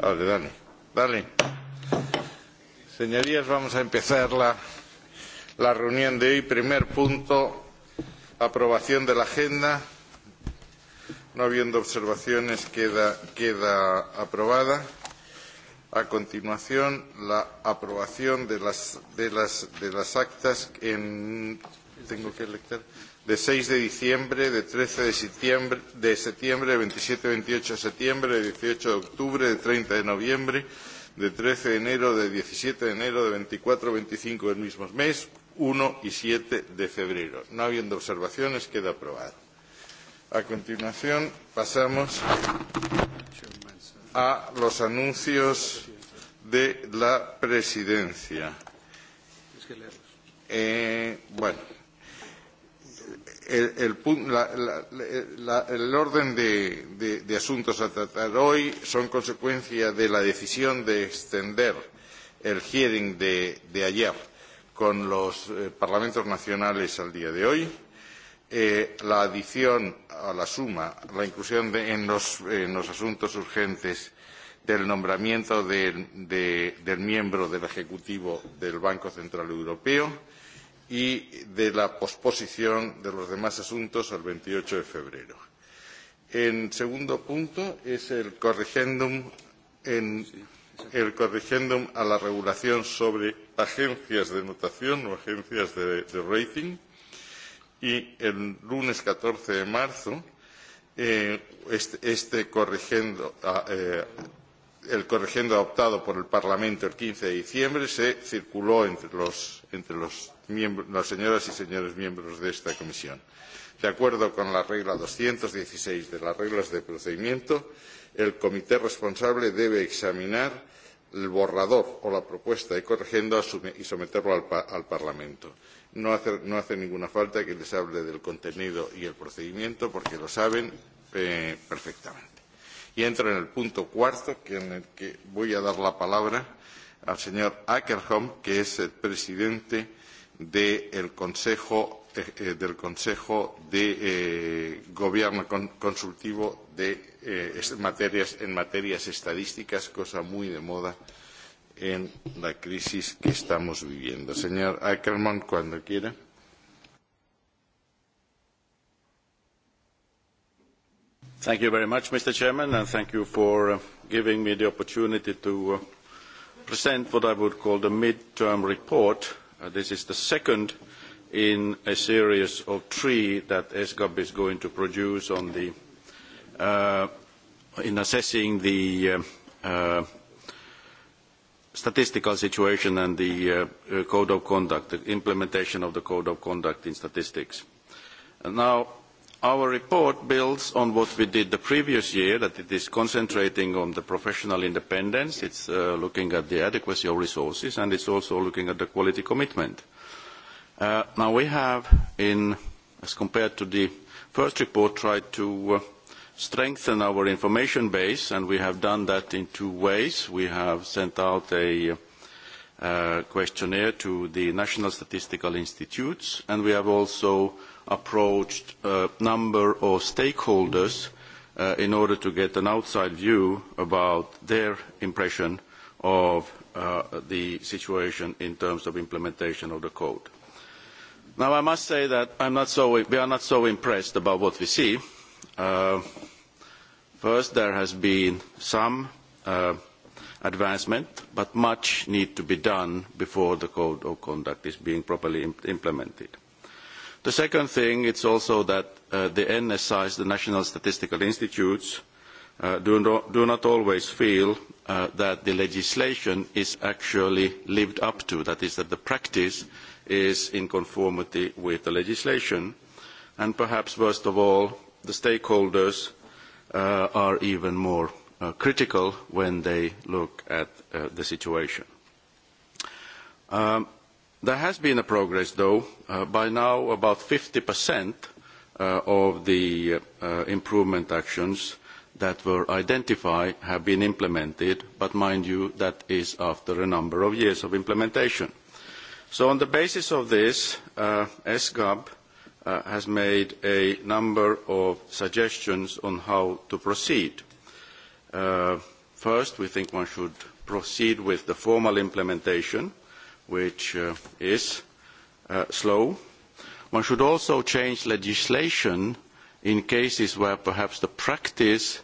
Vale, dale, dale. Señorías, vamos a empezar la, la reunión de hoy. Primer punto, aprobación de la agenda. No habiendo observaciones, queda, queda aprobada. A continuación, la aprobación de las, de las, de las actas en tengo que lectar, de 6 de diciembre, de 13 de septiembre, de septiembre, 27 28 de septiembre, de 18 de octubre, de 30 de noviembre, de 13 de enero, de 17 de enero, de 24 25 del mismo mes, 1 y 7 de febrero. No habiendo observaciones, queda aprobado. A continuación, pasamos a los anuncios de la presidencia. Eh, bueno el, el, la, la, la, el orden de, de, de asuntos a tratar hoy son consecuencia de la decisión de extender el hearing de, de ayer con los eh, parlamentos nacionales al día de hoy, eh, la adición a la suma, la inclusión de, en, los, eh, en los asuntos urgentes del nombramiento de, de, del miembro del Ejecutivo del Banco Central Europeo, y de la posposición de los demás asuntos al 28 de febrero. En segundo punto es el corrigendum, en, el corrigendum a la regulación sobre agencias de notación o agencias de, de rating. Y el lunes 14 de marzo, eh, este, este corrigendum, ah, eh, el corregendo adoptado por el Parlamento el 15 de diciembre se circuló entre, los, entre los miembros, las señoras y señores miembros de esta comisión. De acuerdo con la regla 216 de las reglas de procedimiento, el comité responsable debe examinar el borrador o la propuesta de corregendo asume, y someterlo al, pa, al Parlamento. No hace, no hace ninguna falta que les hable del contenido y el procedimiento porque lo saben eh, perfectamente. Y entro en el punto cuarto, que en el que voy a dar la palabra al señor Ackerholm, que es el presidente de el Consejo, eh, eh, del Consejo de eh, Gobierno con, Consultivo de, eh, es, materias, en materias estadísticas, cosa muy de moda en la crisis que estamos viviendo. Señor Ackerman, cuando quiera. Thank you very much, Mr. Chairman, and thank you for uh, giving me the opportunity to uh, present what I would call the mid-term report. Uh, this is the second in a series of three that ESGAB is going to produce on the, uh, in assessing the uh, uh, statistical situation and the uh, uh, code of conduct, the implementation of the code of conduct in statistics. And now, Our report builds on what we did the previous year, that it is concentrating on the professional independence, it's uh, looking at the adequacy of resources, and it's also looking at the quality commitment. Uh, now we have, in, as compared to the first report, tried to uh, strengthen our information base, and we have done that in two ways. We have sent out a uh, questionnaire to the national statistical institutes, and we have also uh, approached a number of stakeholders uh, in order to get an outside view about their impression of uh, the situation in terms of implementation of the code. Now, I must say that I'm not so, we are not so impressed about what we see. Uh, first, there has been some uh, advancement, but much needs to be done before the code of conduct is being properly imp implemented. The second thing is also that uh, the NSIs, the National Statistical Institutes, uh, do, no, do not always feel uh, that the legislation is actually lived up to, that is, that the practice is in conformity with the legislation. And perhaps worst of all, the stakeholders uh, are even more uh, critical when they look at uh, the situation. Um, There has been a progress, though. Uh, by now, about 50% uh, of the uh, improvement actions that were identified have been implemented, but mind you, that is after a number of years of implementation. So on the basis of this, uh, SGAB uh, has made a number of suggestions on how to proceed. Uh, first, we think one should proceed with the formal implementation which uh, is uh, slow. One should also change legislation in cases where perhaps the practice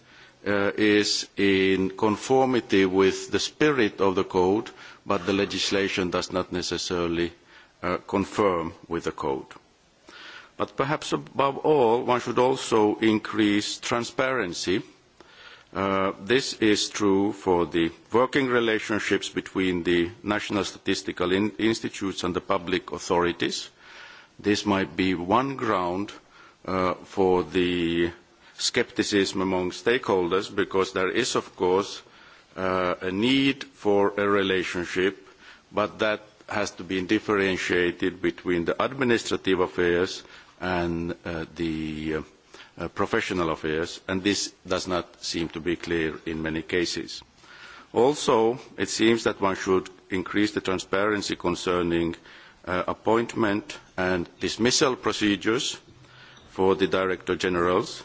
uh, is in conformity with the spirit of the code, but the legislation does not necessarily uh, confirm with the code. But perhaps above all, one should also increase transparency uh, Uh, this is true for the working relationships between the national statistical in institutes and the public authorities. This might be one ground uh, for the skepticism among stakeholders because there is, of course, uh, a need for a relationship, but that has to be differentiated between the administrative affairs and uh, the uh, uh, professional affairs, and this does not seem to be clear in many cases. Also, it seems that one should increase the transparency concerning uh, appointment and dismissal procedures for the Director Generals,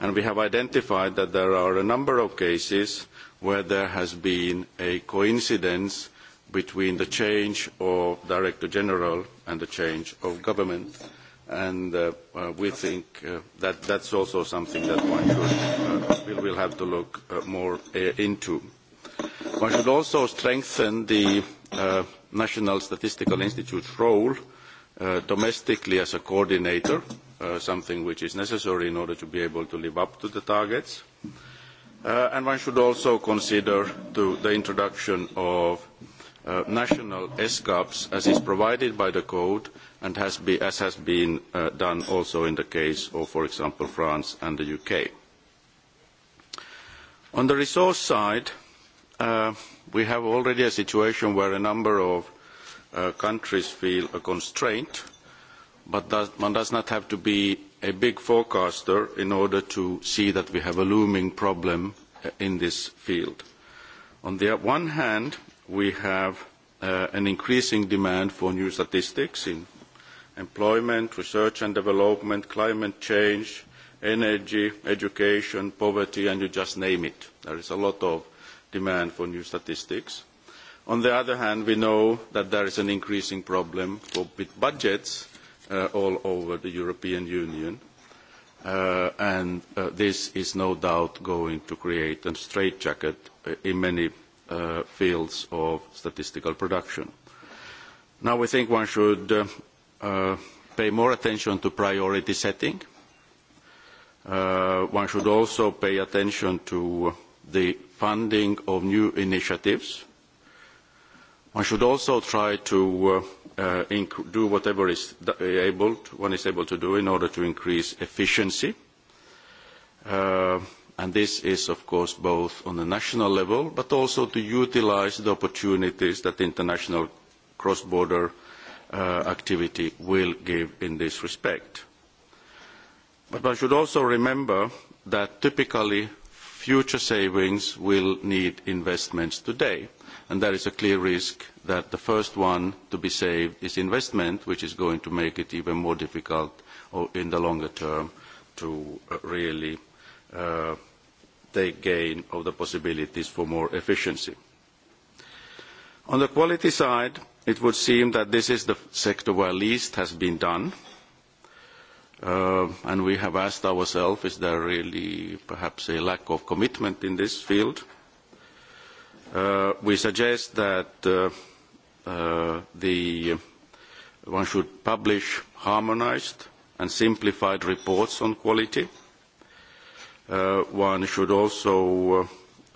and we have identified that there are a number of cases where there has been a coincidence between the change of Director General and the change of government. Uh, and uh, uh, we think uh, that that's also something that one should, uh, will have to look uh, more uh, into. One should also strengthen the uh, National Statistical Institute's role uh, domestically as a coordinator, uh, something which is necessary in order to be able to live up to the targets. Uh, and one should also consider to the introduction of uh, uh, national SCAPs as is provided by the code and has be, as has been uh, done also in the case of, for example, France and the UK. On the resource side, uh, we have already a situation where a number of uh, countries feel a constraint, but does, one does not have to be a big forecaster in order to see that we have a looming problem uh, in this field. On the one hand, we have uh, an increasing demand for new statistics in employment, research and development, climate change, energy, education, poverty, and you just name it. There is a lot of demand for new statistics. On the other hand, we know that there is an increasing problem for, with budgets uh, all over the European Union, uh, and uh, this is no doubt going to create a straitjacket uh, in many uh, fields of statistical production. Now we think one should uh, uh, pay more attention to priority setting. Uh, one should also pay attention to the funding of new initiatives. One should also try to uh, uh, inc do whatever is uh, able, to, one is able to do in order to increase efficiency. Uh, and this is of course both on the national level but also to utilise the opportunities that international cross border uh, activity will give in this respect. But one should also remember that typically future savings will need investments today and there is a clear risk that the first one to be saved is investment which is going to make it even more difficult in the longer term to uh, really uh, uh, take gain of the possibilities for more efficiency. On the quality side, it would seem that this is the sector where least has been done. Uh, and we have asked ourselves, is there really perhaps a lack of commitment in this field? Uh, we suggest that uh, uh, the, one should publish harmonized and simplified reports on quality. Uh, uh, one should also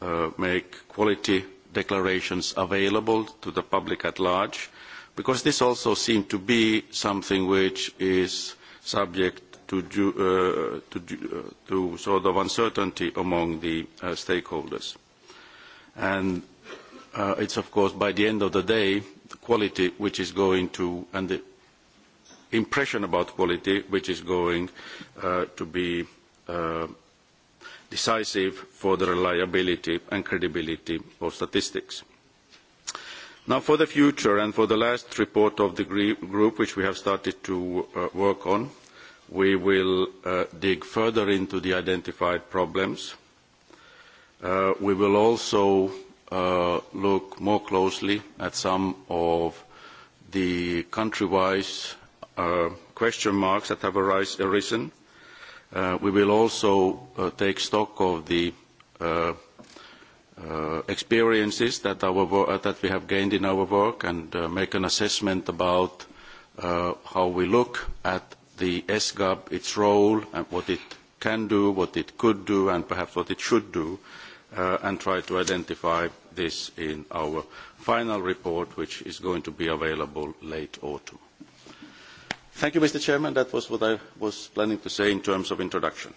uh, uh, make quality declarations available to the public at large, because this also seems to be something which is subject to, uh, to, uh, to sort of uncertainty among the uh, stakeholders. And uh, it's, of course, by the end of the day, the quality which is going to, and the impression about quality which is going uh, to be uh, decisive for the reliability and credibility of statistics. Now for the future and for the last report of the group which we have started to uh, work on, we will uh, dig further into the identified problems. Uh, we will also uh, look more closely at some of the country-wise uh, question marks that have arise, arisen Uh, we will also uh, take stock of the uh, uh experiences that, our, uh, that we have gained in our work and uh, make an assessment about how we look at the SGAB, its role, and what it can do, what it could do, and perhaps what it should do, and try to identify this in our final report, which is going to be available late autumn. Thank you, Mr. Chairman. That was what I was planning to say in terms of introduction.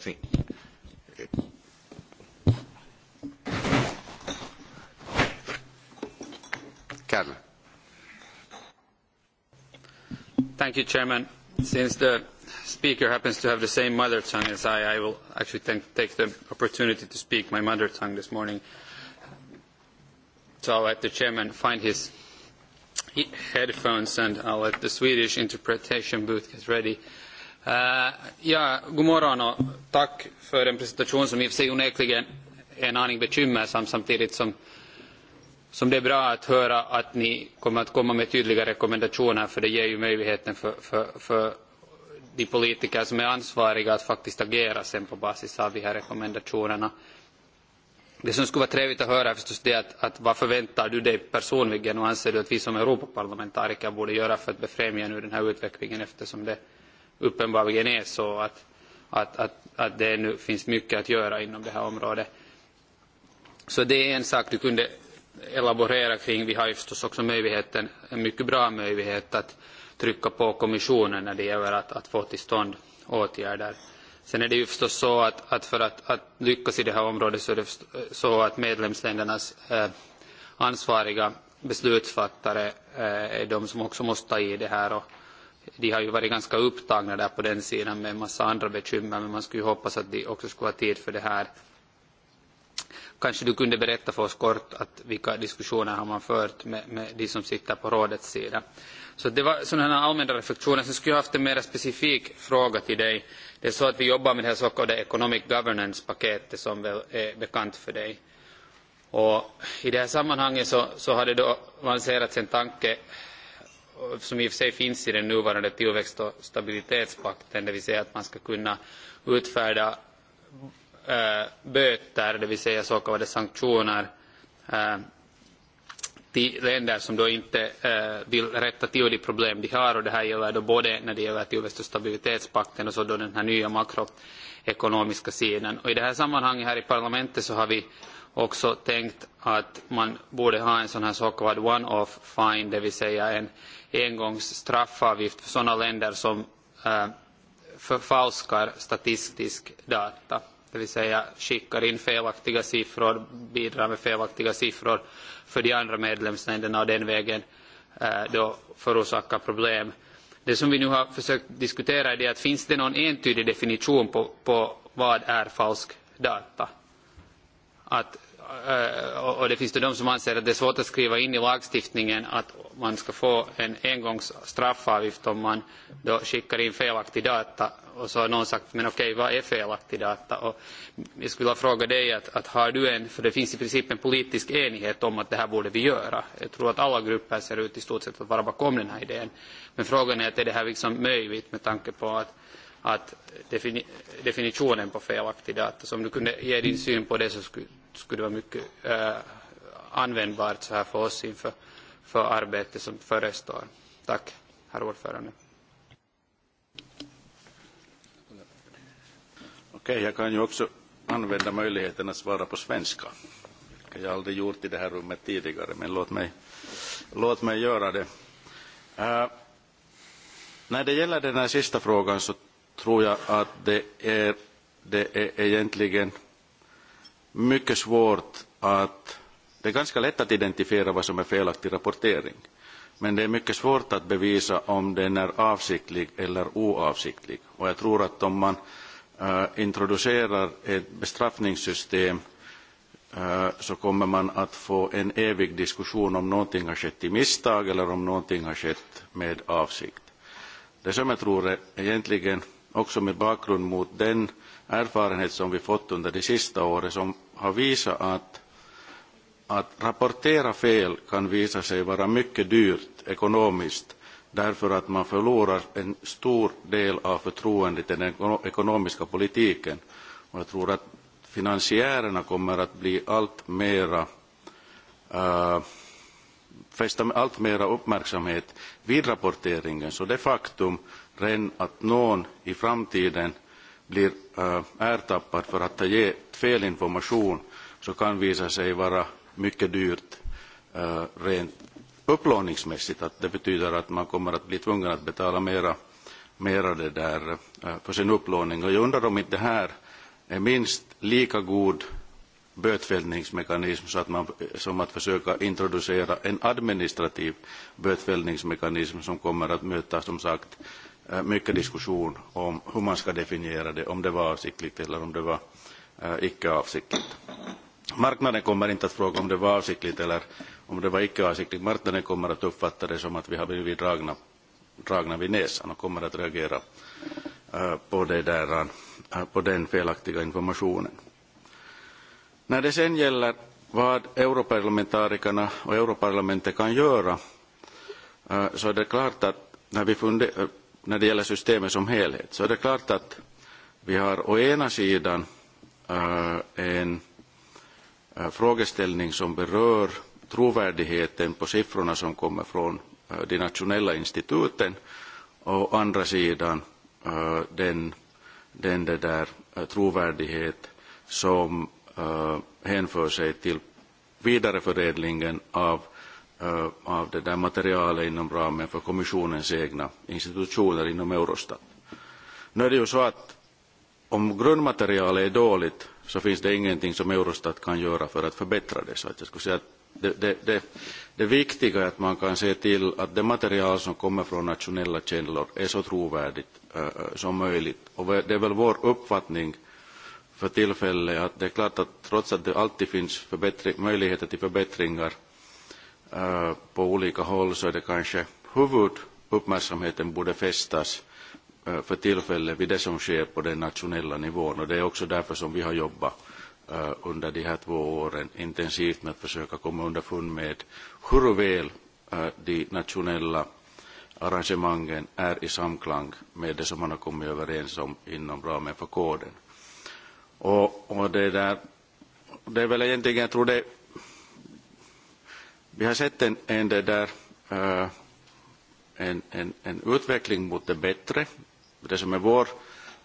Sí. Carla. Thank you, Chairman. Since the speaker happens to have the same mother tongue as I, I will actually take the opportunity to speak my mother tongue this morning. So I'll let the chairman find his headphones and I'll let the Swedish interpretation booth get ready. Uh, ja, god morgon och tack för en presentation som i och för sig onekligen är en aning bekymmersam samtidigt som, som det är bra att höra att ni kommer att komma med tydliga rekommendationer för det ger ju möjligheten för, för, för Nu nu de politiker som är ansvariga att faktiskt agera sen på basis av de här rekommendationerna. Det som skulle vara trevligt att höra är förstås det att, att vad förväntar du dig personligen och anser du att vi som Europaparlamentariker borde göra för att befrämja nu den här utvecklingen eftersom det uppenbarligen är så att, att, att, att det nu finns mycket att göra inom det här området. Så det är en sak du kunde elaborera kring. Vi har ju förstås också möjligheten, en mycket bra möjlighet att trycka på kommissionen när det gäller att, att få till stånd åtgärder. Sen är det ju förstås så att, att för att, att lyckas i det här området så är det så att medlemsländernas eh, ansvariga beslutsfattare eh, är de som också måste ta i det här. Och de har ju varit ganska upptagna där på den sidan med en massa andra bekymmer, men man skulle ju hoppas att de också skulle ha tid för det här. Kanske du kunde berätta för oss kort att vilka diskussioner har man fört med, med de som sitter på rådets sida. Eh, Så det var sådana här allmänna reflektioner. Sen skulle jag haft en mer specifik fråga till dig. Det är så att vi jobbar med det här så kallade Economic Governance-paketet som väl är bekant för dig. Och I det här sammanhanget så, så har det då lanserats en tanke som i och för sig finns i den nuvarande tillväxt och stabilitetspakten, det vill säga att man ska kunna utfärda äh, böter, det vill säga så kallade sanktioner, äh, till länder som då inte eh, vill rätta till de problem de har. Och det här gäller då både när det gäller tillväxt och stabilitetspakten och så då den här nya makroekonomiska sidan. Och I det här sammanhanget här i parlamentet så har vi också tänkt att man borde ha en sån här så kallad one-off fine, det vill säga en engångsstraffavgift för sådana länder som eh, förfalskar statistisk data det vill säga skickar in felaktiga siffror, bidrar med felaktiga siffror för de andra medlemsländerna och den vägen eh, äh, då förorsakar problem. Det som vi nu har försökt diskutera är det att finns det någon entydig definition på, på vad är falsk data? Att Eh, och det finns det de som anser att det är svårt att skriva in i lagstiftningen att man ska få en engångs straffavgift om man då skickar in felaktig data. Och så har någon sagt, men okej, vad är felaktig data? Och jag skulle vilja fråga dig, att, att har du en, för det finns i princip en politisk enighet om att det här borde vi göra. Jag tror att alla grupper ser ut i stort sett att vara bakom den här idén. Men frågan är, att är det här liksom möjligt med tanke på att att defini definitionen på felaktig data. Så om du kunde ge din syn på det så skulle skulle vara mycket eh, användbart så här för oss inför för arbete som förestår. Tack, herr ordförande. Okej, jag kan ju också använda möjligheten att svara på svenska. Jag har aldrig gjort i det här rummet tidigare, men låt mig, låt mig göra det. Äh, när det gäller den här sista frågan så tror jag att det är, det är egentligen äh, mycket svårt att... Det är ganska lätt att identifiera vad som är felaktig rapportering. Men det är mycket svårt att bevisa om den är avsiktlig eller oavsiktlig. Och jag tror att om man äh, introducerar ett bestraffningssystem äh, så kommer man att få en evig diskussion om någonting har skett i misstag eller om någonting har skett med avsikt. Det som jag tror är egentligen också med bakgrund mot den erfarenhet som vi fått under de sista åren som har visat att, att rapportera fel kan visa sig vara mycket dyrt ekonomiskt därför att man förlorar en stor del av förtroendet i den ekonomiska politiken. Och jag tror att finansiärerna kommer att bli allt mera, äh, fästa allt mera uppmärksamhet vid rapporteringen. Så det faktum redan att någon i framtiden blir äh, ertappad för att ha ge, att felinformation så kan visa sig vara mycket dyrt äh, rent upplåningsmässigt. Att det betyder att man kommer att bli tvungen att betala mera, mera det där, äh, för sin upplåning. Och jag undrar om inte här är minst lika god bötfällningsmekanism så att man, som att försöka introducera en administrativ bötfällningsmekanism som kommer att möta som sagt eh, mycket diskussion om hur man ska definiera det, om det var avsiktligt eller om det var icke äh, avsiktligt. Marknaden kommer inte att fråga om det var avsiktligt eller om det var icke avsiktligt. Marknaden kommer att uppfatta det som att vi har blivit dragna, dragna vid näsan och kommer att reagera äh, på, det där, äh, på den felaktiga informationen. När det sen gäller vad europarlamentarikerna och Europarlamentet kan göra så är det klart att när, vi funder, när det gäller systemet som helhet så är det klart att vi har å ena sidan Eh, en eh, frågeställning som berör trovärdigheten på siffrorna som kommer från eh, de nationella instituten och andra sidan den, den det där trovärdighet som hänför sig till vidareförädlingen av, av det där materialet inom ramen för kommissionens egna institutioner inom Eurostat. Nu är det ju så att om grundmaterialet är dåligt så finns det ingenting som Eurostat kan göra för att förbättra det. Så att jag skulle säga att det, det, det, det viktiga är att man kan se till att det material som kommer från nationella källor är så trovärdigt äh, som möjligt. Och det är väl vår uppfattning för tillfället att det är klart att trots att det alltid finns möjligheter till förbättringar äh, på olika håll så är det kanske huvuduppmärksamheten borde fästas Eh, för tillfället vid det som sker på den nationella nivån. Och det är också därför som vi har jobbat uh, under de här två åren intensivt med att försöka komma underfund med hur väl uh, de nationella arrangemangen är i samklang med det som man har kommit överens om inom ramen för koden. Och, och det, där, det är väl egentligen, jag tror det, vi har sett en, en, det där, uh, en, en, en utveckling mot det bättre det som är vår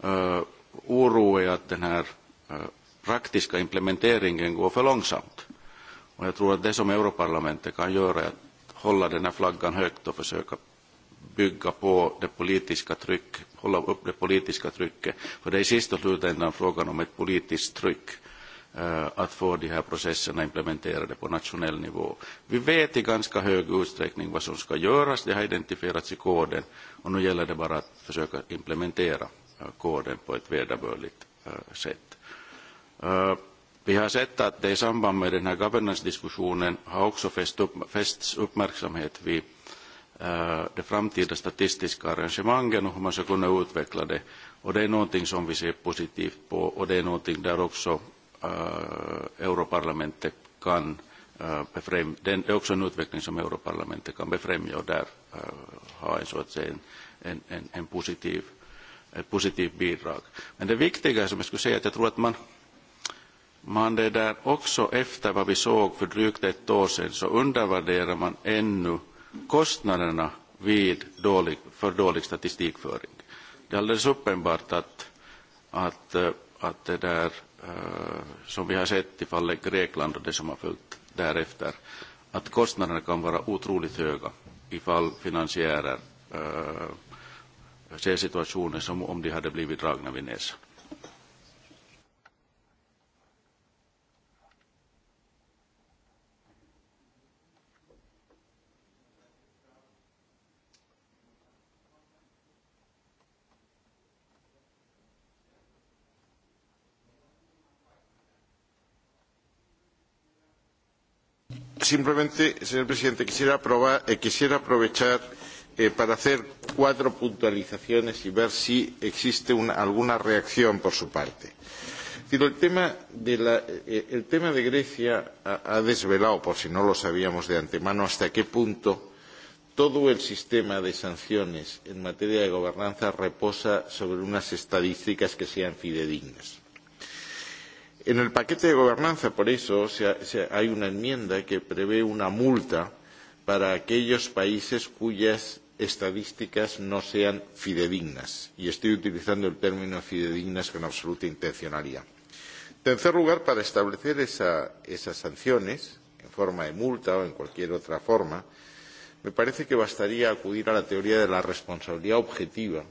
uh, oro är att den här uh, praktiska implementeringen går för långsamt. Och jag tror att det som Europarlamentet kan göra är att hålla den här flaggan högt och försöka bygga på det politiska tryck, hålla upp det politiska trycket. För det är i sista slutändan frågan om ett politiskt tryck. Uh, Eh, att få de här processerna implementerade på nationell nivå. Vi vet i ganska hög utsträckning vad som ska göras. Det har identifierats i koden och nu gäller det bara att försöka implementera eh, koden på ett vederbörligt eh, sätt. Vi har sett att det i samband med den här governance-diskussionen har också fästs upp, fäst uppmärksamhet vid de framtida statistiska arrangemangen och hur man ska kunna utveckla det. Och det är någonting som vi ser positivt på och det är någonting där också Äh, Europarlamentet kan äh, befrämja, den är också en utveckling som Europarlamentet kan befrämja och där äh, ha en, så att säga, en, en, en positiv, ett positivt bidrag. Men det viktiga som jag skulle säga är att jag tror att man, man det där också efter vad vi såg för drygt ett år sedan så undervärderar man ännu kostnaderna vid dålig, för dålig statistikföring. Det är alldeles uppenbart att, att, att det där Eh, som vi har sett i fallet Grekland och det som har följt därefter, att kostnaderna kan vara otroligt höga ifall finansiärer eh, ser situationen som om de hade blivit dragna vid näsan. Simplemente, señor presidente, quisiera, aprobar, eh, quisiera aprovechar eh, para hacer cuatro puntualizaciones y ver si existe una, alguna reacción por su parte. Pero el, tema de la, eh, el tema de Grecia ha, ha desvelado, por si no lo sabíamos de antemano, hasta qué punto todo el sistema de sanciones en materia de gobernanza reposa sobre unas estadísticas que sean fidedignas En el paquete de gobernanza, por eso, se, se, hay una enmienda que prevé una multa para aquellos países cuyas estadísticas no sean fidedignas. Y estoy utilizando el término fidedignas con absoluta intencionalidad. En tercer lugar, para establecer esa, esas sanciones, en forma de multa o en cualquier otra forma, me parece que bastaría acudir a la teoría de la responsabilidad objetiva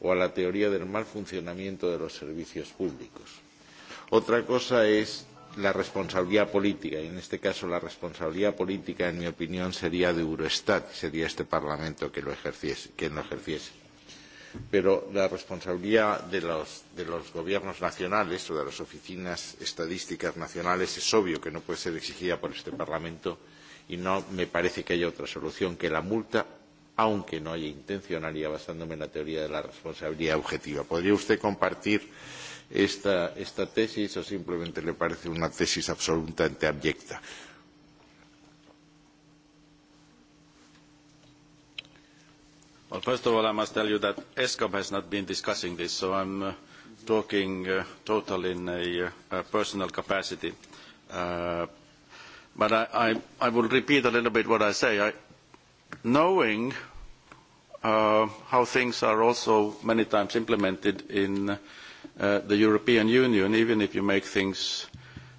o a la teoría del mal funcionamiento de los servicios públicos Otra cosa es la responsabilidad política, y en este caso la responsabilidad política, en mi opinión, sería de Eurostat, sería este Parlamento que lo ejerciese, quien lo ejerciese. Pero la responsabilidad de los, de los gobiernos nacionales o de las oficinas estadísticas nacionales es obvio que no puede ser exigida por este Parlamento y no me parece que haya otra solución que la multa, aunque no haya intencionalidad, basándome en la teoría de la responsabilidad objetiva. ¿Podría usted compartir? Eh, esta, esta tesis o simplemente le parece una tesis absolutamente abyecta. Well, first of all, I must tell you that ESCOM has not been discussing this, so I'm uh, talking uh, total in a, uh, a personal capacity. Uh, but I, I, I will repeat a little bit what I say. I, knowing uh, how things are also many times implemented in uh, the European Union, even if you make things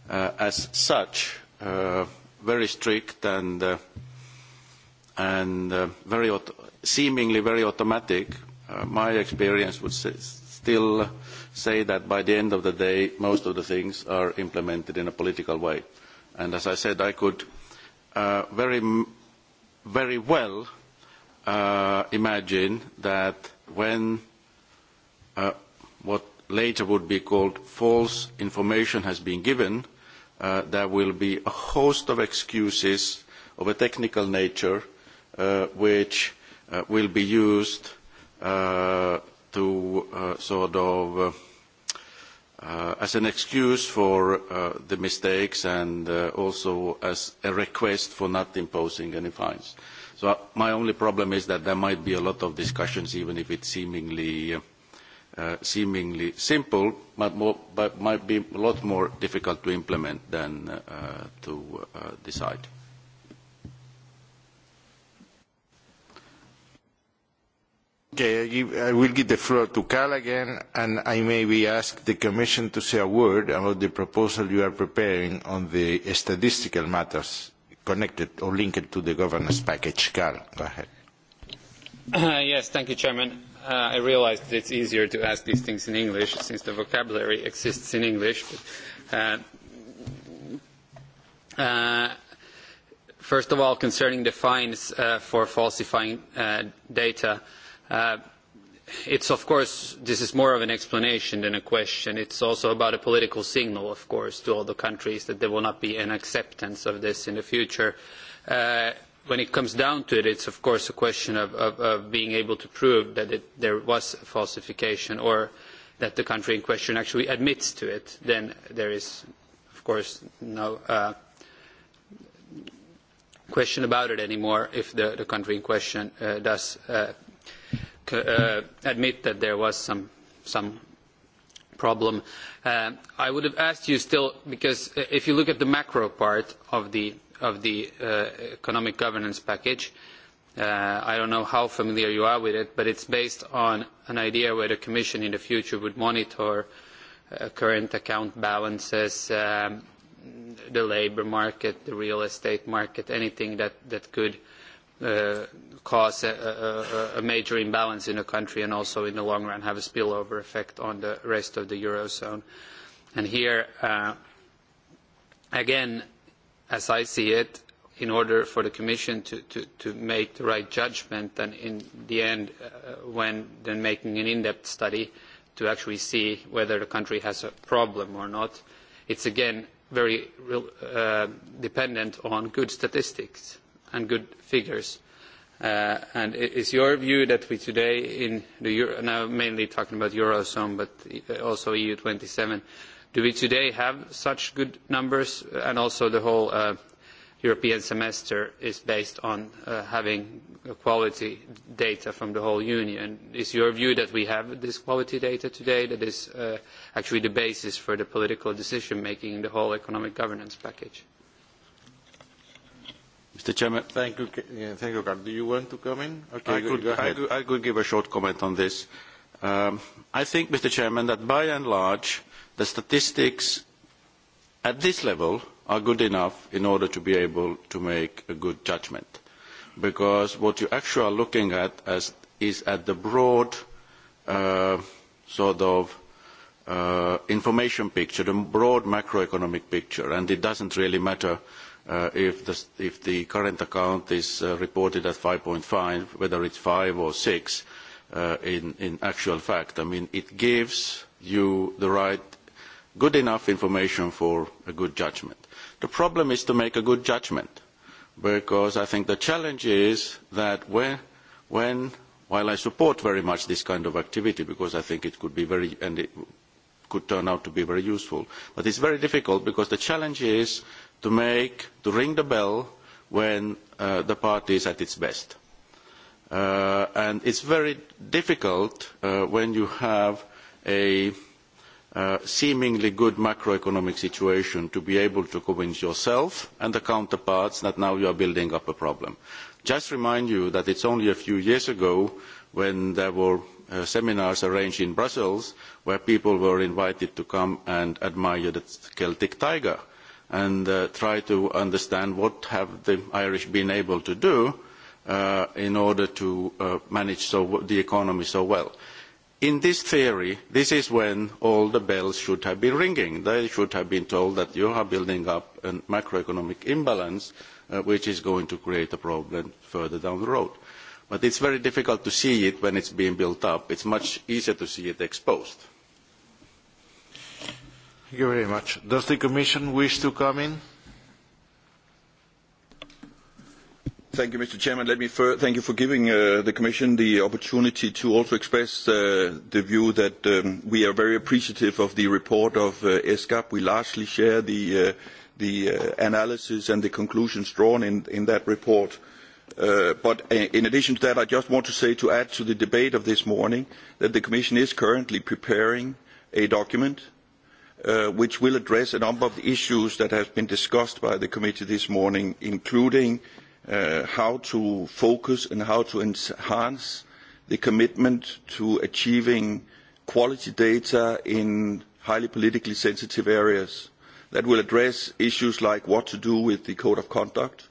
uh, as such uh, very strict and, uh, and uh, very auto- seemingly very automatic, uh, my experience would say, still say that by the end of the day, most of the things are implemented in a political way. And as I said, I could uh, very, very well uh, imagine that when uh, what later would be called false information has been given, uh, there will be a host of excuses of a technical nature uh, which uh, will be used uh, to uh, sort of uh, uh, as an excuse for uh, the mistakes and uh, also as a request for not imposing any fines. So uh, my only problem is that there might be a lot of discussions even if it's seemingly uh, uh, seemingly simple, but, more, but might be a lot more difficult to implement than uh, to uh, decide. Okay, I, give, I will give the floor to Callaghan, and I maybe ask the Commission to say a word about the proposal you are preparing on the statistical matters connected or linked to the governance package. Carl, go ahead. Uh, yes, thank you, Chairman uh, I realized that it's easier to ask these things in English since the vocabulary exists in English. But, uh, uh, first of all, concerning the fines uh, for falsifying uh, data, uh, it's of course, this is more of an explanation than a question. It's also about a political signal, of course, to all the countries that there will not be an acceptance of this in the future. Uh, when it comes down to it, it's of course a question of, of, of being able to prove that it, there was a falsification or that the country in question actually admits to it. Then there is, of course, no uh, question about it anymore if the, the country in question uh, does uh, c uh, admit that there was some, some problem. Uh, I would have asked you still, because if you look at the macro part of the of the uh, economic governance package. Uh, I don't know how familiar you are with it, but it's based on an idea where the Commission in the future would monitor uh, current account balances, um, the labour market, the real estate market, anything that, that could uh, cause a, a, a major imbalance in the country and also in the long run have a spillover effect on the rest of the Eurozone. And here, uh, again, as I see it, in order for the Commission to, to, to make the right judgment and in the end, uh, when then making an in-depth study, to actually see whether the country has a problem or not, it's again very uh, dependent on good statistics and good figures. Uh, and is your view that we today in the Euro, now mainly talking about Eurozone, but also EU 27, do we today have such good numbers? And also the whole uh, European semester is based on uh, having quality data from the whole Union. Is your view that we have this quality data today that is uh, actually the basis for the political decision making in the whole economic governance package? Mr. Chairman. Thank you, yeah, thank you, Carl. Do you want to come in? Okay, I, could, go ahead. I, could, I could give a short comment on this. Um, I think, Mr. Chairman, that by and large, the statistics at this level are good enough in order to be able to make a good judgment. Because what you actually are looking at as, is at the broad uh, sort of uh, information picture, the broad macroeconomic picture, and it doesn't really matter uh, if, the, if the current account is uh, reported at 5.5, whether it's 5 or 6 uh, in, in actual fact. I mean, it gives you the right good enough information for a good judgment. The problem is to make a good judgment, because I think the challenge is that when, when while I support very much this kind of activity, because I think it could be very, and it could turn out to be very useful, but it's very difficult because the challenge is to make, to ring the bell when uh, the party is at its best. Uh, and it's very difficult uh, when you have a uh, uh, seemingly good macroeconomic situation to be able to convince yourself and the counterparts that now you are building up a problem. Just remind you that it's only a few years ago when there were uh, seminars arranged in Brussels where people were invited to come and admire the Celtic tiger and uh, try to understand what have the Irish been able to do uh, in order to uh, manage so the economy so well. Uh, in this theory, this is when all the bells should have been ringing. They should have been told that you are building up a macroeconomic imbalance, uh, which is going to create a problem further down the road. But it's very difficult to see it when it's being built up. It's much easier to see it exposed. Thank you very much. Does the Commission wish to come in? Thank you, Mr. Chairman. Let me fir- thank you for giving uh, the Commission the opportunity to also express uh, the view that um, we are very appreciative of the report of uh, ESCAP. We largely share the, uh, the uh, analysis and the conclusions drawn in, in that report. Uh, but uh, in addition to that, I just want to say to add to the debate of this morning that the Commission is currently preparing a document uh, which will address a number of the issues that have been discussed by the committee this morning, including uh, uh, how to focus and how to enhance the commitment to achieving quality data in highly politically sensitive areas that will address issues like what to do with the code of conduct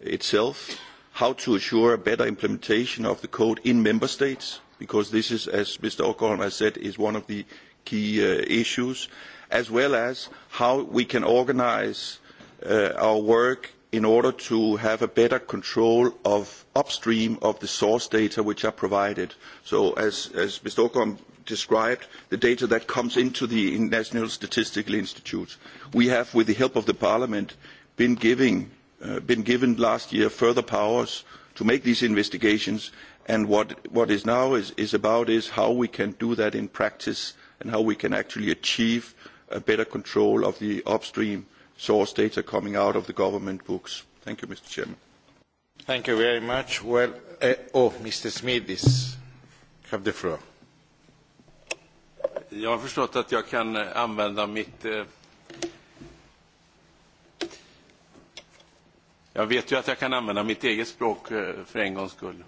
itself, how to assure a better implementation of the code in member states, because this is, as Mr. Åkerholm has said, is one of the key uh, issues, as well as how we can organize uh, our work in order to have a better control of upstream of the source data which are provided. So as, as Mr. Åkholm described, the data that comes into the National Statistical Institute, we have, with the help of the Parliament, been, giving, uh, been given last year further powers to make these investigations, and what, what is now is, is about is how we can do that in practice and how we can actually achieve a better control of the upstream uh, source data coming out of the government books. Thank you, Mr. Chairman. Thank you very much. Well, uh, oh, Mr. Smidis, have the floor. Jag har förstått att jag kan eh, använda mitt... Eh, jag vet ju att jag kan använda mitt eget språk eh, för en gångs skull.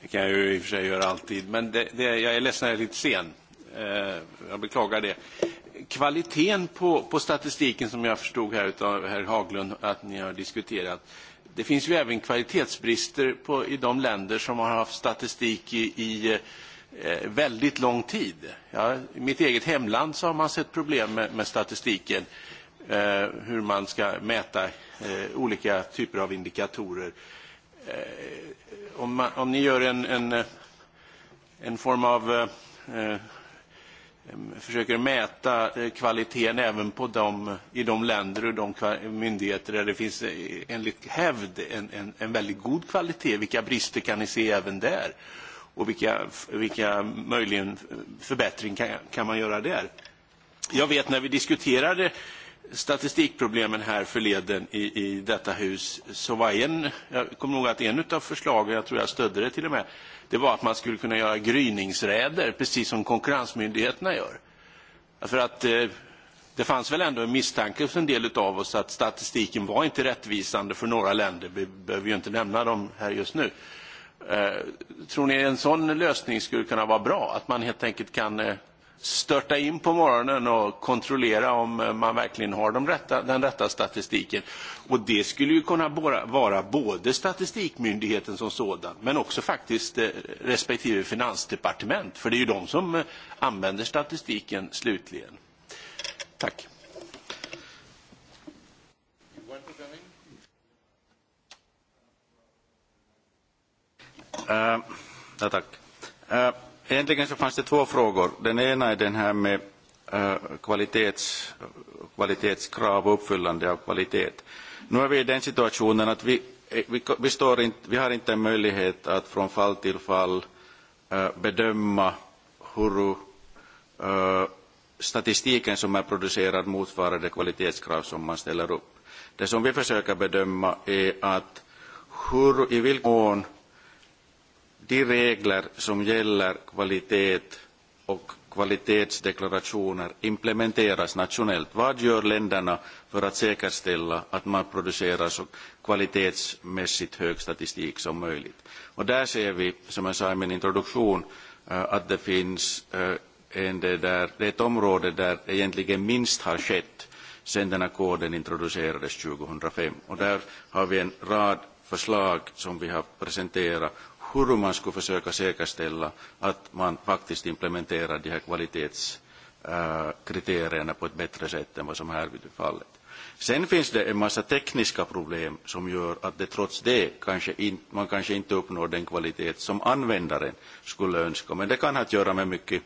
Det kan jag ju i och för sig göra alltid, men det, det, jag är ledsen att jag är lite sen. Eh, jag beklagar det kvaliteten på, på statistiken som jag förstod här av herr Haglund att ni har diskuterat. Det finns ju även kvalitetsbrister på, i de länder som har haft statistik i, i eh, väldigt lång tid. Ja, I mitt eget hemland så har man sett problem med, med statistiken. Eh, hur man ska mäta eh, olika typer av indikatorer. Eh, om, man, om ni gör en, en, en form av eh, eh Eh, försöker mäta eh, kvaliteten även på de, i de länder och de myndigheter där det finns eh, enligt hävd en, en, en väldigt god kvalitet. Vilka brister kan ni se även där? Och vilka, vilka möjligen förbättring kan, kan man göra där? Jag vet när vi diskuterade statistikproblemen här förleden i, i detta hus så var en, jag kommer ihåg att en av förslagen, jag tror jag stödde det till och med, det var att man skulle kunna göra gryningsräder precis som konkurrensmyndigheterna gör. För att eh, det fanns väl ändå en misstanke hos en del av oss att statistiken var inte rättvisande för några länder, vi behöver ju inte nämna dem här just nu. Eh, tror ni en sån lösning skulle kunna vara bra? Att man helt enkelt kan eh, störta in på morgonen och kontrollera om eh, man verkligen har de rätta, den rätta statistiken. Och det skulle ju kunna vara både statistikmyndigheten som sådan men också faktiskt eh, respektive finansdepartement för det är ju de som eh, använder statistiken slutligen. Tack. Uh, ja, tack. Uh, Egentligen så fanns det två frågor. Den ena är den här med eh, kvalitets, kvalitetskrav och uppfyllande av kvalitet. Nu är vi i den situationen att vi, eh, vi, vi, står in, vi har inte en möjlighet att från fall till fall eh, bedöma hur statistiken som är producerad motsvarar de kvalitetskrav som man ställer upp. Det som vi försöker bedöma är att hur, i vilken mån de regler som gäller kvalitet och kvalitetsdeklarationer implementeras nationellt. Vad gör länderna för att säkerställa att man producerar så kvalitetsmässigt hög statistik som möjligt? Och där ser vi, som jag sa i min introduktion, eh, att det finns eh, en, det, där, det är ett område där egentligen minst har skett sedan den här koden introducerades 2005. Och där har vi en rad förslag som vi har presenterat hur man skulle försöka säkerställa att man faktiskt implementerar de här kvalitetskriterierna på ett bättre sätt än vad som här är fallet. Sen finns det en massa tekniska problem som gör att det trots det kanske in, man kanske inte uppnår den kvalitet som användaren skulle önska. Men det kan ha att göra med mycket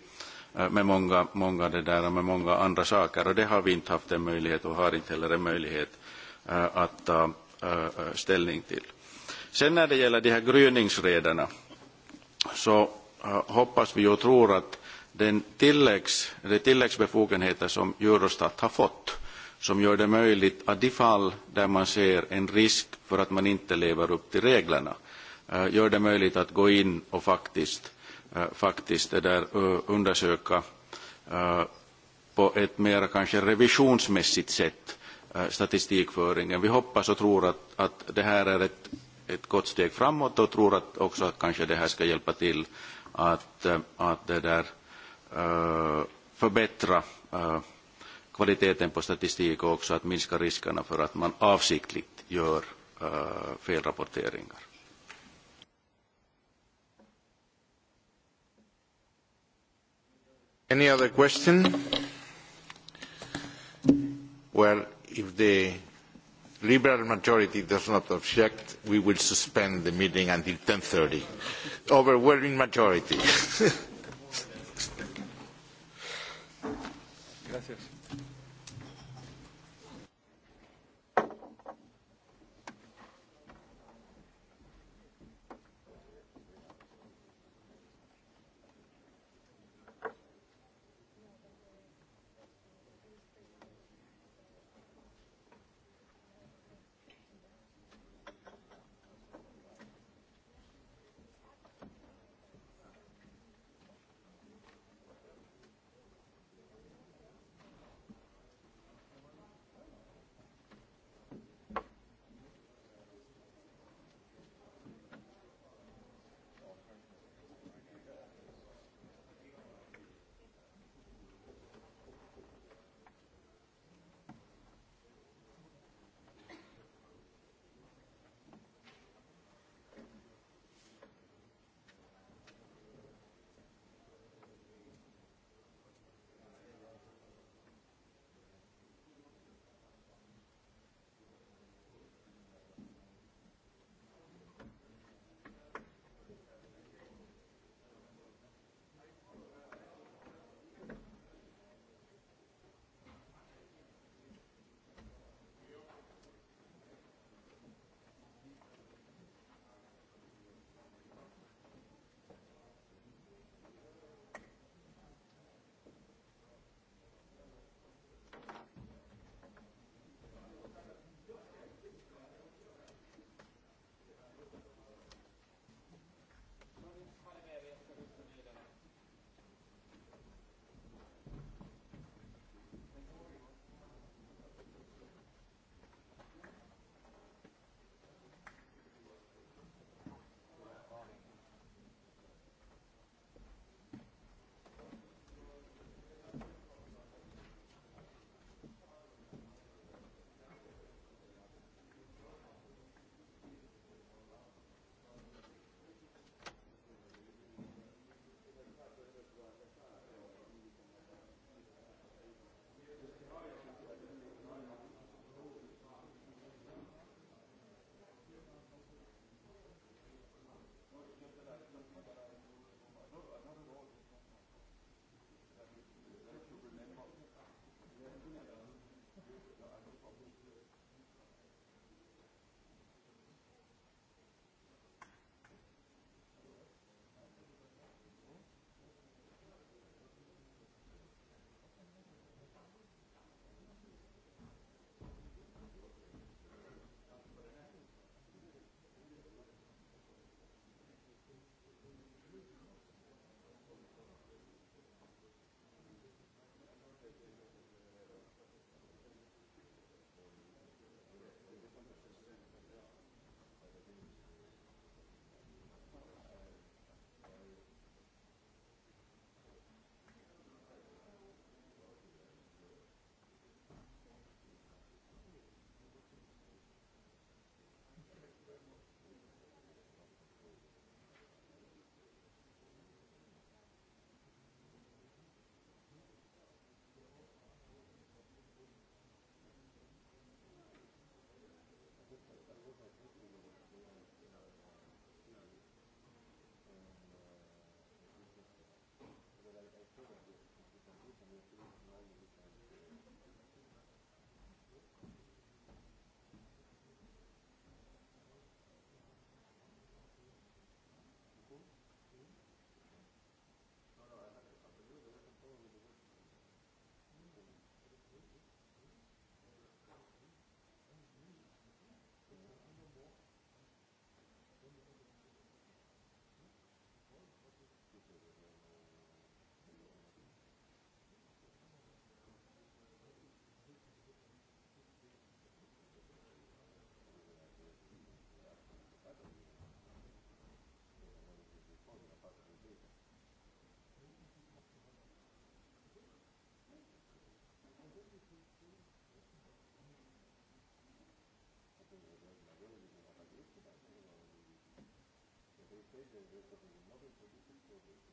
eh, med många, många, det där, med många andra saker och det har vi inte haft en möjlighet och har inte heller en möjlighet eh, att ta eh, ställning till. Sen när det gäller de här gryningsrederna så eh, hoppas vi och tror att den tilläggs, de tilläggsbefogenheter som Eurostat har fått som gör det möjligt att de fall där man ser en risk för att man inte lever upp till reglerna eh, gör det möjligt att gå in och faktiskt, eh, faktiskt det där, undersöka på ett mer kanske revisionsmässigt sätt statistikföringen. Vi hoppas och tror att, att det här är ett ett gott steg framåt och tror att också att kanske det här ska hjälpa till att, eh, att det där, äh, förbättra äh, kvaliteten på statistik och också att minska riskerna för att man avsiktligt gör äh, felrapporteringar. Any other question? Well, if the liberal majority does not object, we will suspend the meeting until 10.30. Overwhelming majority. desarrollo del desarrollo de nuevos productos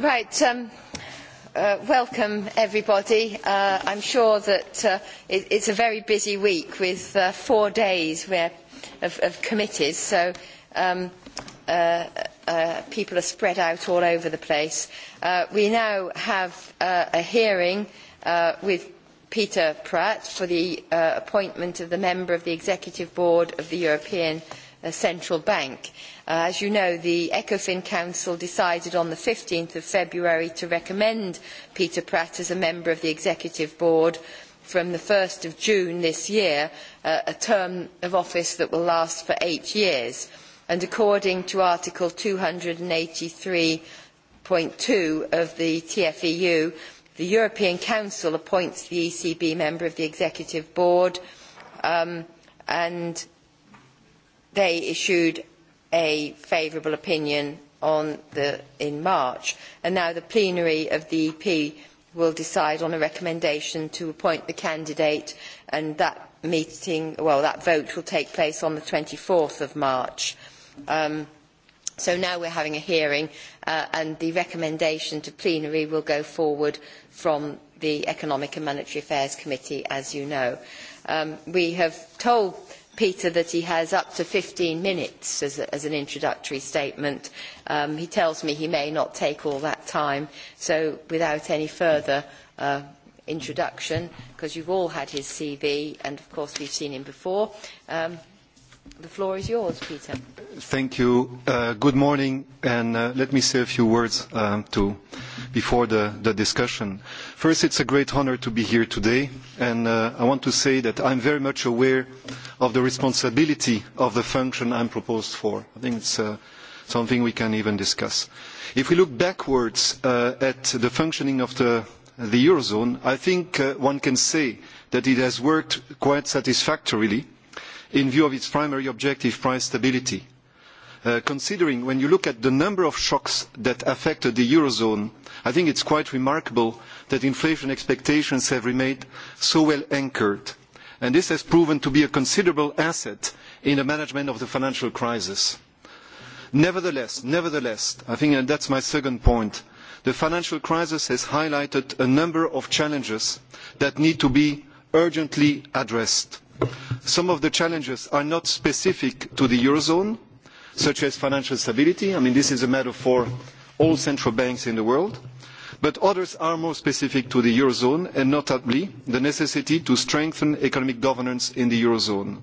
Right. Um, uh, welcome, everybody. Uh, I'm sure that uh, it, it's a very busy week with uh, four days where, of, of committees, so um, uh, uh, people are spread out all over the place. Uh, we now have uh, a hearing uh, with Peter Pratt for the uh, appointment of the member of the Executive Board of the European Parliament Uh, central bank. Uh, as you know, the ECOFIN Council decided on the 15th of February to recommend Peter Pratt as a member of the Executive Board from the 1st of June this year, uh, a term of office that will last for eight years. And according to Article 283.2 of the TFEU, the European Council appoints the ECB member of the Executive Board um, and they issued a favourable opinion on the, in March, and now the plenary of the EP will decide on a recommendation to appoint the candidate, and that meeting, well, that vote will take place on the 24th of March. Um, so now we're having a hearing, uh, and the recommendation to plenary will go forward from the Economic and Monetary Affairs Committee, as you know. Um, we have told Peter that he has up to 15 minutes as, a, as an introductory statement. Um, he tells me he may not take all that time, so without any further uh, introduction, because you've all had his CV, and of course we've seen him before, um, The floor is yours, Peter. Thank you. Uh, good morning, and uh, let me say a few words um, to before the, the discussion. First, it's a great honor to be here today, and uh, I want to say that I'm very much aware of the responsibility of the function I'm proposed for. I think it's uh, something we can even discuss. If we look backwards uh, at the functioning of the, the Eurozone, I think uh, one can say that it has worked quite satisfactorily. Uh, in view of its primary objective, price stability. Uh, considering when you look at the number of shocks that affected the Eurozone, I think it's quite remarkable that inflation expectations have remained so well anchored. And this has proven to be a considerable asset in the management of the financial crisis. Nevertheless, nevertheless, I think and that's my second point, the financial crisis has highlighted a number of challenges that need to be urgently addressed Some of the challenges are not specific to the Eurozone, such as financial stability. I mean, this is a matter for all central banks in the world. But others are more specific to the Eurozone, and notably the necessity to strengthen economic governance in the Eurozone.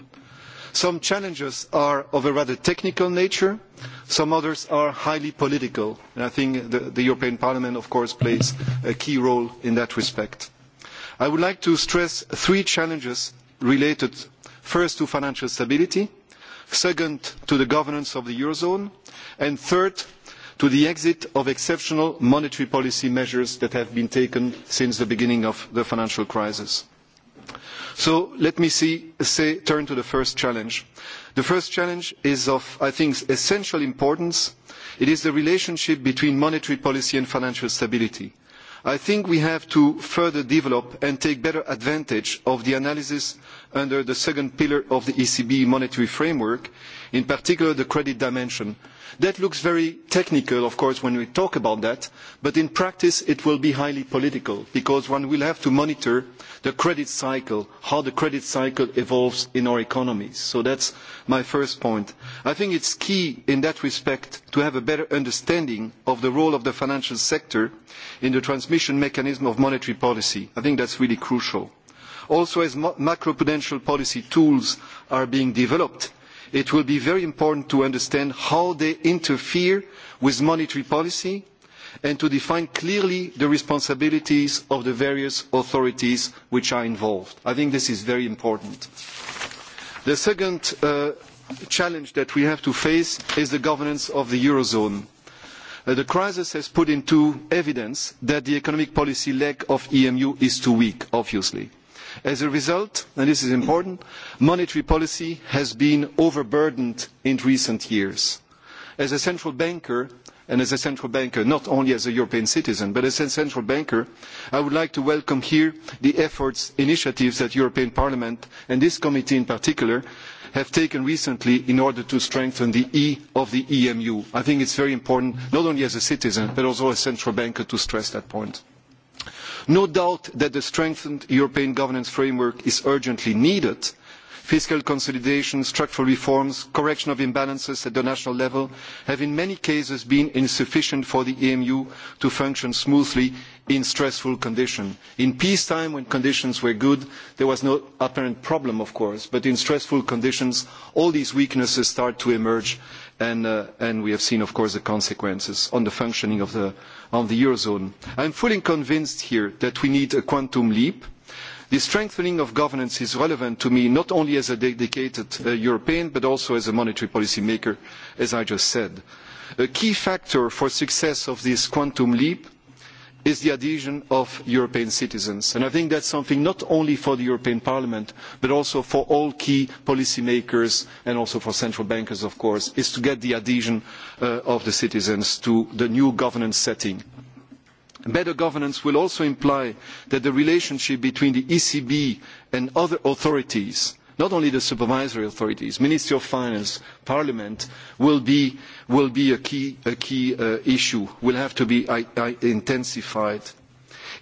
Some challenges are of a rather technical nature, some others are highly political, and I think the, the European Parliament, of course, plays a key role in that respect. I would like to stress three challenges related first to financial stability, second to the governance of the Eurozone, and third to the exit of exceptional monetary policy measures that have been taken since the beginning of the financial crisis. So let me see, say, turn to the first challenge. The first challenge is of, I think, essential importance. It is the relationship between monetary policy and financial stability i think we have to further develop and take better advantage of the analysis under the second pillar of the ECB monetary framework, in particular the credit dimension. That looks very technical, of course, when we talk about that, but in practice it will be highly political because one will have to monitor the credit cycle, how the credit cycle evolves in our economies. So that's my first point. I think it's key in that respect to have a better understanding of the role of the financial sector in the transmission mechanism of monetary policy. I think that's really crucial also as macroprudential policy tools are being developed it will be very important to understand how they interfere with monetary policy and to define clearly the responsibilities of the various authorities which are involved. I think this is very important. The second uh, challenge that we have to face is the governance of the Eurozone. Uh, the crisis has put into evidence that the economic policy leg of EMU is too weak, obviously. Uh, As a result, and this is important, monetary policy has been overburdened in recent years. As a central banker, and as a central banker, not only as a European citizen, but as a central banker, I would like to welcome here the efforts, initiatives that European Parliament, and this committee in particular, have taken recently in order to strengthen the E of the EMU. I think it's very important, not only as a citizen, but also as a central banker, to stress that point. No doubt that the strengthened European governance framework is urgently needed. Fiscal consolidation, structural reforms, correction of imbalances at the national level have in many cases been insufficient for the EMU to function smoothly in stressful conditions. In peacetime, when conditions were good, there was no apparent problem, of course, but in stressful conditions, all these weaknesses start to emerge, and, uh, and we have seen, of course, the consequences on the functioning of the, on the Eurozone. I'm fully convinced here that we need a quantum leap. The strengthening of governance is relevant to me not only as a dedicated uh, European but also as a monetary policy maker, as I just said. A key factor for success of this quantum leap is the adhesion of European citizens. And I think that's something not only for the European Parliament, but also for all key policymakers and also for central bankers, of course, is to get the adhesion uh, of the citizens to the new governance setting. Better governance will also imply that the relationship between the ECB and other authorities uh, not only the supervisory authorities, Ministry of Finance, Parliament, will be, will be a key, a key uh, issue, will have to be I, I intensified.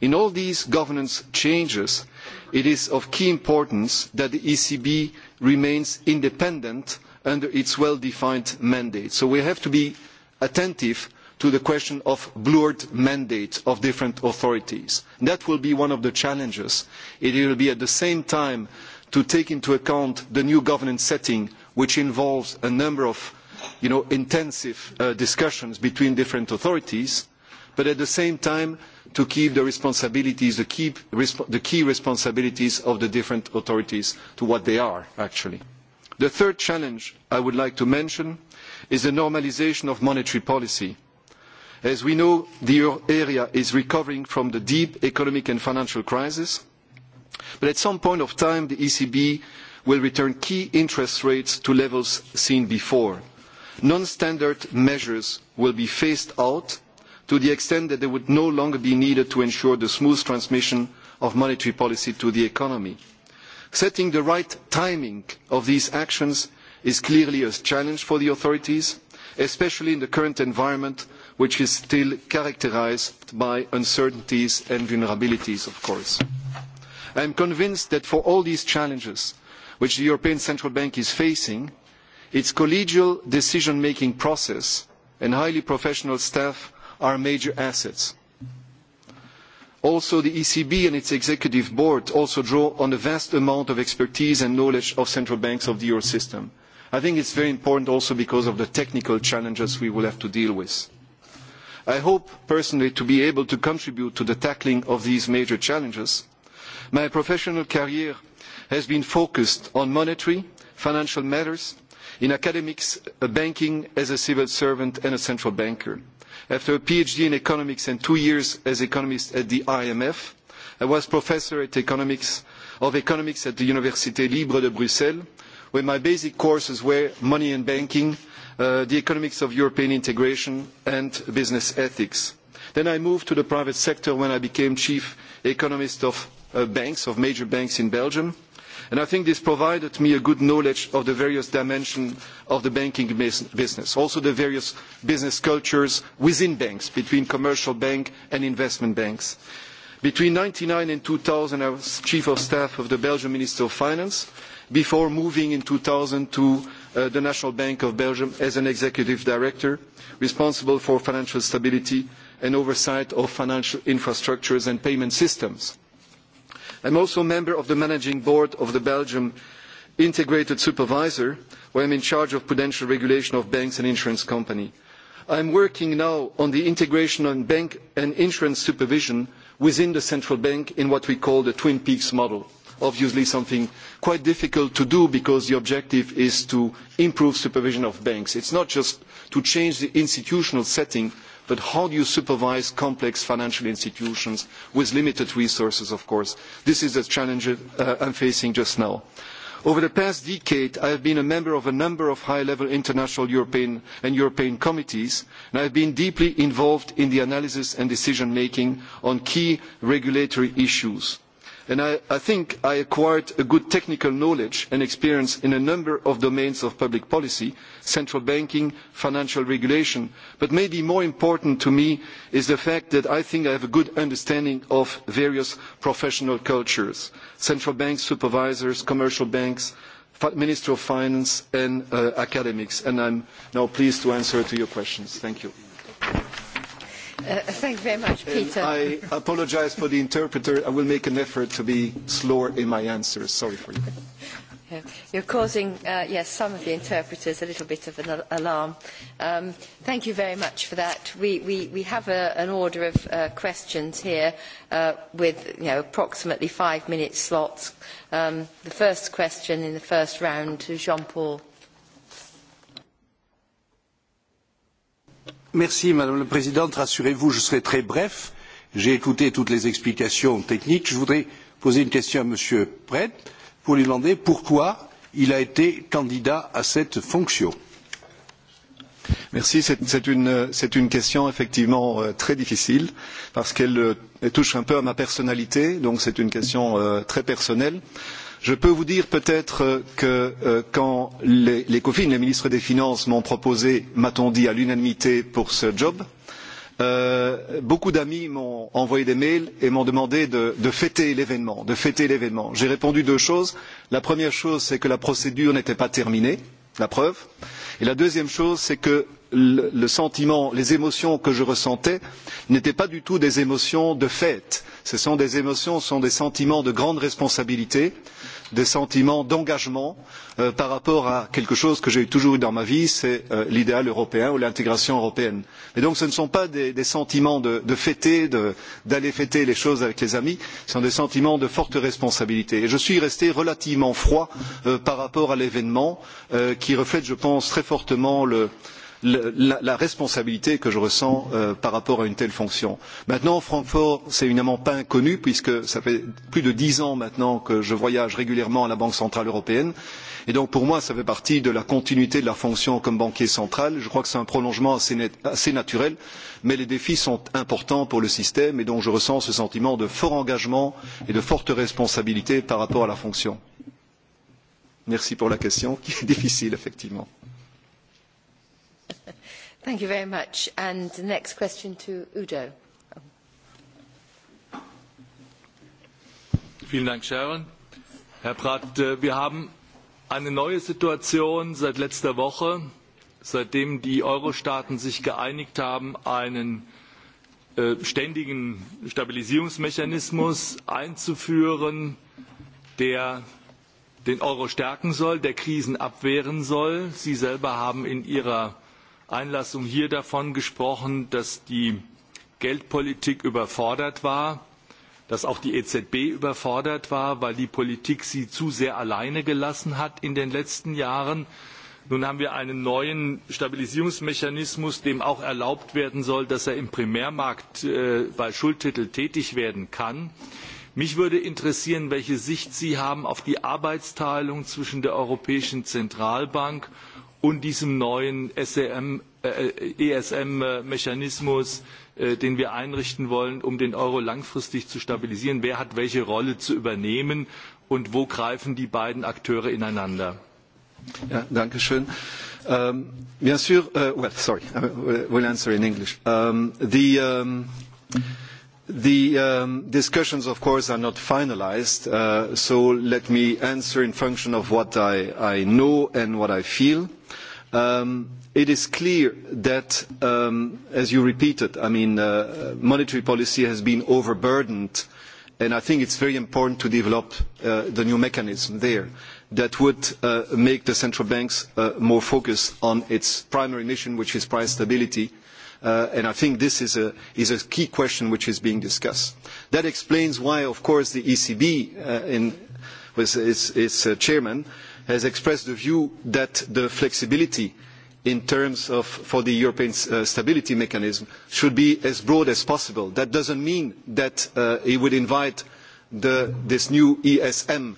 In all these governance changes, it is of key importance that the ECB remains independent under its well-defined mandate. So we have to be attentive to the question of blurred mandates of different authorities. That will be one of the challenges. It will be at the same time uh, to take into account the new governance setting, which involves a number of you know, intensive uh, discussions between different authorities, but at the same time to keep the responsibilities, the key, resp the key responsibilities of the different authorities to what they are, actually. The third challenge I would like to mention is the normalization of monetary policy. As we know, the euro area is recovering from the deep economic and financial crisis, but at some point of time, the ECB will return key interest rates to levels seen before. Non-standard measures will be phased out to the extent that they would no longer be needed to ensure the smooth transmission of monetary policy to the economy. Setting the right timing of these actions is clearly a challenge for the authorities, especially in the current environment, which is still characterized by uncertainties and vulnerabilities, of course. I am convinced that for all these challenges which the European Central Bank is facing, its collegial decision-making process and highly professional staff are major assets. Also, the ECB and its executive board also draw on a vast amount of expertise and knowledge of central banks of the euro system. I think it's very important also because of the technical challenges we will have to deal with. I hope personally to be able to contribute to the tackling of these major challenges My professional career has been focused on monetary, financial matters, in academics, uh, banking as a civil servant and a central banker. After a PhD in economics and two years as economist at the IMF, I was professor at economics, of economics at the Université Libre de Bruxelles, where my basic courses were money and banking, uh, the economics of European integration, and business ethics. Then I moved to the private sector when I became chief economist of uh, banks, of major banks in Belgium. And I think this provided me a good knowledge of the various dimensions of the banking business, also the various business cultures within banks, between commercial bank and investment banks. Between 1999 and 2000, I was chief of staff of the Belgian Minister of Finance, before moving in 2000 to uh, the National Bank of Belgium as an executive director, responsible for financial stability and oversight of financial infrastructures and payment systems i am also a member of the managing board of the belgian integrated supervisor where i am in charge of prudential regulation of banks and insurance companies. i am working now on the integration of bank and insurance supervision within the central bank in what we call the twin peaks model obviously something quite difficult to do because the objective is to improve supervision of banks. it is not just to change the institutional setting but how do you supervise complex financial institutions with limited resources, of course? This is the challenge uh, I'm facing just now. Over the past decade, I have been a member of a number of high-level international European and European committees, and I have been deeply involved in the analysis and decision-making on key regulatory issues and I, I think I acquired a good technical knowledge and experience in a number of domains of public policy, central banking, financial regulation, but maybe more important to me is the fact that I think I have a good understanding of various professional cultures, central bank supervisors, commercial banks, Minister of Finance and uh, academics, and I'm now pleased to answer to your questions. Thank you. Uh, thank you very much, Peter. And I apologize for the interpreter. I will make an effort to be slower in my answers. Sorry for you. You're causing, uh, yes, some of the interpreters a little bit of an alarm. Um, thank you very much for that. We, we, we have a, an order of uh, questions here uh, with you know, approximately five-minute slots. Um, the first question in the first round to Jean-Paul. Merci, Madame la Présidente. Rassurez-vous, je serai très bref. J'ai écouté toutes les explications techniques. Je voudrais poser une question à Monsieur Brett pour lui demander pourquoi il a été candidat à cette fonction. Merci. C'est une, une question effectivement euh, très difficile parce qu'elle euh, touche un peu à ma personnalité, donc c'est une question euh, très personnelle. Euh, Je peux vous dire peut-être euh, que euh, quand les, les COFIN, les ministres des Finances, m'ont proposé, m'a-t-on dit, à l'unanimité pour ce job, euh, beaucoup d'amis m'ont envoyé des mails et m'ont demandé de, de fêter l'événement, de fêter l'événement. J'ai répondu deux choses. La première chose, c'est que la procédure n'était pas terminée, la preuve. Et la deuxième chose, c'est que le, le sentiment, les émotions que je ressentais n'étaient pas du tout des émotions de fête. Ce sont des émotions, ce sont des sentiments de grande responsabilité. Euh, des sentiments d'engagement euh, par rapport à quelque chose que j'ai toujours eu dans ma vie, c'est euh, l'idéal européen ou l'intégration européenne. Et donc ce ne sont pas des, des sentiments de, de fêter, d'aller de, fêter les choses avec les amis, ce sont des sentiments de forte responsabilité. Et je suis resté relativement froid euh, par rapport à l'événement euh, qui reflète, je pense, très fortement le, euh, le, la, la responsabilité que je ressens euh, par rapport à une telle fonction. Maintenant, Francfort, c'est évidemment pas inconnu puisque ça fait plus de dix ans maintenant que je voyage régulièrement à la Banque centrale européenne. Et donc pour moi, ça fait partie de la continuité de la fonction comme banquier central. Je crois que c'est un prolongement assez, net, assez naturel, mais les défis sont importants pour le système et donc je ressens ce sentiment de fort engagement et de forte responsabilité par rapport à la fonction. Merci pour la question qui est difficile, effectivement. Euh, Thank you very much. And the next question to Udo. Vielen Dank, Sharon. Herr Pratt, äh, wir haben eine neue Situation seit letzter Woche, seitdem die Euro-Staaten sich geeinigt haben, einen äh, ständigen Stabilisierungsmechanismus einzuführen, der den Euro stärken soll, der Krisen abwehren soll. Sie selber haben in Ihrer Einlassung hier davon gesprochen, dass die Geldpolitik überfordert war, dass auch die EZB überfordert war, weil die Politik sie zu sehr alleine gelassen hat in den letzten Jahren. Nun haben wir einen neuen Stabilisierungsmechanismus, dem auch erlaubt werden soll, dass er im Primärmarkt äh, bei Schuldtiteln tätig werden kann. Mich würde interessieren, welche Sicht Sie haben auf die Arbeitsteilung zwischen der Europäischen Zentralbank und und diesem neuen SM, e äh, ESM-Mechanismus, äh, äh, den wir einrichten wollen, um den Euro langfristig zu stabilisieren. Wer hat welche Rolle zu übernehmen und wo greifen die beiden Akteure ineinander? Yeah, danke schön. Um, bien sûr, uh, well, sorry, I will answer in English. Um, the, um, The um, discussions, of course, are not finalized, uh, so let me answer in function of what I, I know and what I feel. Um, it is clear that, um, as you repeated, I mean, uh, monetary policy has been overburdened, and I think it's very important to develop uh, the new mechanism there that would uh, make the central banks uh, more focused on its primary mission, which is price stability, Uh, and I think this is a, is a key question which is being discussed. That explains why, of course, the ECB, uh, in, with its, its uh, chairman, has expressed the view that the flexibility in terms of for the European uh, stability mechanism should be as broad as possible. That doesn't mean that uh, it would invite the, this new ESM uh,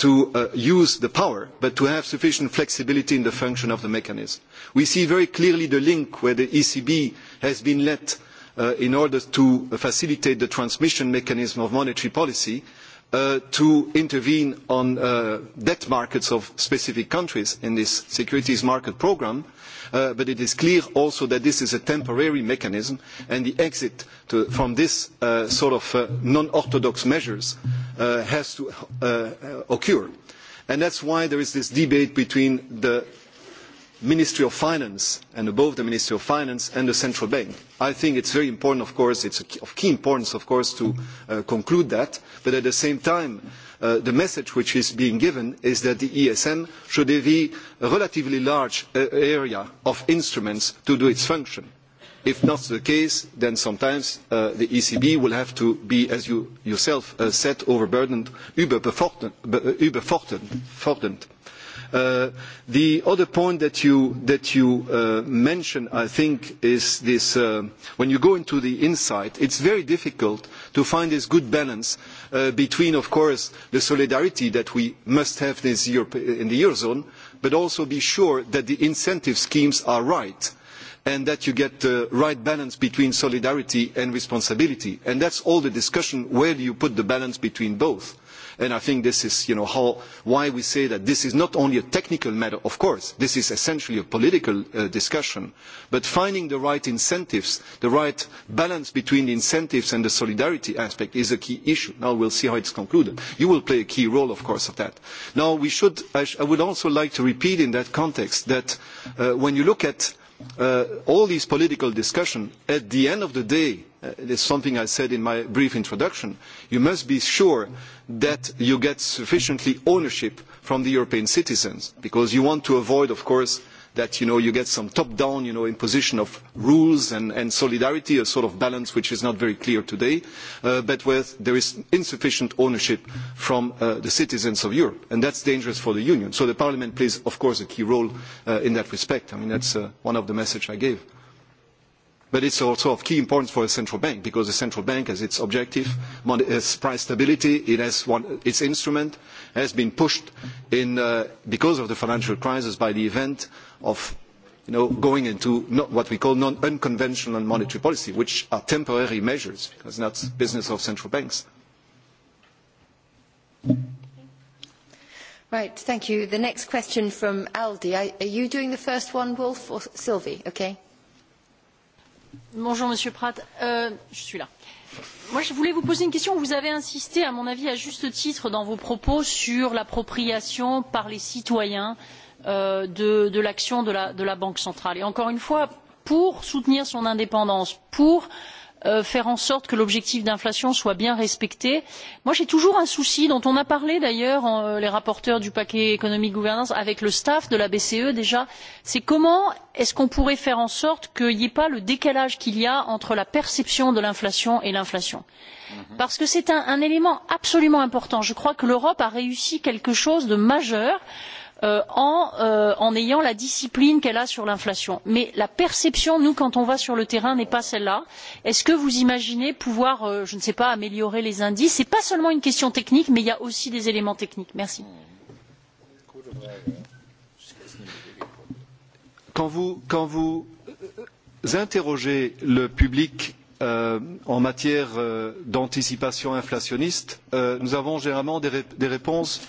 to uh, use the power, but to have sufficient flexibility in the function of the mechanism. We see very clearly the link where the ECB has been let uh, in order to facilitate the transmission mechanism of monetary policy uh, to intervene on uh, debt markets of specific countries in this securities market program, uh, but it is clear also that this is a temporary mechanism and the exit to, from this uh, sort of uh, non-orthodox measures uh, uh, has to uh, occur. And that's why there is this debate between the Ministry of Finance and above the Ministry of Finance and the Central Bank. I think it's very important, of course, it's of key importance, of course, to uh, conclude that, but at the same time, uh, the message which is being given is that the ESM should be a relatively large uh, area of instruments to do its function If not the case, then sometimes uh, the ECB will have to be, as you yourself uh, said, overburdened, uh, überfordert. Uh, the other point that you, that you uh, mentioned, I think, is this, uh, when you go into the inside, it's very difficult to find this good balance uh, between, of course, the solidarity that we must have in, Europe, in the Eurozone, but also be sure that the incentive schemes are right and that you get the right balance between solidarity and responsibility. And that's all the discussion, where do you put the balance between both? And I think this is you know, how, why we say that this is not only a technical matter, of course, this is essentially a political uh, discussion, but finding the right incentives, the right balance between the incentives and the solidarity aspect is a key issue. Now we'll see how it's concluded. You will play a key role, of course, of that. Now we should, I, sh I would also like to repeat in that context that uh, when you look at uh, all these political discussion, at the end of the day, uh, it is something I said in my brief introduction, you must be sure that you get sufficiently ownership from the European citizens, because you want to avoid, of course, that you know you get some top-down you know imposition of rules and, and solidarity, a sort of balance which is not very clear today, uh, but where there is insufficient ownership from uh, the citizens of Europe, and that's dangerous for the Union. So the Parliament plays, of course, a key role uh, in that respect. I mean, that's uh, one of the messages I gave. But it's also of key importance for a central bank because the central bank has its objective, has price stability, it has one, its instrument, uh, has been pushed in, uh, because of the financial crisis by the event of you know, going into not what we call non-unconventional monetary policy, which are temporary measures, because that's business of central banks. Right, thank you. The next question from Aldi. I, are you doing the first one, Wolf, or Sylvie? Okay. Bonjour, Monsieur Pratt. Euh, je suis là. Euh, moi, je voulais vous poser une question. Vous avez insisté, à mon avis, à juste titre dans vos propos sur l'appropriation par les citoyens euh, de, de l'action de la, de la Banque centrale. Et encore une fois, pour soutenir son indépendance, pour euh, Euh, faire en sorte que l'objectif d'inflation soit bien respecté. j'ai toujours un souci dont on a parlé d'ailleurs euh, les rapporteurs du paquet économie gouvernance avec le staff de la bce déjà c'est comment est ce qu'on pourrait faire en sorte qu'il n'y ait pas le décalage qu'il y a entre la perception de l'inflation et l'inflation mhm. parce que c'est un, un élément absolument important. je crois que l'europe a réussi quelque chose de majeur c'est euh, en, euh, en ayant la discipline qu'elle a sur l'inflation. Mais la perception, nous, quand on va sur le terrain, n'est pas celle-là. Est-ce que vous imaginez pouvoir, euh, je ne sais pas, améliorer les indices Ce n'est pas seulement une question technique, mais il y a aussi des éléments techniques. Merci. Quand vous, quand vous euh, interrogez le public euh, en matière euh, d'anticipation inflationniste, euh, nous avons généralement des, ré des réponses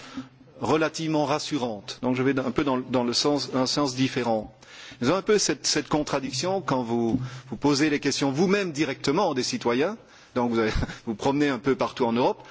relativement rassurante. Donc je vais un peu dans, dans le sens, un sens différent. Nous avons un peu cette, cette contradiction quand vous, vous posez les questions vous-même directement des citoyens, donc vous avez, vous promenez un peu partout en Europe,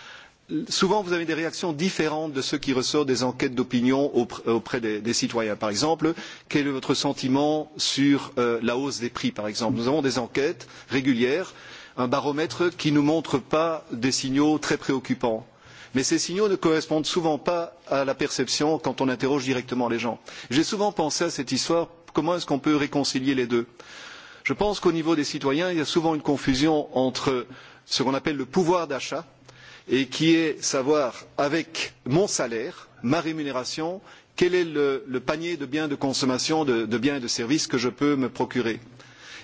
souvent vous avez des réactions différentes de ce qui ressort des enquêtes d'opinion auprès des, des citoyens. Par exemple, quel est votre sentiment sur euh, la hausse des prix, par exemple Nous avons des enquêtes régulières, un baromètre qui ne montre pas des signaux très préoccupants mais ces signaux ne correspondent souvent pas à la perception quand on interroge directement les gens. j'ai souvent pensé à cette histoire comment est ce qu'on peut réconcilier les deux? je pense qu'au niveau des citoyens il y a souvent une confusion entre ce qu'on appelle le pouvoir d'achat et qui est savoir avec mon salaire ma rémunération quel est le, le panier de biens de consommation de, de biens et de services que je peux me procurer.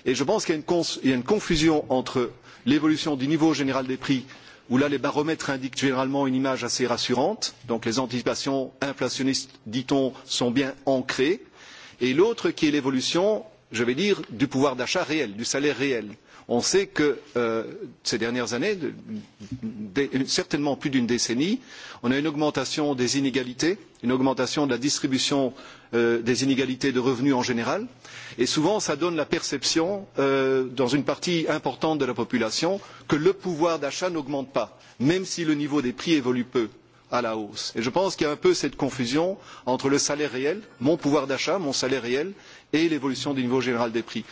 Et je pense qu'il y, a une, il y a une confusion entre l'évolution du niveau général des prix où là les baromètres indiquent généralement une image assez rassurante, donc les anticipations inflationnistes, dit-on, sont bien ancrées, et l'autre qui est l'évolution, je vais dire, du pouvoir d'achat réel, du salaire réel. On sait que euh, ces dernières années, de, de, certainement plus d'une décennie, on a une augmentation des inégalités, une augmentation de la distribution euh, des inégalités de revenus en général, et souvent ça donne la perception euh, dans une partie importante de la population que le pouvoir d'achat n'augmente pas, même si le niveau des prix évolue peu à la hausse. Et je pense qu'il y a un peu cette confusion entre le salaire réel, mon pouvoir d'achat, mon salaire réel, et l'évolution du niveau général des prix.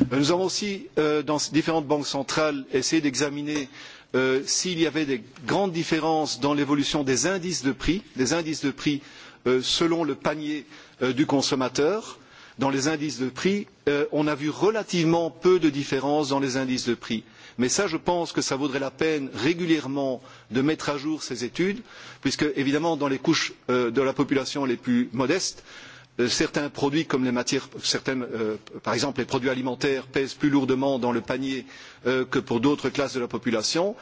Euh, nous avons aussi, euh, dans différentes banques centrales, essayé d'examiner euh, s'il y avait des grandes différences dans l'évolution des indices de prix, des indices de prix euh, selon le panier euh, du consommateur. Dans les indices de prix, euh, on a vu relativement peu de différences dans les indices de prix. Mais ça, je pense que ça vaudrait la peine régulièrement de mettre à jour ces études, puisque évidemment, dans les couches euh, de la population les plus modestes, euh, Euh, certains produits comme les matières certaines, euh, par exemple les produits alimentaires pèsent plus lourdement dans le panier euh, que pour d'autres classes de la population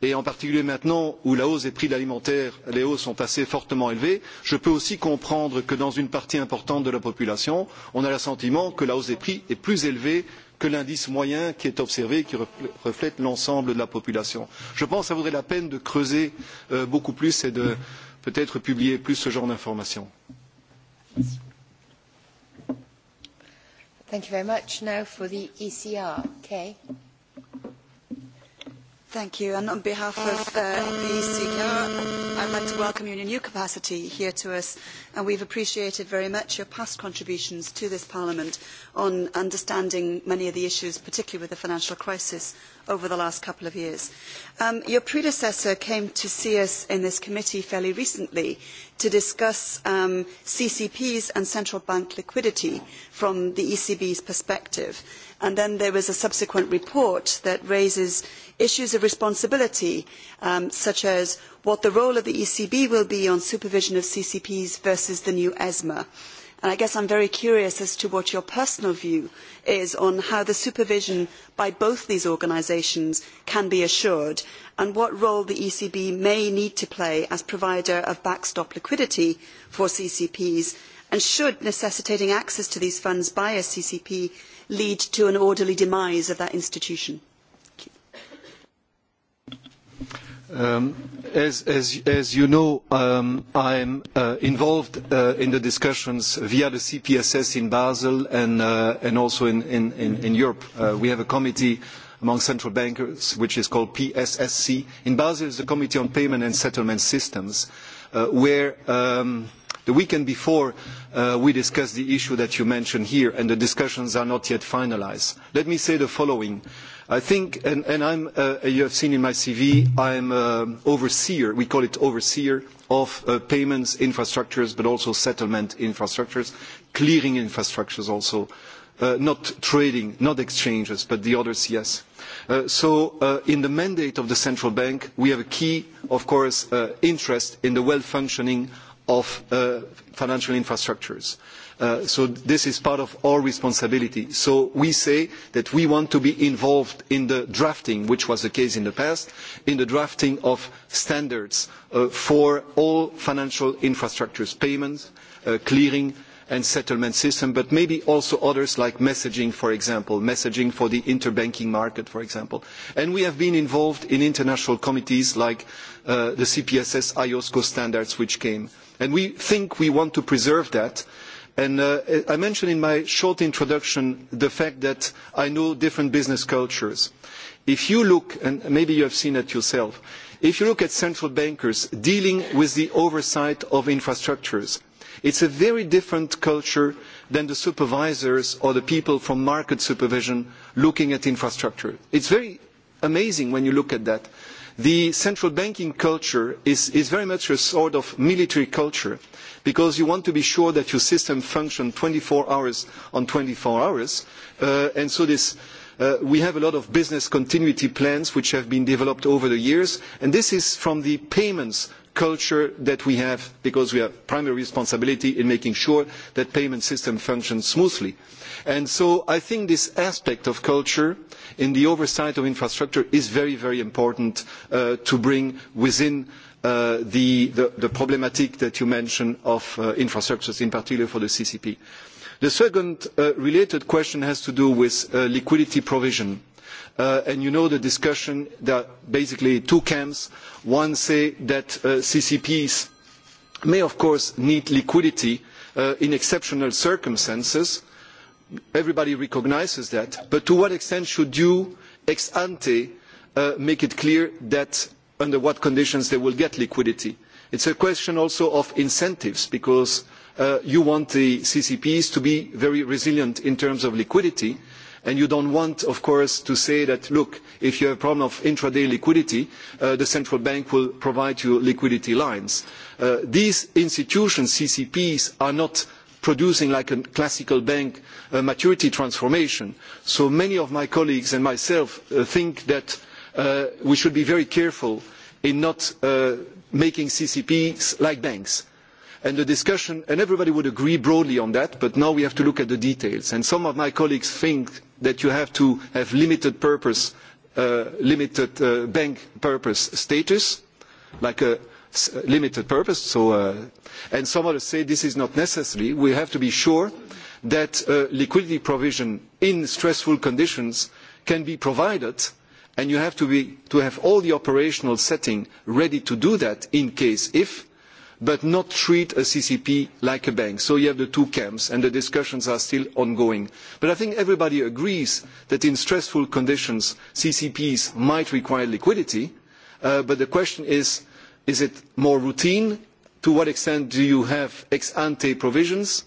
et en particulier maintenant où la hausse des prix de l'alimentaire les hausses sont assez fortement élevées je peux aussi comprendre que dans une partie importante de la population on a le sentiment que la hausse des prix est plus élevée que l'indice moyen qui est observé qui reflète l'ensemble de la population. je pense que ça vaudrait la peine de creuser euh, beaucoup plus et de peut être publier plus ce genre d'informations. Merci. Thank you very much. Now for the ECR. Kay. Thank you. And on behalf of uh, the CDR, I'd like to welcome you in your new capacity here to us. And we've appreciated very much your past contributions to this Parliament on understanding many of the issues, particularly with the financial crisis, over the last couple of years. Um, your predecessor came to see us in this committee fairly recently to discuss um, CCPs and central bank liquidity from the ECB's perspective. Uh, and then there was a subsequent report that raises issues of responsibility um, such as what the role of the ECB will be on supervision of CCPs versus the new ESMA. And I guess I'm very curious as to what your personal view is on how the supervision by both these organisations can be assured and what role the ECB may need to play as provider of backstop liquidity for CCPs and should necessitating access to these funds by a CCP lead to an orderly demise of that institution. Um, as, as, as you know, um, I'm uh, involved uh, in the discussions via the CPSS in Basel and, uh, and also in, in, in, in Europe. Uh, we have a committee among central bankers which is called PSSC. In Basel is the Committee on Payment and Settlement Systems, uh, where um, uh, The weekend before, uh, we discussed the issue that you mentioned here, and the discussions are not yet finalized. Let me say the following. I think, and, and I'm, uh, uh you have seen in my CV, I'm uh, overseer, we call it overseer, of uh, payments infrastructures, but also settlement infrastructures, clearing infrastructures also, uh, not trading, not exchanges, but the others, yes. Uh, so uh, in the mandate of the central bank, we have a key, of course, uh, interest in the well-functioning of uh, financial infrastructures. Uh, so this is part of our responsibility. So we say that we want to be involved in the drafting, which was the case in the past, in the drafting of standards uh, for all financial infrastructures, payments, uh, clearing, and settlement system, but maybe also others like messaging, for example, messaging for the interbanking market, for example. And we have been involved in international committees like uh, the CPSS IOSCO standards which came. And we think we want to preserve that. And uh, I mentioned in my short introduction the fact that I know different business cultures. If you look, and maybe you have seen it yourself, if you look at central bankers dealing with the oversight of infrastructures, It's a very different culture than the supervisors or the people from market supervision looking at infrastructure. It's very amazing when you look at that. The central banking culture is, is very much a sort of military culture because you want to be sure that your system functions 24 hours on 24 hours. Uh, and so this, uh, we have a lot of business continuity plans which have been developed over the years. And this is from the payments culture that we have because we have primary responsibility in making sure that payment system functions smoothly. And so I think this aspect of culture in the oversight of infrastructure is very, very important uh, to bring within uh, the, the, the problematic that you mentioned of uh, infrastructures, in particular for the CCP. The second uh, related question has to do with uh, liquidity provision. Uh, uh, and you know the discussion, there are basically two camps. One say that uh, CCPs may of course need liquidity uh, in exceptional circumstances. Everybody recognizes that, but to what extent should you, ex ante, uh, make it clear that under what conditions they will get liquidity? It's a question also of incentives because uh, you want the CCPs to be very resilient in terms of liquidity. Uh, and you don't want, of course, to say that, look, if you have a problem of intraday liquidity, uh, the central bank will provide you liquidity lines. Uh, these institutions, CCPs, are not producing like a classical bank uh, maturity transformation. So many of my colleagues and myself uh, think that uh, we should be very careful in not uh, making CCPs like banks. And the discussion, and everybody would agree broadly on that, but now we have to look at the details. And some of my colleagues think that you have to have limited purpose, uh, limited uh, bank purpose status, like a uh, limited purpose. So, uh, and some others say this is not necessary. We have to be sure that uh, liquidity provision in stressful conditions can be provided, and you have to, be, to have all the operational setting ready to do that in case if, but not treat a CCP like a bank. So you have the two camps, and the discussions are still ongoing. But I think everybody agrees that in stressful conditions, CCPs might require liquidity, uh, but the question is, is it more routine? To what extent do you have ex-ante provisions?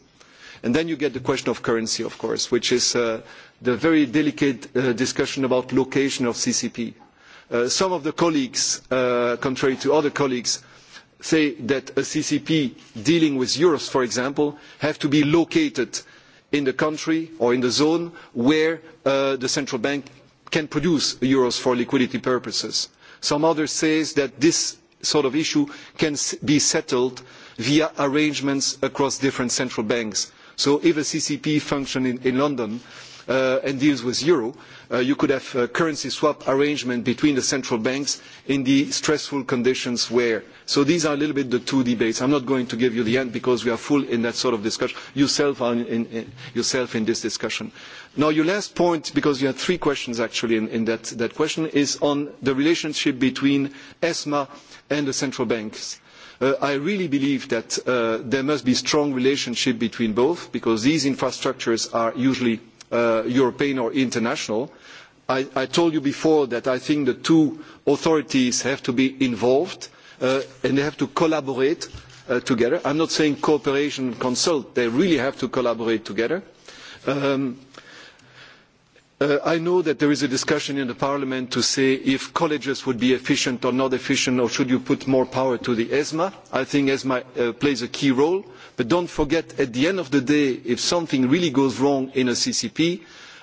And then you get the question of currency, of course, which is uh, the very delicate uh, discussion about location of CCP. Uh, some of the colleagues, uh, contrary to other colleagues, say that a CCP dealing with euros, for example, have to be located in the country or in the zone where uh, the central bank can produce euros for liquidity purposes. Some others say that this sort of issue can be settled via arrangements across different central banks. So if a CCP functions in, in London uh, and deals with euro, Uh, you could have a currency swap arrangement between the central banks in the stressful conditions where. So these are a little bit the two debates. I'm not going to give you the end because we are full in that sort of discussion. Yourself are in, in, in, yourself in this discussion. Now your last point, because you had three questions actually in, in that, that question, is on the relationship between ESMA and the central banks. Uh, I really believe that uh, there must be strong relationship between both because these infrastructures are usually uh, European or international. I, I told you before that I think the two authorities have to be involved uh, and they have to collaborate uh, together. I'm not saying cooperation and consult, they really have to collaborate together. Um, Uh, I know that there is a discussion in the Parliament to say if colleges would be efficient or not efficient, or should you put more power to the ESMA. I think ESMA uh, plays a key role. But don't forget, at the end of the day, if something really goes wrong in a CCP,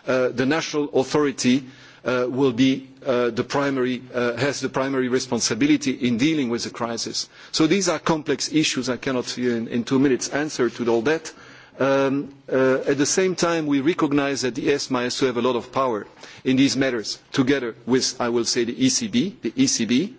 uh, the national authority uh, will be uh, the primary, uh, has the primary responsibility in dealing with the crisis. So these are complex issues. I cannot, in, in two minutes, answer to all that. Um, uh, at the same time, we recognize that the ESMA has to have a lot of power in these matters, together with, I will say, the ECB. The ECB.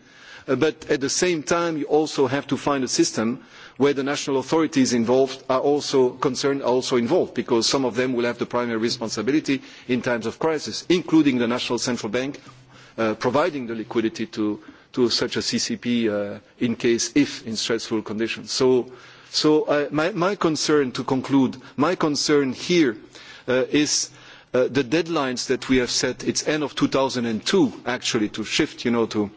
Uh, but at the same time, you also have to find a system uh, where the national authorities involved are also concerned are also involved because some of them will have the primary responsibility in times of crisis including the national central bank uh, providing the liquidity to to such a CCP uh, in case if in stressful conditions so so uh, my, my concern to conclude my concern here uh, is uh, the deadlines that we have set it's end of 2002 actually to shift you know to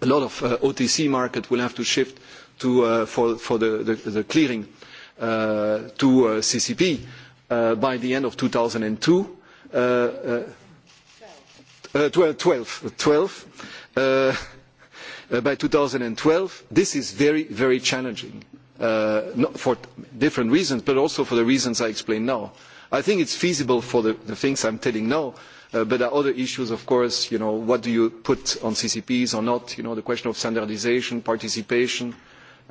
a lot of uh, OTC market will have to shift to, uh, for, for the, the, the clearing uh, to uh, CCP uh, by the end of 2002. Uh, uh, uh, 12, 12, 12 uh, uh, by 2012, this is very, very challenging uh, not for different reasons, but also for the reasons I explained now. I think it's feasible for the, the things I'm telling now, uh, but there are other issues, of course, you know, what do you put on CCPs or not, you know, the question of standardization, participation, uh,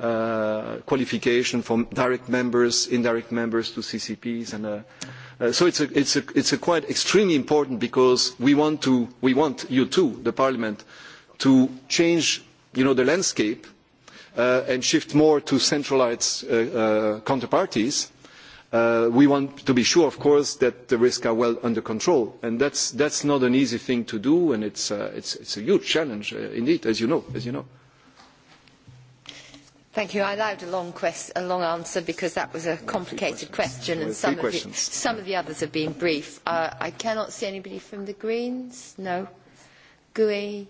uh, qualification from direct members, indirect members to CCPs. And, uh, uh, so it's a, it's, a, it's a quite extremely important because we want, to, we want you too, the Parliament, to change you know, the landscape uh, and shift more to centralized uh, uh, counterparties. Uh, we want to be sure, of course, that the risks are well under control. And that's, that's not an easy thing to do, and it's, uh, it's, it's a huge challenge, uh, indeed, as you know. As you know. Thank you. I allowed a long, quest, a long answer because that was a complicated question and some of, the, some of the others have been brief. Uh, I cannot see anybody from the Greens. No. GUI?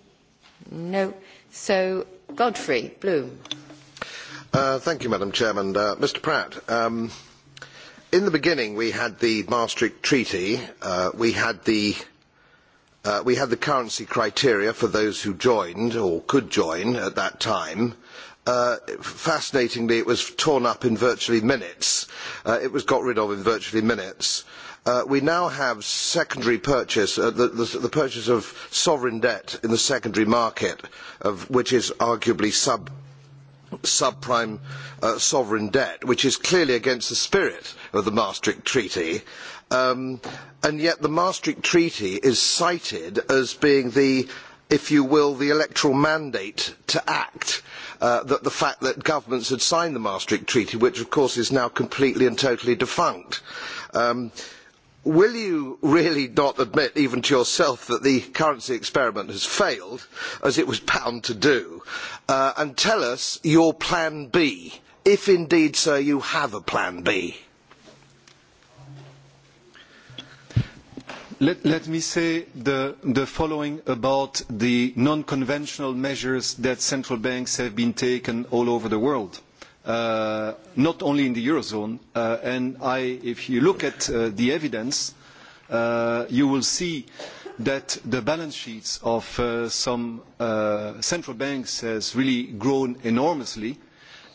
No. So, Godfrey Bloom. Uh, thank you, Madam Chairman. Uh, Mr Pratt, um, in the beginning we had the Maastricht Treaty, uh, we had the uh, we had the currency criteria for those who joined or could join at that time. Uh, uh, fascinatingly, it was torn up in virtually minutes. Uh, it was got rid of in virtually minutes. Uh, we now have secondary purchase, uh, the, the, the purchase of sovereign debt in the secondary market, of, which is arguably sub subprime uh, sovereign debt, which is clearly against the spirit of the Maastricht Treaty. Um, and yet the Maastricht Treaty is cited as being the if you will, the electoral mandate to act, uh, that the fact that governments had signed the Maastricht Treaty, which of course is now completely and totally defunct. Um, will you really not admit, even to yourself, that the currency experiment has failed, as it was bound to do, uh, and tell us your plan B, if indeed, sir, you have a plan B? Let, let me say the, the following about the non-conventional measures that central banks have been taken all over the world, uh, not only in the Eurozone. Uh, and I, if you look at uh, the evidence, uh, you will see that the balance sheets of uh, some uh, central banks has really grown enormously.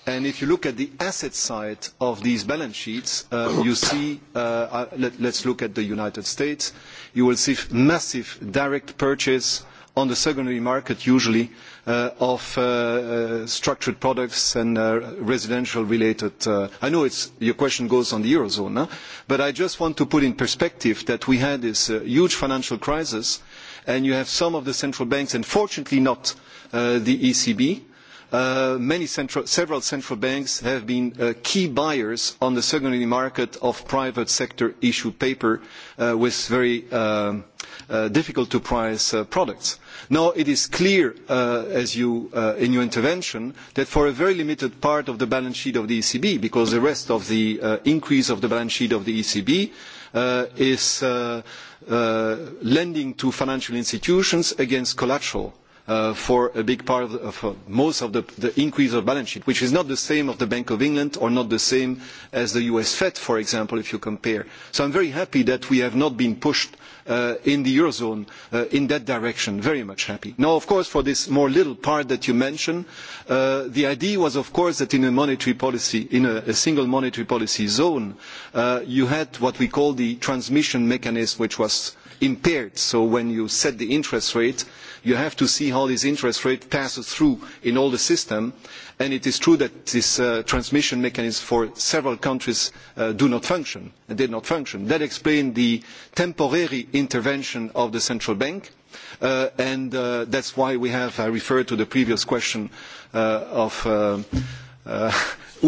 And if you look at the asset side of these balance sheets, uh, you see, uh, uh, let, let's look at the United States. Uh, you will see massive direct purchase on the secondary market usually uh, of uh, uh, structured products and uh, residential related uh, I know it's your question goes on the eurozone huh? but I just want to put in perspective that we had this uh, huge financial crisis and you have some of the central banks and fortunately not uh, the ECB uh, uh, many central, several central banks have been uh, key buyers on the secondary market of private sector issue paper uh, with very uh, uh, difficult to price uh, products. Now it is clear, uh, as you uh, in your intervention, that for a very limited part of the balance sheet of the ECB, because the rest of the uh, increase of the balance sheet of the ECB uh, is uh, uh, lending to financial institutions against collateral uh, for a big part of, of uh, most of the, the increase of balance sheet, which is not the same of the Bank of England or not the same as the US Fed, for example, if you compare. So I'm very happy that we have not been pushed uh, in the Eurozone uh, in that direction. Very much happy. Now, of course, for this more little part that you mentioned, uh, the idea was, of course, that in a monetary policy, in a, a single monetary policy zone, uh, you had what we call the transmission mechanism, which was impaired. So when you set the interest rate, you have to see how this interest rate passes through in all the system. And it is true that this uh, transmission mechanism for several countries uh, do not function, and uh, did not function. That explains the temporary intervention of the central bank. Uh, and uh, that's why we have, I uh, refer to the previous question uh, of uh, uh,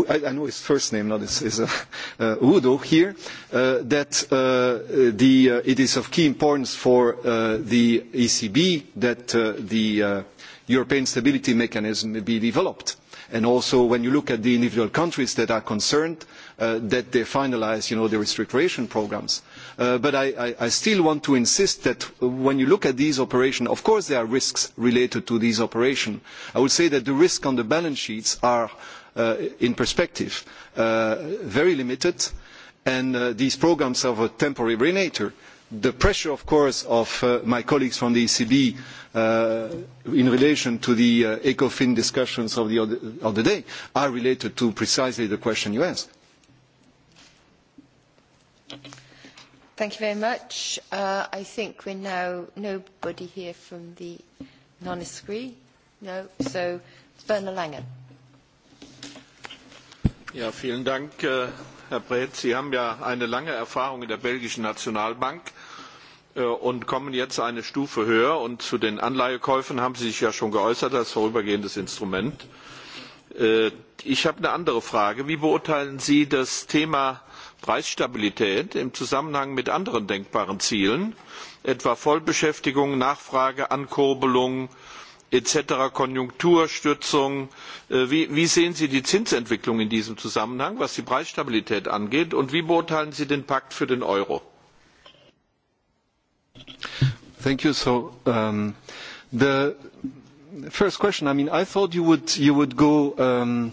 I, I know his first name, not his, his uh, uh, Udo here, uh, that uh, the, uh, it is of key importance for uh, the ECB that uh, the uh, European stability mechanism be developed. And also when you look at the individual countries that are concerned, uh, that they finalize you know, their restructuration programs. Uh, but I, I, I still want to insist that when you look at these operations, of course there are risks related to these operations. I would say that the risk on the balance sheets are uh, in perspective, uh, very limited, and uh, these programs are of a temporary nature. The pressure, of course, of uh, my colleagues from the ECB uh, in relation to the uh, ECOFIN discussions of the other, of the day are related to precisely the question you asked. Thank you very much. Uh, I think we're now nobody here from the non-ISCRI. No, so Werner Langen. Ja, vielen Dank, äh, Herr Breth. Sie haben ja eine lange Erfahrung in der belgischen Nationalbank äh, und kommen jetzt eine Stufe höher. Und zu den Anleihekäufen haben Sie sich ja schon geäußert als vorübergehendes Instrument. Äh, ich habe eine andere Frage. Wie beurteilen Sie das Thema Preisstabilität im Zusammenhang mit anderen denkbaren Zielen, etwa Vollbeschäftigung, Nachfrage, Ankurbelung, äh, etc. Konjunkturstützung. Äh, wie, wie sehen Sie die Zinsentwicklung in diesem Zusammenhang, was die Preisstabilität angeht? Und wie beurteilen Sie den Pakt für den Euro? Thank you. So, um, the first question, I mean, I thought you would, you would go um,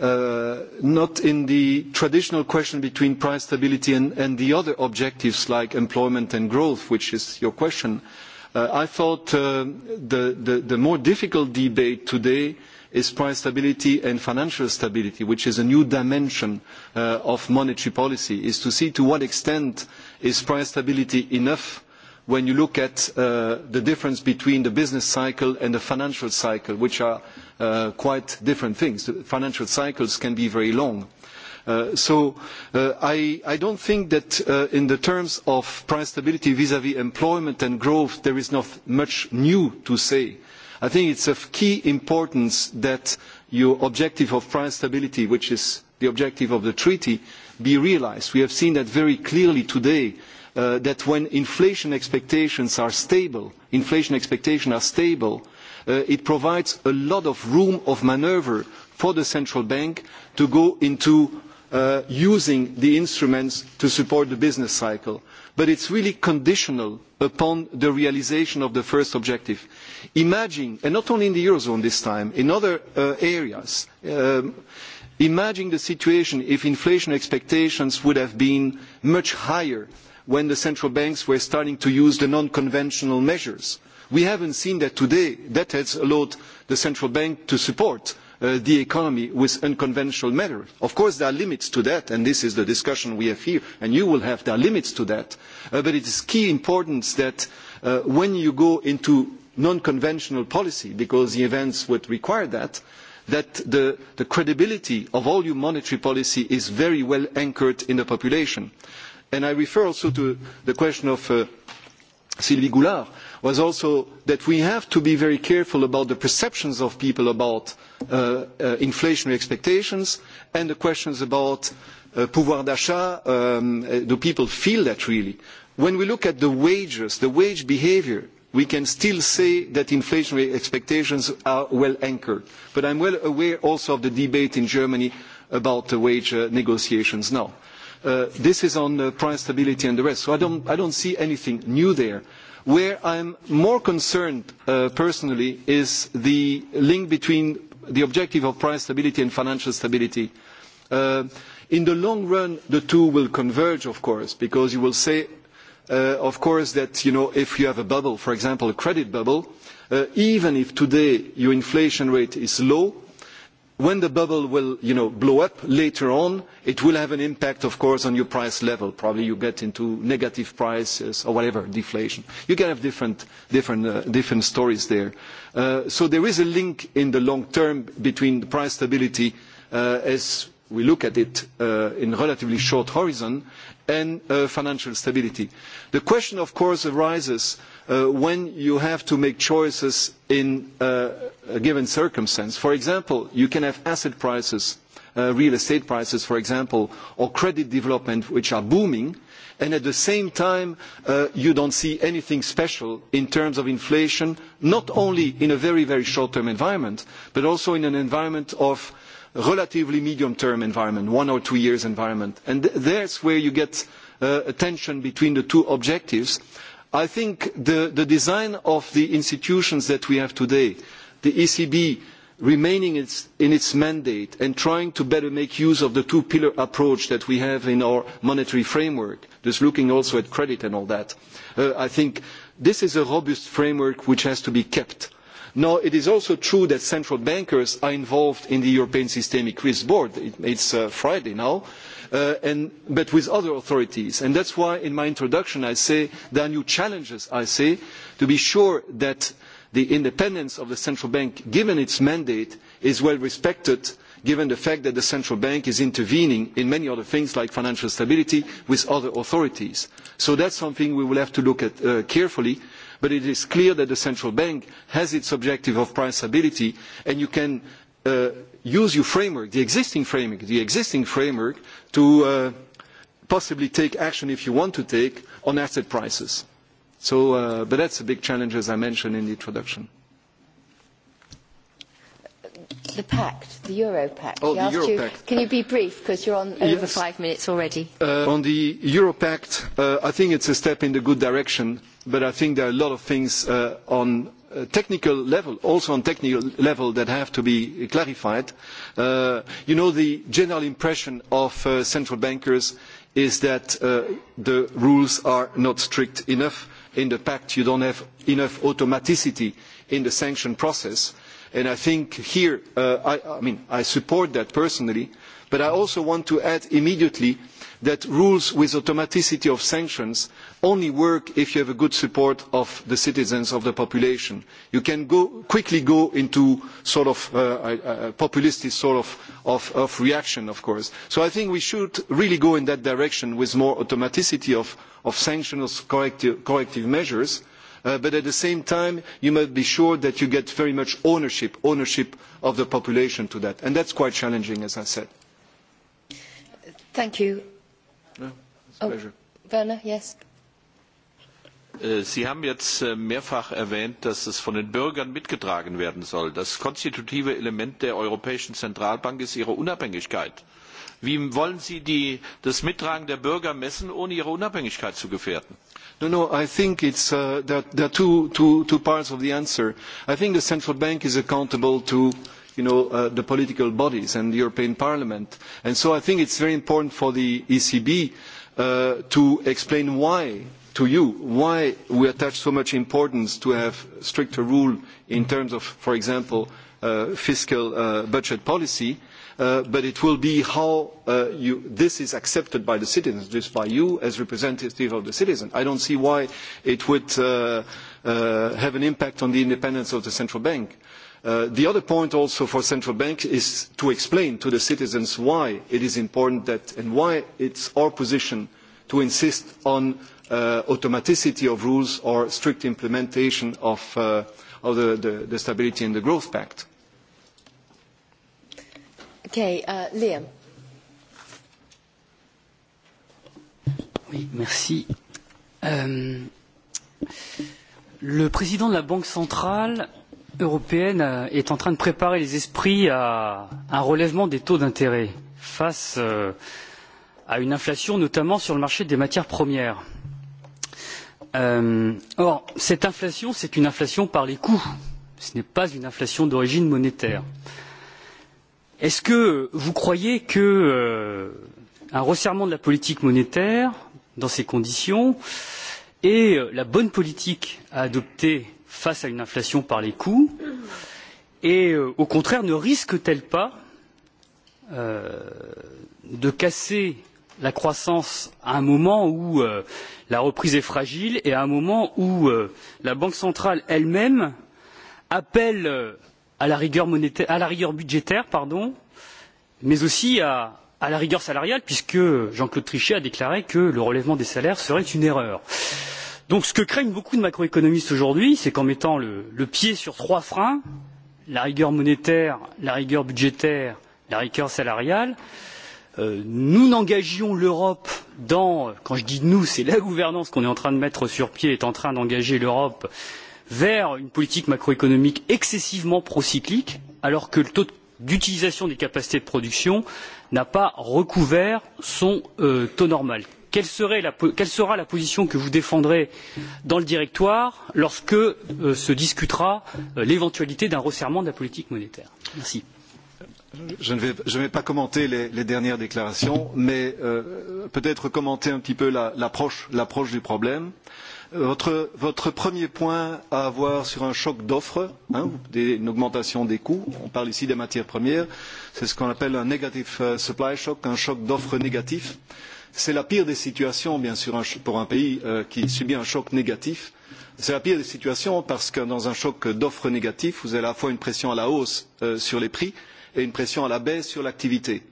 uh, not in the traditional question between price stability and, and the other objectives like employment and growth, which is your question. Uh, Uh, I thought uh, the, the, the more difficult debate today is price stability and financial stability, which is a new dimension uh, of monetary policy, is to see to what extent is price stability enough when you look at uh, the difference between the business cycle and the financial cycle, which are uh, quite different things. The financial cycles can be very long. Uh, Uh, so uh, I, I don't think that uh, in the terms of price stability vis-à-vis -vis employment and growth, there is not much new to say. I think it's of key importance that your objective of price stability, which is the objective of the treaty, be realized. We have seen that very clearly today uh, that when inflation expectations are stable, inflation expectations are stable, uh, it provides a lot of room of maneuver for the central bank to go into uh, using the instruments to support the business cycle. But it's really conditional upon the realization of the first objective. Imagine, and not only in the Eurozone this time, in other uh, areas, um, imagine the situation if inflation expectations would have been much higher when the central banks were starting to use the non-conventional measures. We haven't seen that today. That has allowed the central bank to support uh, the economy with unconventional measures. Of course, there are limits to that, and this is the discussion we have here, and you will have there are limits to that. Uh, but it is key importance that uh, when you go into non-conventional policy, because the events would require that, that the, the credibility of all your monetary policy is very well anchored in the population. And I refer also to the question of uh, Sylvie Goulard. Uh, was also that we have to be very careful about the perceptions of people about uh, uh, inflationary expectations and the questions about uh, pouvoir d'achat. Um, uh, do people feel that really? When we look at the wages, the wage behavior, we can still say that inflationary expectations are well anchored. But I'm well aware also of the debate in Germany about the wage uh, negotiations now. Uh, this is on uh, price stability and the rest. So I don't, I don't see anything new there. Where I'm more concerned uh, personally is the link between the objective of price stability and financial stability. Uh, in the long run, the two will converge, of course, because you will say, uh, of course, that you know, if you have a bubble, for example, a credit bubble, uh, even if today your inflation rate is low, when the bubble will you know, blow up later on, it will have an impact, of course, on your price level. Probably you get into negative prices or whatever, deflation. You can have different, different, uh, different stories there. Uh, so there is a link in the long term between the price stability uh, as we look at it uh, in relatively short horizon and uh, financial stability. The question, of course, arises uh, uh, when you have to make choices in uh, a given circumstance. For example, you can have asset prices, uh, real estate prices, for example, or credit development, which are booming, and at the same time, uh, you don't see anything special in terms of inflation, not only in a very, very short-term environment, but also in an environment of relatively medium-term environment, one or two years environment. And th there's where you get uh, a tension between the two objectives I think the, the design of the institutions that we have today, the ECB remaining its, in its mandate and trying to better make use of the two-pillar approach that we have in our monetary framework, just looking also at credit and all that, uh, I think this is a robust framework which has to be kept. Now, it is also true that central bankers are involved in the European Systemic Risk Board. It, it's uh, Friday now. Uh, uh, and, but with other authorities. And that's why in my introduction I say there are new challenges, I say, to be sure that the independence of the central bank, given its mandate, is well respected given the fact that the central bank is intervening in many other things like financial stability with other authorities. So that's something we will have to look at uh, carefully, but it is clear that the central bank has its objective of price stability, and you can uh, use your framework, the existing framework, the existing framework to uh, possibly take action if you want to take on asset prices. So, uh, but that's a big challenge as I mentioned in the introduction. The pact, the Euro pact. Oh, the Euro you, pact. Can you be brief because you're on over yes. five minutes already? Uh, on the Euro pact, uh, I think it's a step in the good direction, but I think there are a lot of things uh, on Uh, technical level, also on technical level, that have to be clarified. Uh, you know, the general impression of uh, central bankers is that uh, the rules are not strict enough. In the pact, you don't have enough automaticity in the sanction process. And I think here, uh, I, I mean, I support that personally. Uh, but i also want to add immediately that rules with automaticity of sanctions only work if you have good support of the citizens of the population. you can go, quickly go into sort of uh, uh, populist sort of, of, of reaction of course. so i think we should really go in that direction with more automaticity of, of sanctions corrective, corrective measures uh, but at the same time you must be sure that you get very much ownership ownership of the population to that and that's quite challenging as i said. Thank you. No, it's a oh, pleasure. Werner, yes. Äh, Sie haben jetzt äh, mehrfach erwähnt, dass es von den Bürgern mitgetragen werden soll. Das konstitutive Element der Europäischen Zentralbank ist ihre Unabhängigkeit. Wie wollen Sie die, das Mittragen der Bürger messen, ohne ihre Unabhängigkeit zu gefährden? No, no, I think it's, uh, there, there are two, two, two parts of the answer. I think the central bank is accountable to uh, you know, uh, the political bodies and the European Parliament. And so I think it's very important for the ECB uh, to explain why to you why we attach so much importance to have stricter rule in terms of, for example, uh, fiscal uh, budget policy, uh, but it will be how uh, you, this is accepted by the citizens, just by you as representative of the citizen. I don't see why it would uh, uh, have an impact on the independence of the central bank. Uh, Uh, the other point also for central banks is to explain to the citizens why it is important that and why it's our position to insist on uh, automaticity of rules or strict implementation of, uh, of the, the, the Stability and the Growth Pact. Okay, uh, Liam. Oui, merci. Euh, le président de la Banque centrale euh, européenne euh, est en train de préparer les esprits à un relèvement des taux d'intérêt face euh, à une inflation notamment sur le marché des matières premières. Euh, or, cette inflation, c'est une inflation par les coûts. Ce n'est pas une inflation d'origine monétaire. Est-ce que vous croyez que euh, un resserrement de la politique monétaire dans ces conditions et euh, la bonne politique à adopter face à une inflation par les coûts et euh, au contraire ne risque t elle pas euh, de casser la croissance à un moment où euh, la reprise est fragile et à un moment où euh, la banque centrale elle même appelle euh, à la rigueur, monétaire, à la rigueur budgétaire pardon, mais aussi à, à la rigueur salariale puisque Jean Claude Trichet a déclaré que le relèvement des salaires serait une erreur. Euh, donc ce que craignent beaucoup de macroéconomistes aujourd'hui c'est qu'en mettant le, le pied sur trois freins la rigueur monétaire la rigueur budgétaire la rigueur salariale euh, nous n'engagions l'europe dans quand je dis nous c'est la gouvernance qu'on est en train de mettre sur pied est en train d'engager l'europe vers une politique macroéconomique excessivement procyclique alors que le taux d'utilisation des capacités de production n'a pas recouvert son euh, taux normal quelle, serait la, quelle sera la position que vous défendrez dans le directoire lorsque euh, se discutera euh, l'éventualité d'un resserrement de la politique monétaire Merci. Je ne vais, je vais pas commenter les, les dernières déclarations, mais euh, peut-être commenter un petit peu l'approche la, du problème. Euh, votre, votre premier point à avoir sur un choc d'offres, hein, une augmentation des coûts, on parle ici des matières premières, c'est ce qu'on appelle un negative euh, supply shock, un choc d'offres négatif. Euh, C'est la pire des situations, bien sûr, pour un pays euh, qui subit un choc négatif. C'est la pire des situations parce que dans un choc d'offres négatif, vous avez à la fois une pression à la hausse euh, sur les prix et une pression à la baisse sur l'activité.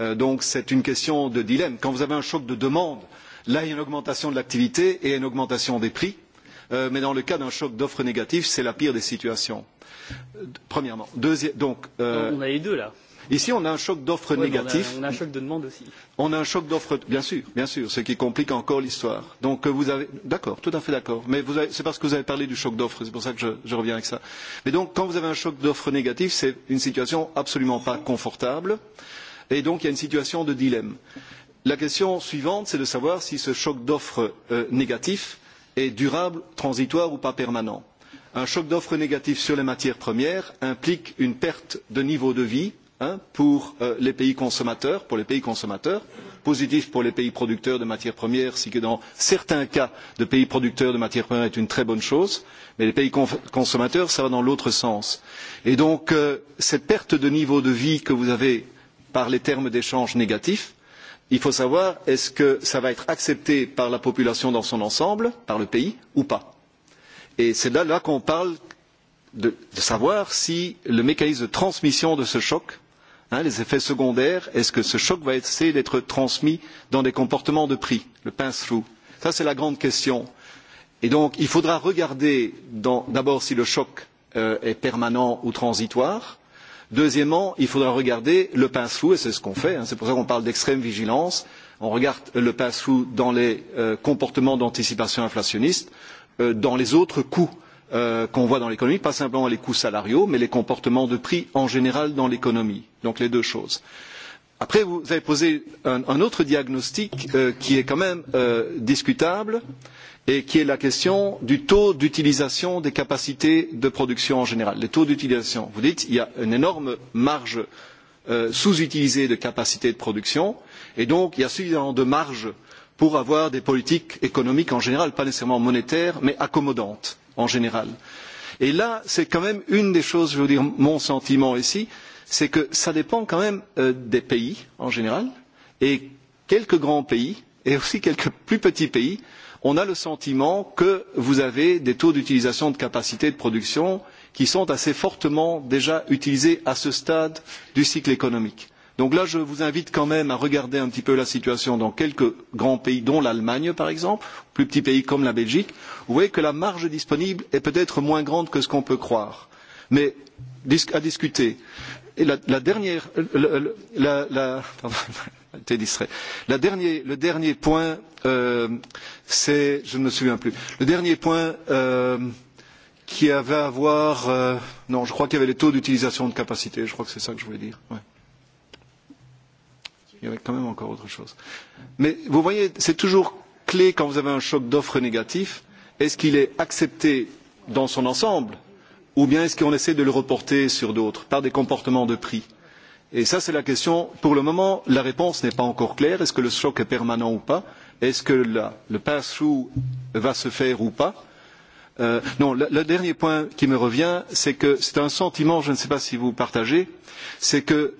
Euh, donc c'est une question de dilemme. Quand vous avez un choc de demande, là il y a une augmentation de l'activité et une augmentation des prix. Euh, mais dans le cas d'un choc d'offres négatif, c'est la pire des situations. Euh, premièrement. Deuxième, donc, euh, on a les deux là. Ici, on a un choc d'offres ouais, négatif. On a, on a un choc de demande aussi. On a un choc d'offres, bien sûr, bien sûr, ce qui complique encore l'histoire. Donc euh, vous avez, d'accord, tout à fait d'accord. Mais vous avez, c'est parce que vous avez parlé du choc d'offres, c'est pour ça que je, je reviens avec ça. Mais donc, quand vous avez un choc d'offres négatif, c'est une situation absolument pas confortable. Et donc, il y a une situation de dilemme. La question suivante, c'est de savoir si ce choc d'offres euh, négatif est durable, transitoire ou pas permanent. Un choc d'offres négatif sur les matières premières implique une perte de niveau de vie hein, pour euh, les pays consommateurs, pour les pays consommateurs, positif pour les pays producteurs de matières premières, si que dans certains cas de pays producteurs de matières premières est une très bonne chose, mais les pays consommateurs, ça va dans l'autre sens. Et donc, euh, cette perte de niveau de vie que vous avez par les termes d'échange négatifs, il faut savoir est-ce que ça va être accepté par la population dans son ensemble, par le pays, ou pas. Et c'est là, là qu'on parle de, de savoir si le mécanisme de transmission de ce choc hein, les effets secondaires, est-ce que ce choc va essayer d'être transmis dans des comportements de prix, le pass-through Ça, c'est la grande question. Et donc, il faudra regarder d'abord si le choc euh, est permanent ou transitoire. Deuxièmement, il faudra regarder le pass-through, et c'est ce qu'on fait, hein, c'est pour ça qu'on parle d'extrême vigilance. On regarde le pass-through dans les euh, comportements d'anticipation inflationniste, euh, dans les autres coûts. Euh, euh, qu'on voit dans l'économie, pas simplement les coûts salariaux, mais les comportements de prix en général dans l'économie. Donc les deux choses. Après, vous avez posé un, un autre diagnostic euh, qui est quand même euh, discutable et qui est la question du taux d'utilisation des capacités de production en général, les taux d'utilisation. Vous dites qu'il y a une énorme marge euh, sous-utilisée de capacités de production et donc il y a suffisamment de marge pour avoir des politiques économiques en général, pas nécessairement monétaires, mais accommodantes en général. Et là, c'est quand même une des choses, je veux dire, mon sentiment ici, c'est que ça dépend quand même euh, des pays en général, et quelques grands pays, et aussi quelques plus petits pays, on a le sentiment que vous avez des taux d'utilisation de capacité de production qui sont assez fortement déjà utilisés à ce stade du cycle économique donc là je vous invite quand même à regarder un petit peu la situation dans quelques grands pays dont l'allemagne par exemple plus petits pays comme la belgique vous voyez que la marge disponible est peut être moins grande que ce qu'on peut croire mais à discuter. Et la, la dernière le, la, la, pardon, été distrait. La dernier, le dernier point, euh, c'est, je ne me souviens plus, le dernier point euh, qui avait à voir, euh, non, je crois qu'il y avait les taux d'utilisation de capacité, je crois que c'est ça que je voulais dire. Ouais il y avait quand même encore autre chose. Mais vous voyez, c'est toujours clé quand vous avez un choc d'offres négatif. Est-ce qu'il est accepté dans son ensemble ou bien est-ce qu'on essaie de le reporter sur d'autres par des comportements de prix Et ça, c'est la question. Pour le moment, la réponse n'est pas encore claire. Est-ce que le choc est permanent ou pas Est-ce que la, le pass-through va se faire ou pas euh, Non, le, le dernier point qui me revient, c'est que c'est un sentiment, je ne sais pas si vous partagez, c'est que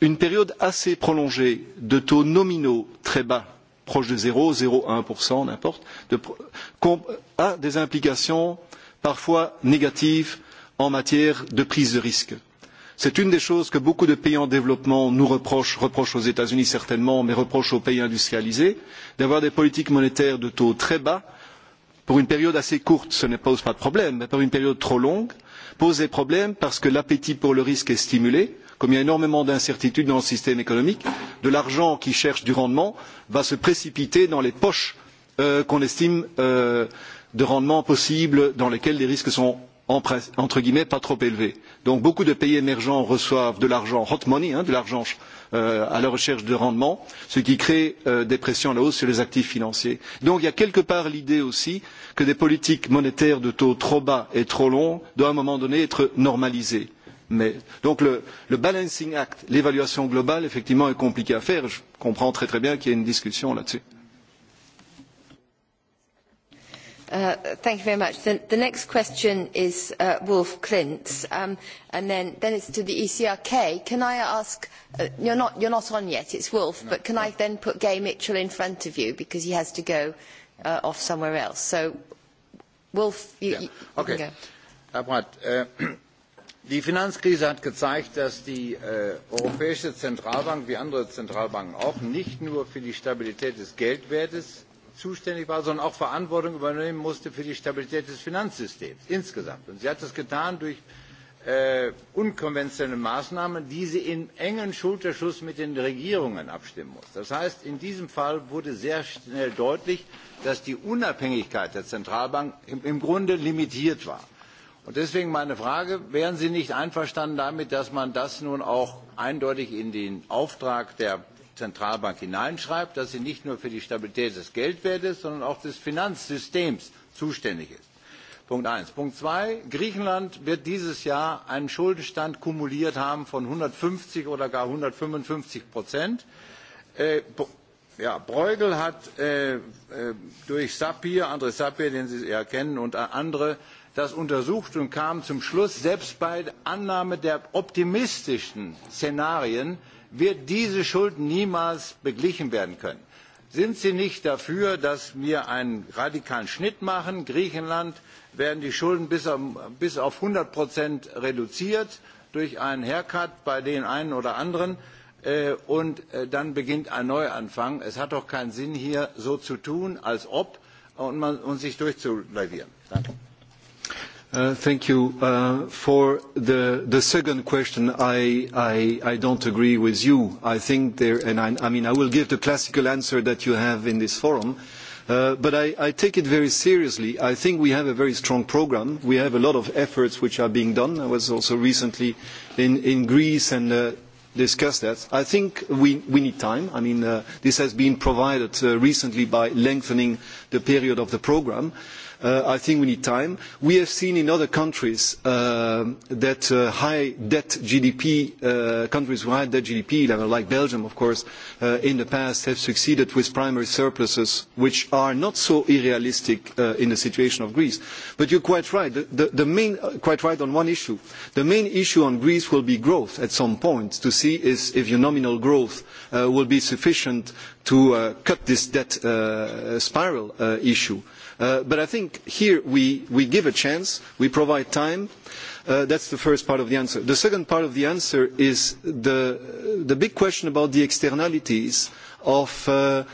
une période assez prolongée de taux nominaux très bas, proche de 0, 0,1%, n'importe, de, a des implications parfois négatives en matière de prise de risque. C'est une des choses que beaucoup de pays en développement nous reprochent, reprochent aux États-Unis certainement, mais reprochent aux pays industrialisés, d'avoir des politiques monétaires de taux très bas pour une période assez courte, ce ne pose pas de problème, mais pour une période trop longue, pose des problèmes parce que l'appétit pour le risque est stimulé, comme il y a énormément d'incertitudes dans le système économique de l'argent qui cherche du rendement va se précipiter dans les poches euh, qu'on estime euh, de rendement possible dans lesquelles les risques sont entre guillemets pas trop élevés. Donc beaucoup de pays émergents reçoivent de l'argent hot money, hein, de l'argent euh, à la recherche de rendement, ce qui crée euh, des pressions à la hausse sur les actifs financiers. Donc il y a quelque part l'idée aussi que des politiques monétaires de taux trop bas et trop longs doivent à un moment donné être normalisées mais donc le, le balancing act l'évaluation globale effectivement est compliqué à faire je comprends très très bien qu'il y ait une discussion là dessus. Uh, thank you very much. The, the next question is uh, Wolf Klintz, um, and then, then it's to the ECRK. Can I ask, uh, you're, not, you're not on yet, it's Wolf, no. but can I then put Gay Mitchell in front of you because he has to go uh, off somewhere else? So, Wolf, you, yeah. you, you okay. can go. Apart, uh, uh die finanzkrise hat gezeigt dass die äh, europäische zentralbank wie andere zentralbanken auch nicht nur für die stabilität des geldwertes zuständig war sondern auch verantwortung übernehmen musste für die stabilität des finanzsystems insgesamt. Und sie hat das getan durch äh, unkonventionelle maßnahmen die sie in engem schulterschluss mit den regierungen abstimmen muss. das heißt in diesem fall wurde sehr schnell deutlich dass die unabhängigkeit der zentralbank im, im grunde limitiert war Und deswegen meine Frage, wären Sie nicht einverstanden damit, dass man das nun auch eindeutig in den Auftrag der Zentralbank hineinschreibt, dass sie nicht nur für die Stabilität des Geldwertes, sondern auch des Finanzsystems zuständig ist? Punkt eins. Punkt zwei. Griechenland wird dieses Jahr einen Schuldenstand kumuliert haben von 150 oder gar 155 Prozent. Äh, ja, Bruegel hat äh, äh, durch Sapir, André Sapir, den Sie ja kennen, und andere das untersucht und kam zum Schluss, selbst bei Annahme der optimistischen Szenarien wird diese Schuld niemals beglichen werden können. Sind Sie nicht dafür, dass wir einen radikalen Schnitt machen? Griechenland werden die Schulden bis auf, bis auf 100 Prozent reduziert durch einen Haircut bei den einen oder anderen äh, und äh, dann beginnt ein Neuanfang. Es hat doch keinen Sinn, hier so zu tun, als ob und, man, und sich durchzulavieren. Danke. Uh, thank you. Uh, for the, the second question, I, I, I don't agree with you. I think there, and I, I mean, I will give the classical answer that you have in this forum, uh, but I, I take it very seriously. I think we have a very strong program. We have a lot of efforts which are being done. I was also recently in, in Greece and uh, discussed that. I think we, we need time. I mean, uh, this has been provided uh, recently by lengthening the period of the program. Uh, I think we need time. We have seen in other countries uh, that uh, high debt GDP, uh, countries with high debt GDP level, uh, like Belgium, of course, uh, in the past have succeeded with primary surpluses which are not so irrealistic uh, in the situation of Greece. But you're quite right. The, the, the main, uh, quite right on one issue. The main issue on Greece will be growth at some point to see is if your nominal growth uh, will be sufficient to uh, cut this debt uh, spiral uh, issue. Uh, Uh, but I think here we, we give a chance, we provide time. Uh, that's the first part of the answer. The second part of the answer is the, the big question about the externalities of uh,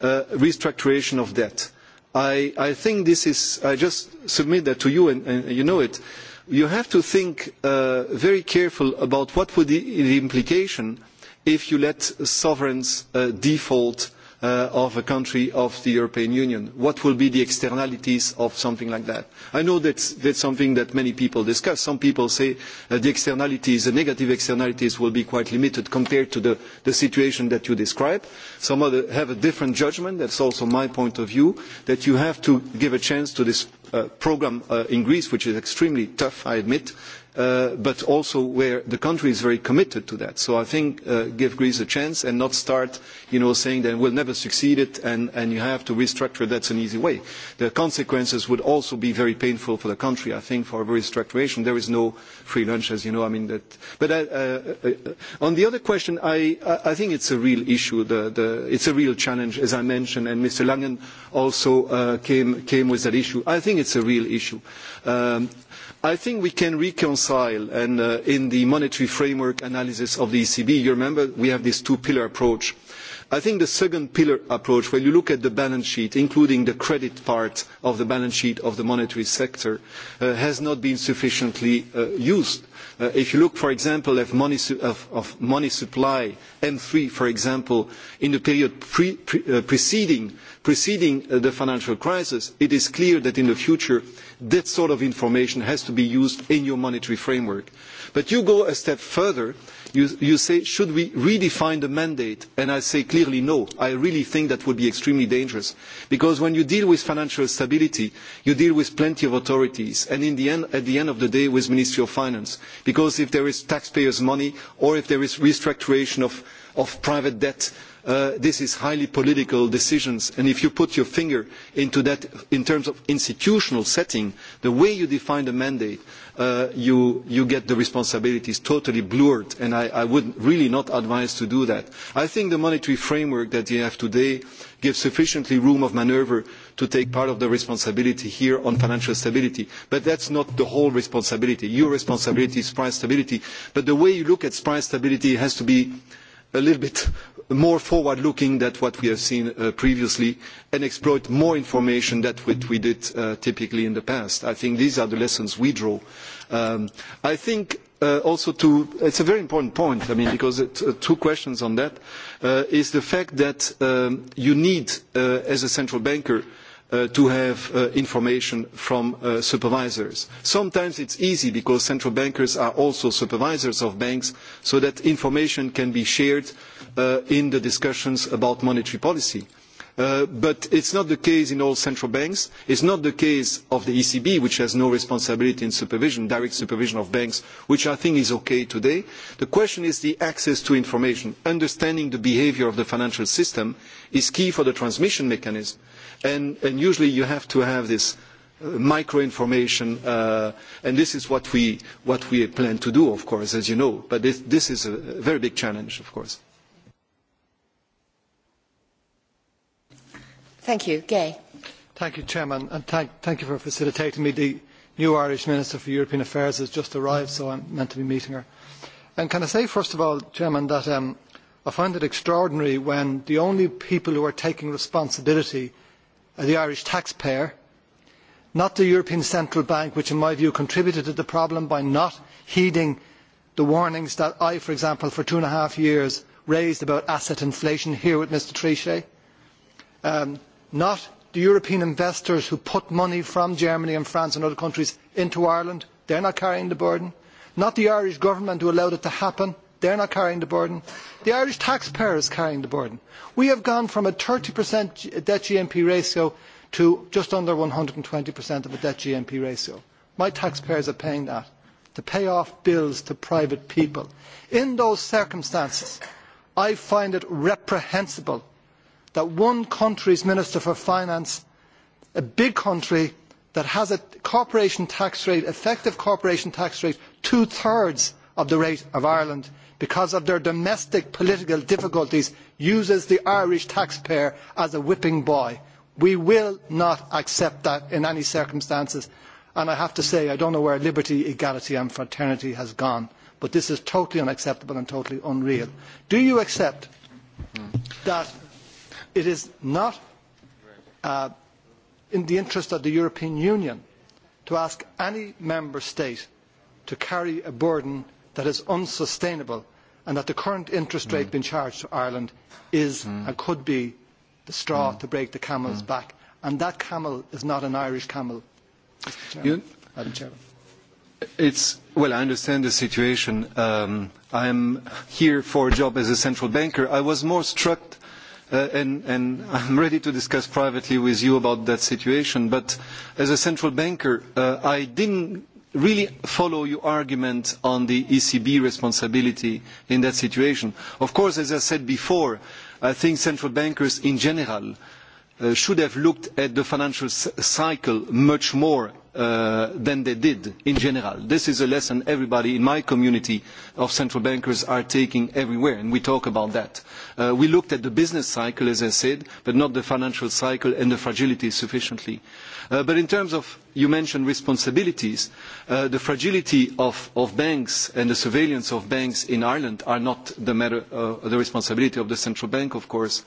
uh, restructuration of debt. I, I think this is, I just submit that to you and, and you know it. You have to think uh, very careful about what would be the implication if you let sovereigns uh, default uh, uh, of a country of the European Union. What will be the externalities of something like that? I know that's, that's something that many people discuss. Some people say uh, the externalities, the negative externalities will be quite limited compared to the, the situation that you describe. Some other have a different judgment, that's also my point of view, that you have to give a chance to this uh, program uh, in Greece, which is extremely tough, I admit, uh, but also where the country is very committed to that. So I think uh, give Greece a chance and not start, you know, saying that we'll never succeed it and, and you have to restructure. That's an easy way. The consequences would also be very painful for the country. I think for restructuration there is no free lunch, as you know. I mean that. But I, uh, uh, uh, on the other question, I, I think it's a real issue. The, the, it's a real challenge, as I mentioned, and Mr. Langen also uh, came came with that issue. I think it's a real issue. Um, I think we can reconcile, and uh, in the monetary framework analysis of the ECB, you remember we have this two-pillar approach. I think the second pillar approach, when you look at the balance sheet, including the credit part of the balance sheet of the monetary sector, uh, has not been sufficiently uh, used. Uh, if you look, for example, at money, su of, of money supply, M3, for example, in the period pre, pre, uh, preceding, preceding uh, the financial crisis, it is clear that in the future That sort of information has to be used in your monetary framework. But you go a step further. You, you say, should we redefine the mandate? And I say clearly no. I really think that would be extremely dangerous. Because when you deal with financial stability, you deal with plenty of authorities. And in the end, at the end of the day, with Ministry of Finance. Because if there is taxpayers' money or if there is restructuring of, of private debt, uh, Uh, this is highly political decisions, and if you put your finger into that in terms of institutional setting, the way you define the mandate, uh, you, you get the responsibilities totally blurred, and I, I would really not advise to do that. I think the monetary framework that you have today gives sufficiently room of maneuver to take part of the responsibility here on financial stability. But that's not the whole responsibility. Your responsibility is price stability. But the way you look at price stability has to be a little bit more forward-looking than what we have seen uh, previously and exploit more information than what we did uh, typically in the past. I think these are the lessons we draw. Um, I think uh, also to, it's a very important point, I mean, because it, uh, two questions on that, uh, is the fact that um, you need, uh, as a central banker, uh, uh, to have uh, information from uh, supervisors. Sometimes it's easy because central bankers are also supervisors of banks, so that information can be shared uh, in the discussions about monetary policy. Uh, but it's not the case in all central banks. It's not the case of the ECB, which has no responsibility in supervision, direct supervision of banks, which I think is okay today. The question is the access to information. Understanding the behavior of the financial system is key for the transmission mechanism. Uh, and, and usually you have to have this uh, micro information uh, and this is what we what we plan to do of course as you know but this, this is a very big challenge of course thank you gay thank you chairman and thank, thank you for facilitating me the new irish minister for european affairs has just arrived so i'm meant to be meeting her and can i say first of all chairman that um, i find it extraordinary when the only people who are taking responsibility Uh, the irish taxpayer not the european central bank which in my view contributed to the problem by not heeding the warnings that i for example for two and a half years raised about asset inflation here with mr trichet um, not the european investors who put money from germany and france and other countries into ireland they are not carrying the burden not the irish government who allowed it to happen they are not carrying the burden. the irish taxpayer is carrying the burden. we have gone from a thirty debt gnp ratio to just under one hundred and twenty of a debt gnp ratio. my taxpayers are paying that to pay off bills to private people. in those circumstances i find it reprehensible that one country's minister for finance a big country that has a corporation tax rate effective corporation tax rate two thirds of the rate of ireland because of their domestic political difficulties uses the irish taxpayer as a whipping boy. we will not accept that in any circumstances and i have to say i do not know where liberty equality and fraternity has gone but this is totally unacceptable and totally unreal. do you accept that it is not uh, in the interest of the european union to ask any member state to carry a burden that is unsustainable and that the current interest rate mm. being charged to Ireland is mm. and could be the straw mm. to break the camel's mm. back. And that camel is not an Irish camel. Mr. Chairman, you, Madam Chairman. It's, well, I understand the situation. Um, I'm here for a job as a central banker. I was more struck, uh, and, and I'm ready to discuss privately with you about that situation, but as a central banker, uh, I didn't really follow your argument on the ECB responsibility in that situation. Of course, as I said before, I think central bankers in general uh, should have looked at the financial cycle much more uh, than they did in general. This is a lesson everybody in my community of central bankers are taking everywhere, and we talk about that. Uh, we looked at the business cycle, as I said, but not the financial cycle and the fragility sufficiently. Uh, but in terms of, you mentioned responsibilities, uh, the fragility of, of banks and the surveillance of banks in Ireland are not the, matter, uh, the responsibility of the central bank, of course,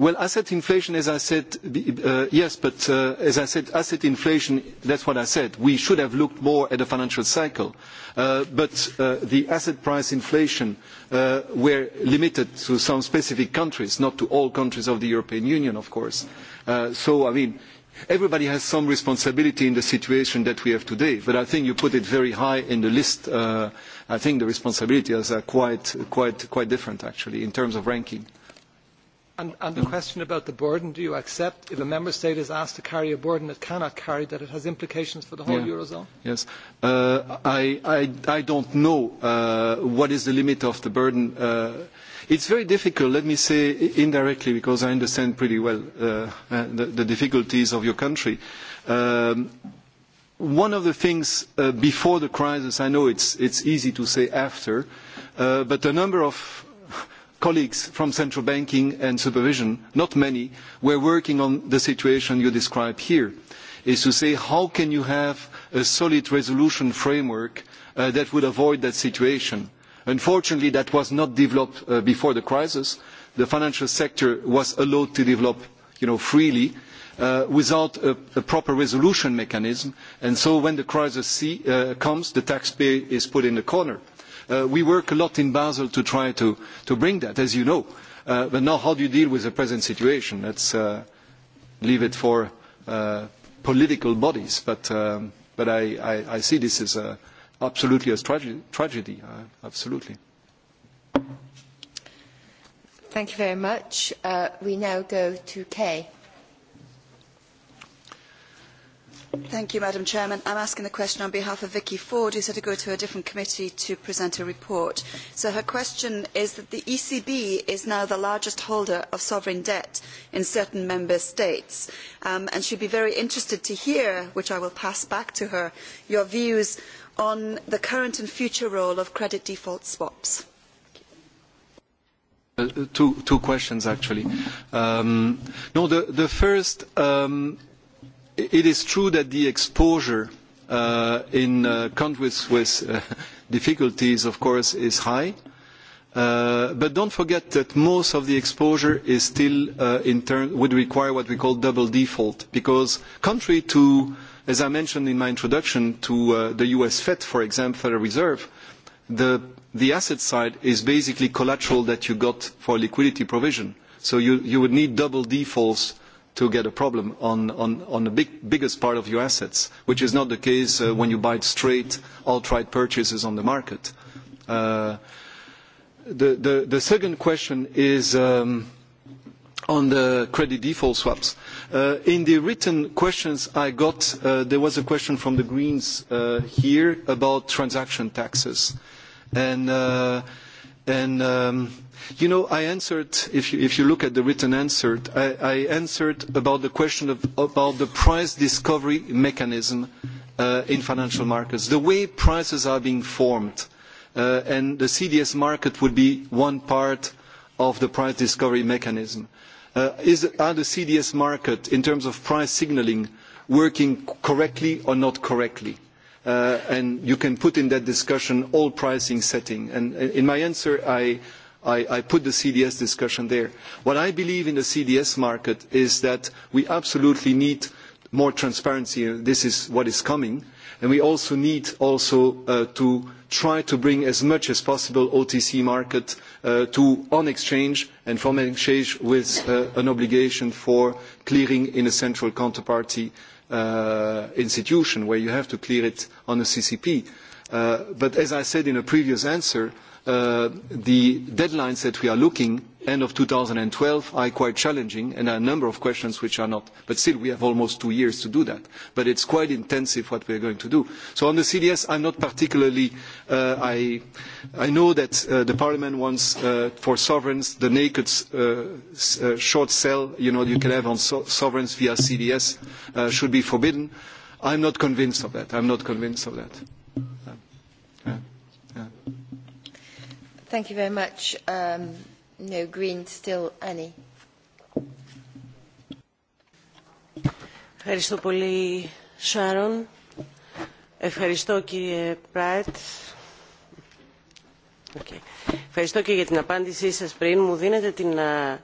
Well, asset inflation, as I said, uh, yes, but uh, as I said, asset inflation, that's what I said. We should have looked more at the financial cycle. Uh, but uh, the asset price inflation uh, were limited to some specific countries, not to all countries of the European Union, of course. Uh, so, I mean, everybody has some responsibility in the situation that we have today, but I think you put it very high in the list. I think the responsibilities are quite, quite, quite different, actually, in terms of ranking. And, and the mm. question about the burden, do you accept if a member state is asked to carry a burden it cannot carry, that it has implications for the whole yeah. Eurozone? Yes. Uh, I, I, I don't know uh, what is the limit of the burden. Uh, It's very difficult, let me say indirectly, because I understand pretty well uh, uh, the, the difficulties of your country. Um, one of the things uh, before the crisis, I know it's, it's easy to say after, uh, but a number of colleagues from central banking and supervision, not many, were working on the situation you describe here, is to say how can you have a solid resolution framework uh, that would avoid that situation. Unfortunately, that was not developed uh, before the crisis. The financial sector was allowed to develop you know, freely uh, without a, a proper resolution mechanism. And so when the crisis see, uh, comes, the taxpayer is put in the corner. Uh, Uh, we work a lot in Basel to try to, to bring that, as you know. Uh, but now how do you deal with the present situation? Let's uh, leave it for uh, political bodies. But, um, but I, I, I see this as a, absolutely a trage tragedy, uh, absolutely. Thank you very much. Uh, we now go to Kay. Thank you, Madam Chairman. I'm asking the question on behalf of Vicky Ford, who's had to go to a different committee to present a report. So her question is that the ECB is now the largest holder of sovereign debt in certain member states. Um, and she'd be very interested to hear, which I will pass back to her, your views on the current and future role of credit default swaps. Uh, two, two questions, actually. Um, no, the, the first, um, It is true that the exposure uh, in uh, countries with uh, difficulties, of course, is high. Uh, but don't forget that most of the exposure is still uh, in turn would require what we call double default because contrary to as I mentioned in my introduction to uh, the US Fed for example Federal Reserve the the asset side is basically collateral that you got for liquidity provision so you you would need double defaults to get a problem on, on, on the big, biggest part of your assets, which is not the case uh, when you buy straight outright purchases on the market. Uh, the, the, the second question is um, on the credit default swaps. Uh, in the written questions I got, uh, there was a question from the Greens uh, here about transaction taxes. And, uh, and um, You know, I answered, if you, if you look at the written answer, I, I answered about the question of, about the price discovery mechanism uh, in financial markets, the way prices are being formed. Uh, and the CDS market would be one part of the price discovery mechanism. Uh, is, are the CDS market, in terms of price signaling, working correctly or not correctly? Uh, and you can put in that discussion all pricing setting. And uh, in my answer, I, I, I put the CDS discussion there. What I believe in the CDS market is that we absolutely need more transparency. This is what is coming. And we also need also uh, to try to bring as much as possible OTC market uh, to on exchange and from exchange with uh, an obligation for clearing in a central counterparty uh, institution where you have to clear it on a CCP. Uh, but as I said in a previous answer, uh, uh, the deadlines that we are looking end of 2012 are quite challenging, and there are a number of questions which are not. But still, we have almost two years to do that. But it's quite intensive what we are going to do. So on the CDS, I'm not particularly... Uh, I, I know that uh, the Parliament wants uh, for sovereigns the naked uh, uh, short sell you, know, you can have on so sovereigns via CDS uh, should be forbidden. I'm not convinced of that. I'm not convinced of that. Um. Thank you very much. Um, no green still, Annie. Ευχαριστώ πολύ, Σάρον. Ευχαριστώ, κύριε Πράιτ. Okay. Ευχαριστώ και για την απάντησή σας πριν. Μου δίνετε την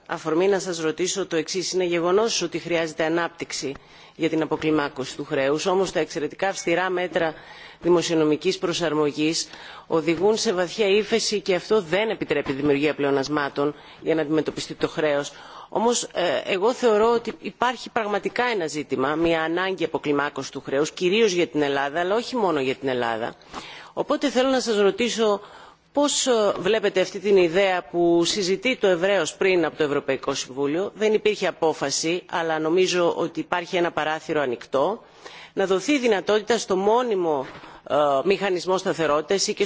αφορμή να σας ρωτήσω το εξής. Είναι γεγονός ότι χρειάζεται ανάπτυξη για την αποκλιμάκωση του χρέους, όμως τα εξαιρετικά αυστηρά μέτρα δημοσιονομικής προσαρμογής οδηγούν σε βαθιά ύφεση και αυτό δεν επιτρέπει τη δημιουργία πλεονασμάτων για να αντιμετωπιστεί το χρέος. Όμως εγώ θεωρώ ότι υπάρχει πραγματικά ένα ζήτημα, μια ανάγκη αποκλιμάκωση του χρέους, κυρίως για την Ελλάδα, αλλά όχι μόνο για την Ελλάδα. Οπότε θέλω να σας ρωτήσω Πώς βλέπετε αυτή την ιδέα που συζητεί το Εβραίος πριν από το Ευρωπαϊκό Συμβούλιο, δεν υπήρχε απόφαση, αλλά νομίζω ότι υπάρχει ένα παράθυρο ανοιχτό, να δοθεί δυνατότητα στο μόνιμο μηχανισμό σταθερότητας ή και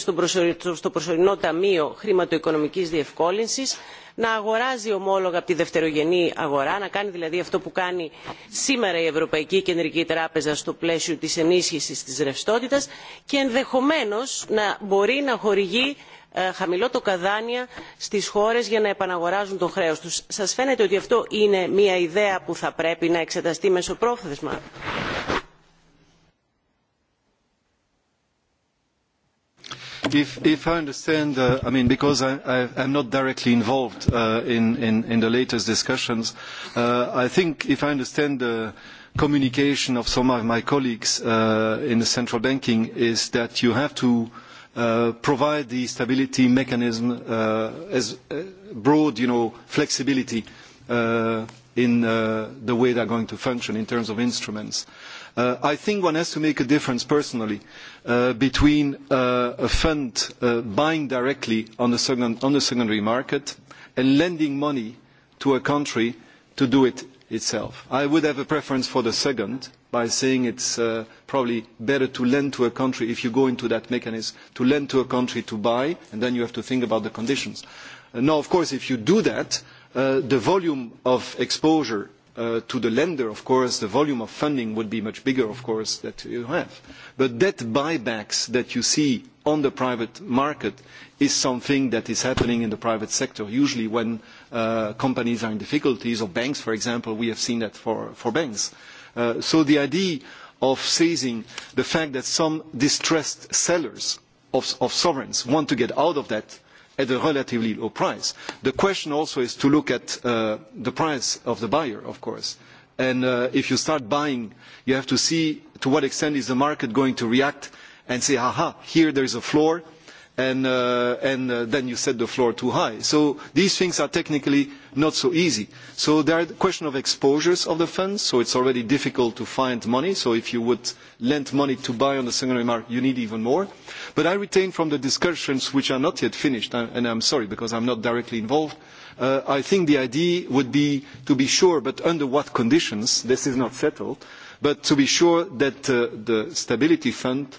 στο προσωρινό ταμείο χρηματοοικονομικής διευκόλυνσης να αγοράζει ομόλογα από τη δευτερογενή αγορά να κάνει δηλαδή αυτό που κάνει σήμερα η ευρωπαϊκή κεντρική τράπεζα στο πλαίσιο της ενίσχυσης της ρευστότητας και ενδεχομένως να μπορεί να χορηγεί χαμηλότοκα δάνεια στις χώρες για να επαναγοράζουν το χρέος τους. Σας φαίνεται ότι αυτό είναι μια ιδέα που θα πρέπει να εξεταστεί μεσοπρόθεσμα. If, if I understand, uh, I mean, because I, I, I'm not directly involved uh, in, in, in the latest discussions, uh, I think if I understand the communication of some of my colleagues uh, in the central banking is that you have to uh, provide the stability mechanism uh, as uh, broad, you know, flexibility uh, in uh, the way they're going to function in terms of instruments. Uh, Uh, I think one has to make a difference personally uh, between uh, a fund uh, buying directly on the, second, on the secondary market and lending money to a country to do it itself. I would have a preference for the second by saying it's uh, probably better to lend to a country if you go into that mechanism, to lend to a country to buy, and then you have to think about the conditions. Uh, now, of course, if you do that, uh, the volume of exposure uh, to the lender, of course, the volume of funding would be much bigger, of course, that you have. But debt buybacks that you see on the private market is something that is happening in the private sector. Usually when uh, companies are in difficulties, or banks, for example, we have seen that for, for banks. Uh, so the idea of seizing the fact that some distressed sellers of, of sovereigns want to get out of that at a relatively low price. The question also is to look at uh, the price of the buyer, of course. And uh, if you start buying, you have to see to what extent is the market going to react and say, aha, here there is a floor, and, uh, and uh, then you set the floor too high. So these things are technically not so easy. So there are the question of exposures of the funds, so it's already difficult to find money. So if you would lend money to buy on the secondary market, you need even more. But I retain from the discussions, which are not yet finished, and I'm sorry because I'm not directly involved, uh, I think the idea would be to be sure, but under what conditions, this is not settled, but to be sure that uh, the Stability Fund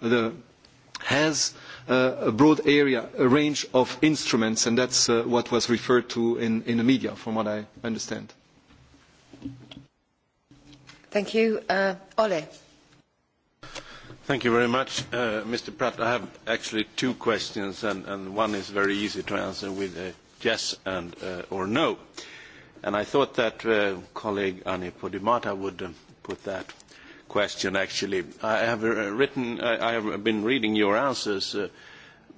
the, has uh, uh, a broad area, a range of instruments, and that's uh, what was referred to in, in the media, from what I understand. Thank you. Uh, Ole. Thank you very much, uh, Mr. Pratt. I have actually two questions, and, and one is very easy to answer with a yes and uh, or no. And I thought that uh, colleague Annie Podimata would uh, put that question, actually. I have uh, written, I have been reading your answers, uh,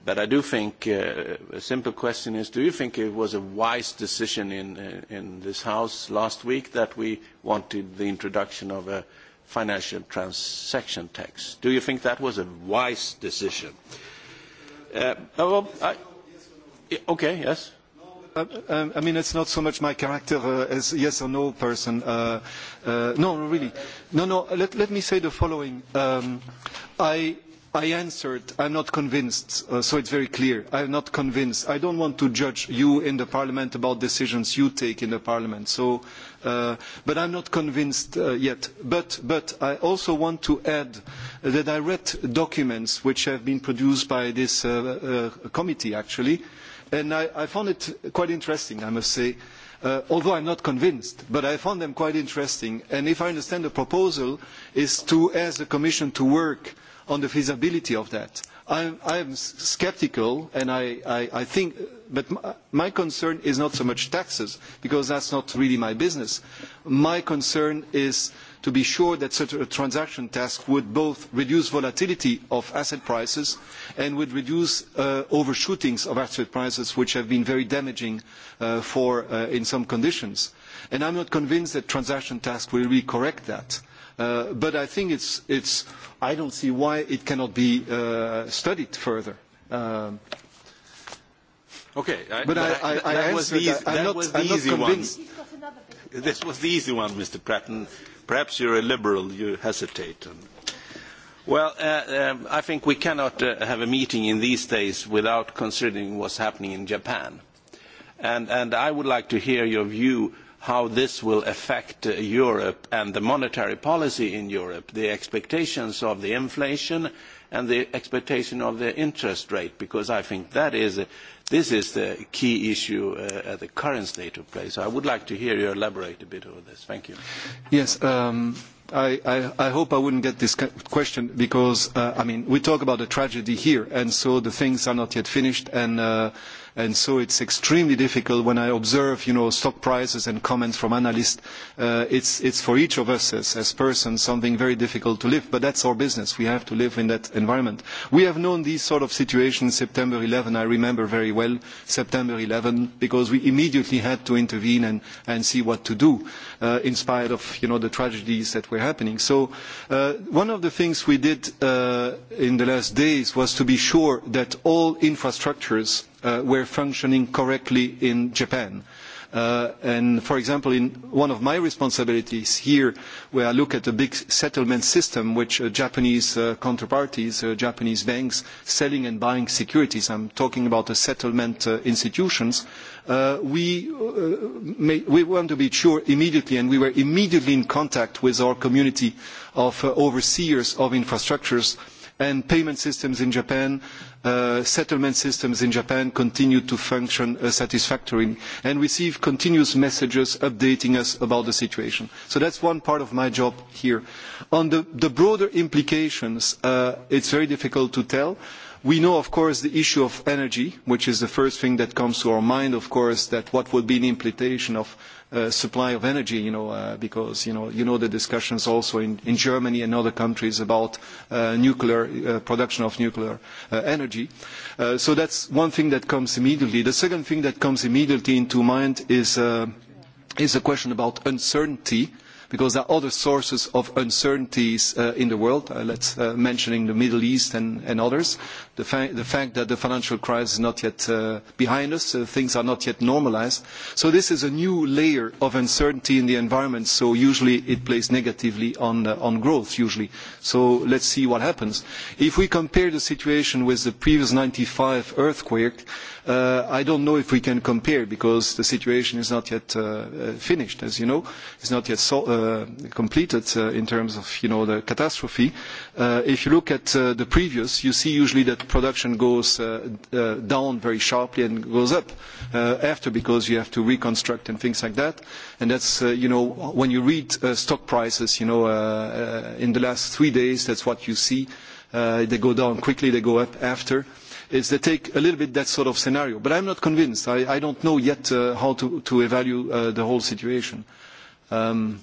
but I do think uh, a simple question is, do you think it was a wise decision in, uh, in this House last week that we wanted the introduction of a financial transaction tax? Do you think that was a wise decision? Uh, oh, I, okay, yes. I, um, um, I mean, it's not so much my character uh, as yes or no person. Uh, uh, no, really. No, no, let, let me say the following. Um, I, I answered, I'm not convinced, uh, so it's very clear. I'm not convinced. I don't want to judge you in the parliament about decisions you take in the parliament. So, uh, but I'm not convinced uh, yet. But, but I also want to add that I read documents which have been produced by this uh, uh, committee, actually, uh, and I, I found it quite interesting, I must say, uh, although I'm not convinced, but I found them quite interesting. And if I understand the proposal, is to ask the Commission to work on the feasibility of that. I'm, I'm skeptical, and I, I, I think, but my, my concern is not so much taxes, because that's not really my business. My concern is uh, to be sure that such a transaction task would both reduce volatility of asset prices and would reduce uh, overshootings of asset prices, which have been very damaging uh, for, uh, in some conditions. And I'm not convinced that transaction task will really correct that. Uh, but I think it's, it's, I don't see why it cannot be uh, studied further. Um, Okay, I, but I, I, I that was the easy, that, that not, was the I'm easy one. This was the easy one, Mr. Pratt, and Perhaps you're a liberal, you hesitate. And, well, uh, um, I think we cannot uh, have a meeting in these days without considering what's happening in Japan. And, and I would like to hear your view how this will affect uh, Europe and the monetary policy in Europe, the expectations of the inflation, and the expectation of the interest rate, because I think that is a, uh, this is the key issue uh, at the current state of play. So I would like to hear you elaborate a bit on this. Thank you. Yes. Um, I, I, I hope I wouldn't get this question because, uh, I mean, we talk about a tragedy here, and so the things are not yet finished, and uh, And so it's extremely difficult when I observe, you know, stock prices and comments from analysts. Uh, it's, it's for each of us as, as persons something very difficult to live, but that's our business. We have to live in that environment. We have known these sort of situations September 11, I remember very well, September 11, because we immediately had to intervene and, and see what to do uh, in spite of, you know, the tragedies that were happening. So uh, one of the things we did uh, in the last days was to be sure that all infrastructures uh, were functioning correctly in Japan. Uh, and for example, in one of my responsibilities here, where I look at the big settlement system, which uh, Japanese uh, counterparties, uh, Japanese banks, selling and buying securities, I'm talking about the settlement uh, institutions, uh, we, uh, may, we want to be sure immediately, and we were immediately in contact with our community of uh, overseers of infrastructures and payment systems in Japan, uh, settlement systems in Japan continue to function uh, satisfactorily and receive continuous messages updating us about the situation. So that's one part of my job here. On the, the broader implications, uh, it's very difficult to tell. Uh, We know, of course, the issue of energy, which is the first thing that comes to our mind, of course, that what would be the implication of uh, supply of energy, you know, uh, because, you know, you know the discussions also in, in Germany and other countries about uh, nuclear, uh, production of nuclear uh, energy. Uh, so that's one thing that comes immediately. The second thing that comes immediately into mind is, uh, is a question about uncertainty, because there are other sources of uncertainties uh, in the world. Uh, let's uh, mentioning the Middle East and, and others the, fa the fact that the financial crisis is not yet uh, behind us, uh, things are not yet normalized. So this is a new layer of uncertainty in the environment, so usually it plays negatively on, uh, on growth, usually. So let's see what happens. If we compare the situation with the previous 95 earthquake, uh, I don't know if we can compare because the situation is not yet uh, uh, finished, as you know. It's not yet so, uh, completed uh, in terms of, you know, the catastrophe. Uh, if you look at uh, the previous, you see usually that production goes uh, uh, down very sharply and goes up uh, after because you have to reconstruct and things like that. And that's, uh, you know, when you read uh, stock prices, you know, uh, uh, in the last three days, that's what you see. Uh, they go down quickly, they go up after. Is they take a little bit that sort of scenario. But I'm not convinced. I, I don't know yet uh, how to, to evaluate uh, the whole situation. Um,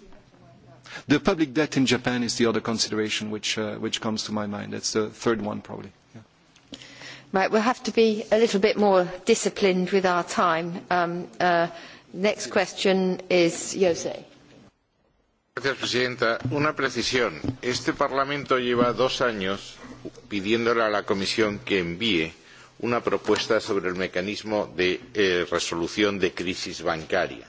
The public debt in Japan is the other consideration which, uh, which comes to my mind. That's the third one, probably. Right, we'll have to be a little bit more disciplined with our time. Um, uh, next question is Jose. Gracias, Presidenta. Una precisión. Este Parlamento lleva dos años pidiéndole a la Comisión que envíe una propuesta sobre el mecanismo de eh, resolución de crisis bancaria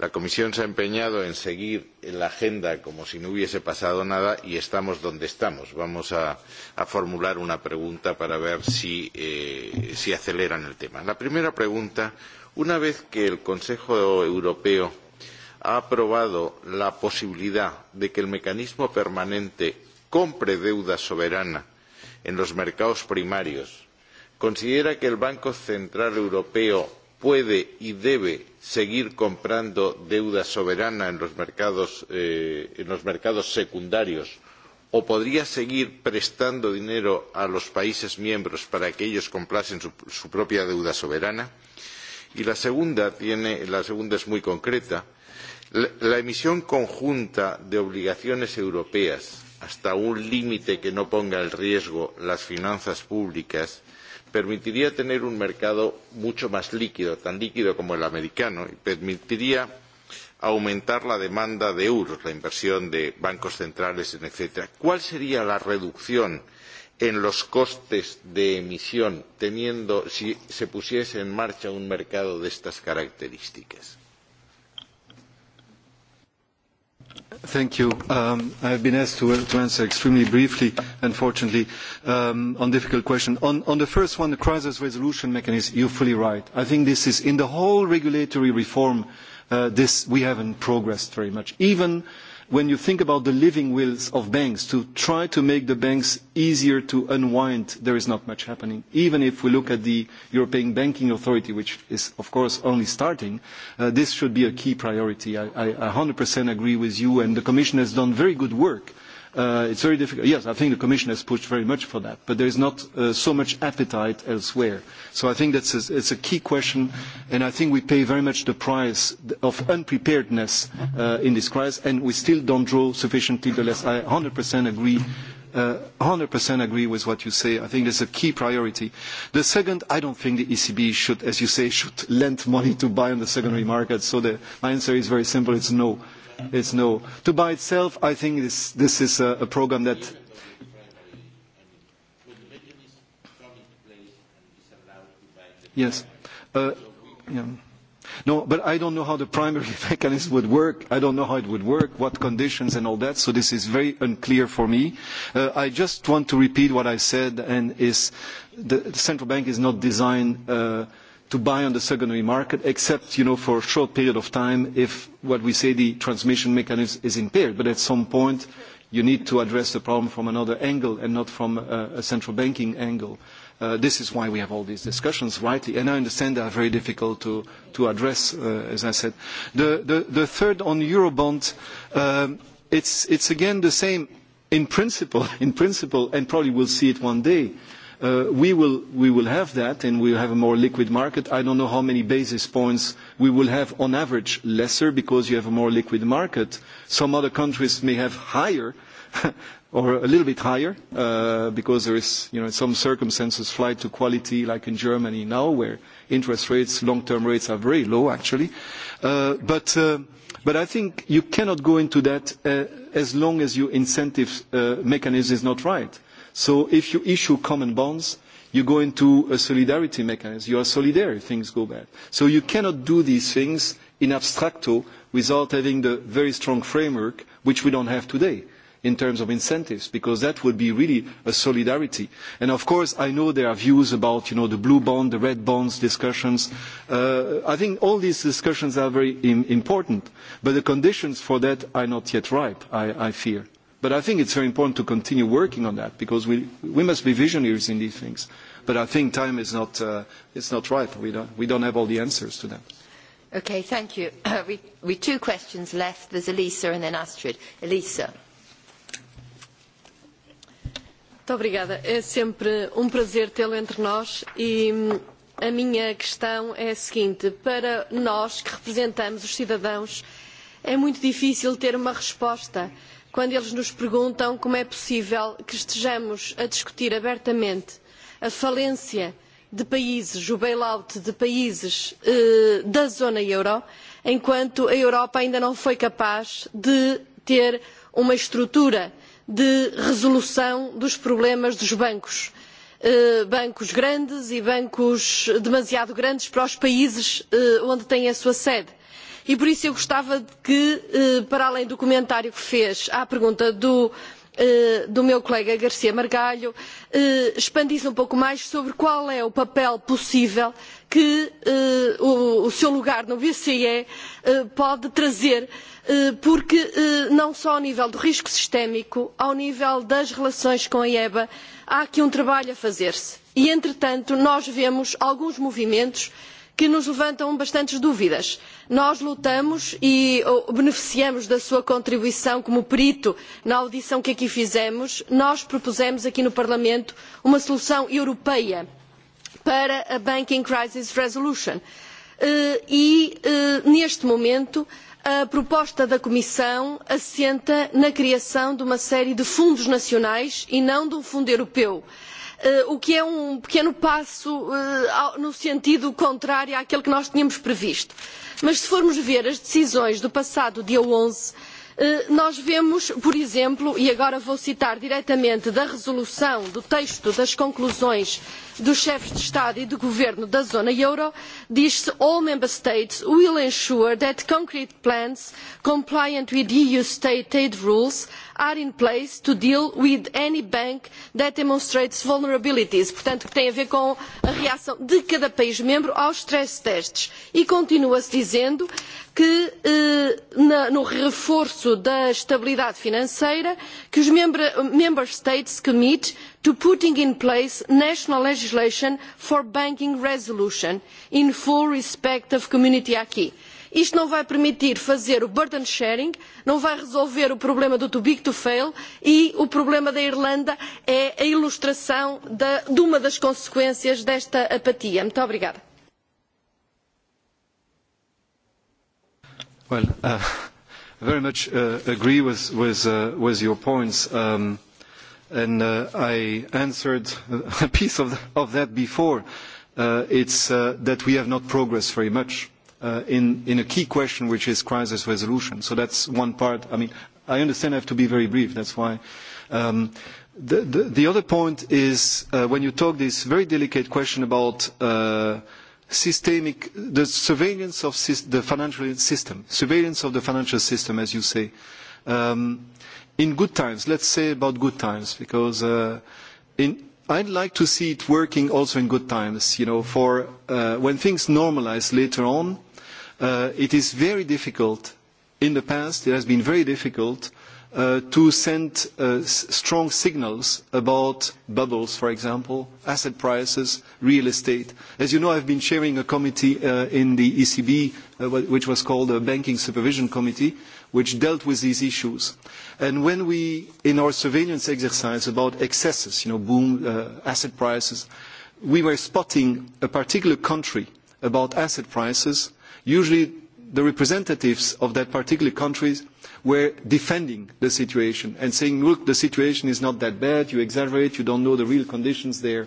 La Comisión se ha empeñado en seguir la agenda como si no hubiese pasado nada y estamos donde estamos. Vamos a, a formular una pregunta para ver si, eh, si aceleran el tema. La primera pregunta, una vez que el Consejo Europeo ha aprobado la posibilidad de que el mecanismo permanente compre deuda soberana en los mercados primarios, ¿considera que el Banco Central Europeo puede y debe seguir comprando deuda soberana en los mercados, eh, en los mercados secundarios o podría seguir prestando dinero a los países miembros para que ellos complacen su, su propia deuda soberana? Y la segunda, tiene, la segunda es muy concreta. La, la emisión conjunta de obligaciones europeas hasta un límite que no ponga en riesgo las finanzas públicas permitiría tener un mercado mucho más líquido, tan líquido como el americano, y permitiría aumentar la demanda de euros, la inversión de bancos centrales, etc. ¿Cuál sería la reducción en los costes de emisión teniendo, si se pusiese en marcha un mercado de estas características? Thank you. Um, I've been asked to, uh, to answer extremely briefly, unfortunately, um, on difficult question. On, on the first one, the crisis resolution mechanism, you're fully right. I think this is in the whole regulatory reform, uh, this we haven't progressed very much. Even uh, when you think about the living wills of banks, to try to make the banks easier to unwind, there is not much happening. Even if we look at the European Banking Authority, which is, of course, only starting, uh, this should be a key priority. I, I 100% agree with you, and the Commission has done very good work uh, Uh, it's very difficult. Yes, I think the Commission has pushed very much for that, but there is not uh, so much appetite elsewhere. So I think that's a, it's a key question, and I think we pay very much the price of unpreparedness uh, in this crisis, and we still don't draw sufficiently the less. I 100% agree uh, 100% agree with what you say. I think that's a key priority. The second, I don't think the ECB should, as you say, should lend money to buy on the secondary market. So the, my answer is very simple. It's no. Uh, is no. To by itself, I think this, this is a, a program that Yes. Uh, yeah. No, but I don't know how the primary mechanism would work. I don't know how it would work, what conditions and all that, so this is very unclear for me. Uh, I just want to repeat what I said, and is the, the central bank is not designed uh, to buy on the secondary market, except, you know, for a short period of time if what we say the transmission mechanism is impaired. But at some point, you need to address the problem from another angle and not from a, a central banking angle. Uh, this is why we have all these discussions, rightly, and I understand they are very difficult to, to address, uh, as I said. The, the, the third on Eurobond, um, it's, it's again the same in principle, in principle, and probably we'll see it one day. Uh, Uh, we, will, we will have that, and we'll have a more liquid market. I don't know how many basis points we will have on average lesser because you have a more liquid market. Some other countries may have higher or a little bit higher, uh, because there is, you know, in some circumstances, flight to quality, like in Germany now, where interest rates, long-term rates are very low, actually. Uh, but, uh, but I think you cannot go into that uh, as long as your incentive uh, mechanism is not right. So if you issue common bonds, you go into a solidarity mechanism. You are solidary if things go bad. So you cannot do these things in abstracto without having the very strong framework, which we don't have today in terms of incentives, because that would be really a solidarity. And of course, I know there are views about, you know, the blue bond, the red bonds discussions. Uh, I think all these discussions are very Im important, but the conditions for that are not yet ripe, I, I fear. But I think it's very important to continue working on that because we, we must be visionaries in these things. But I think time is not, uh, it's not ripe. We don't, we don't have all the answers to that. Okay, thank you. we, we two questions left. There's Elisa and then Astrid. Elisa. Muito obrigada. É sempre um prazer tê-lo entre nós e a minha questão é a seguinte. Para nós que representamos os cidadãos, é muito difícil ter uma resposta. Uh, quando eles nos perguntam como é possível que estejamos a discutir abertamente a falência de países, o bailout de países eh, da zona euro, enquanto a Europa ainda não foi capaz de ter uma estrutura de resolução dos problemas dos bancos. Eh, bancos grandes e bancos demasiado grandes para os países eh, onde têm a sua sede e por isso eu gostava que, eh, para além do comentário que fez à pergunta do eh, do meu colega Garcia Margalho eh, expandisse um pouco mais sobre qual é o papel possível que o, o seu lugar no BCE pode trazer, porque não só ao nível do risco sistémico, ao nível das relações com a EBA, há aqui um trabalho a fazer-se. E, entretanto, nós vemos alguns movimentos uh, que nos levantam bastantes dúvidas. Nós lutamos e beneficiamos da sua contribuição como perito na audição que aqui fizemos. Nós propusemos aqui no Parlamento uma solução europeia para a Banking Crisis Resolution. Eh, e, eh, neste momento, a proposta da Comissão assenta na criação de uma série de fundos nacionais e não de um fundo europeu. Uh, Eh, o que é um pequeno passo eh, no sentido contrário àquele que nós tínhamos previsto. Mas se formos ver as decisões do passado dia 11, eh, nós vemos, por exemplo, e agora vou citar diretamente da resolução, do texto das conclusões do chefe de Estado e de Governo da zona euro, diz-se all member states will ensure that concrete plans compliant with EU state aid rules are in place to deal with any bank that demonstrates vulnerabilities, portanto que tem a ver com a reação de cada país membro aos stress tests. E continua-se dizendo que eh, na, no reforço da estabilidade financeira que os member, member states commit to putting in place national legislation for banking resolution in full respect of community acquis. Isto não vai permitir fazer o burden sharing, não vai resolver o problema do too big to fail e o problema da Irlanda é a ilustração da, de uma das consequências desta apatia. Muito obrigada. Well, uh, very much uh, agree with, with, uh, with your points. Um, and uh, I answered a piece of, the, of that before. Uh, it's uh, that we have not progressed very much uh, in, in a key question, which is crisis resolution. So that's one part. I mean, I understand I have to be very brief. That's why. Um, the, the, the other point is uh, when you talk this very delicate question about uh, systemic, the surveillance of the financial system, surveillance of the financial system, as you say. Um, uh, in good times, let's say about good times, because uh, in, I'd like to see it working also in good times, you know, for uh, when things normalize later on, uh, it is very difficult. In the past, it has been very difficult uh, to send uh, s strong signals about bubbles, for example, asset prices, real estate. As you know, I've been chairing a committee uh, in the ECB, uh, which was called the Banking Supervision Committee, uh, which dealt with these issues. And when we, in our surveillance exercise about excesses, you know, boom, uh, asset prices, we were spotting a particular country about asset prices, usually the representatives of that particular country were defending the situation and saying, look, the situation is not that bad, you exaggerate, you don't know the real conditions there.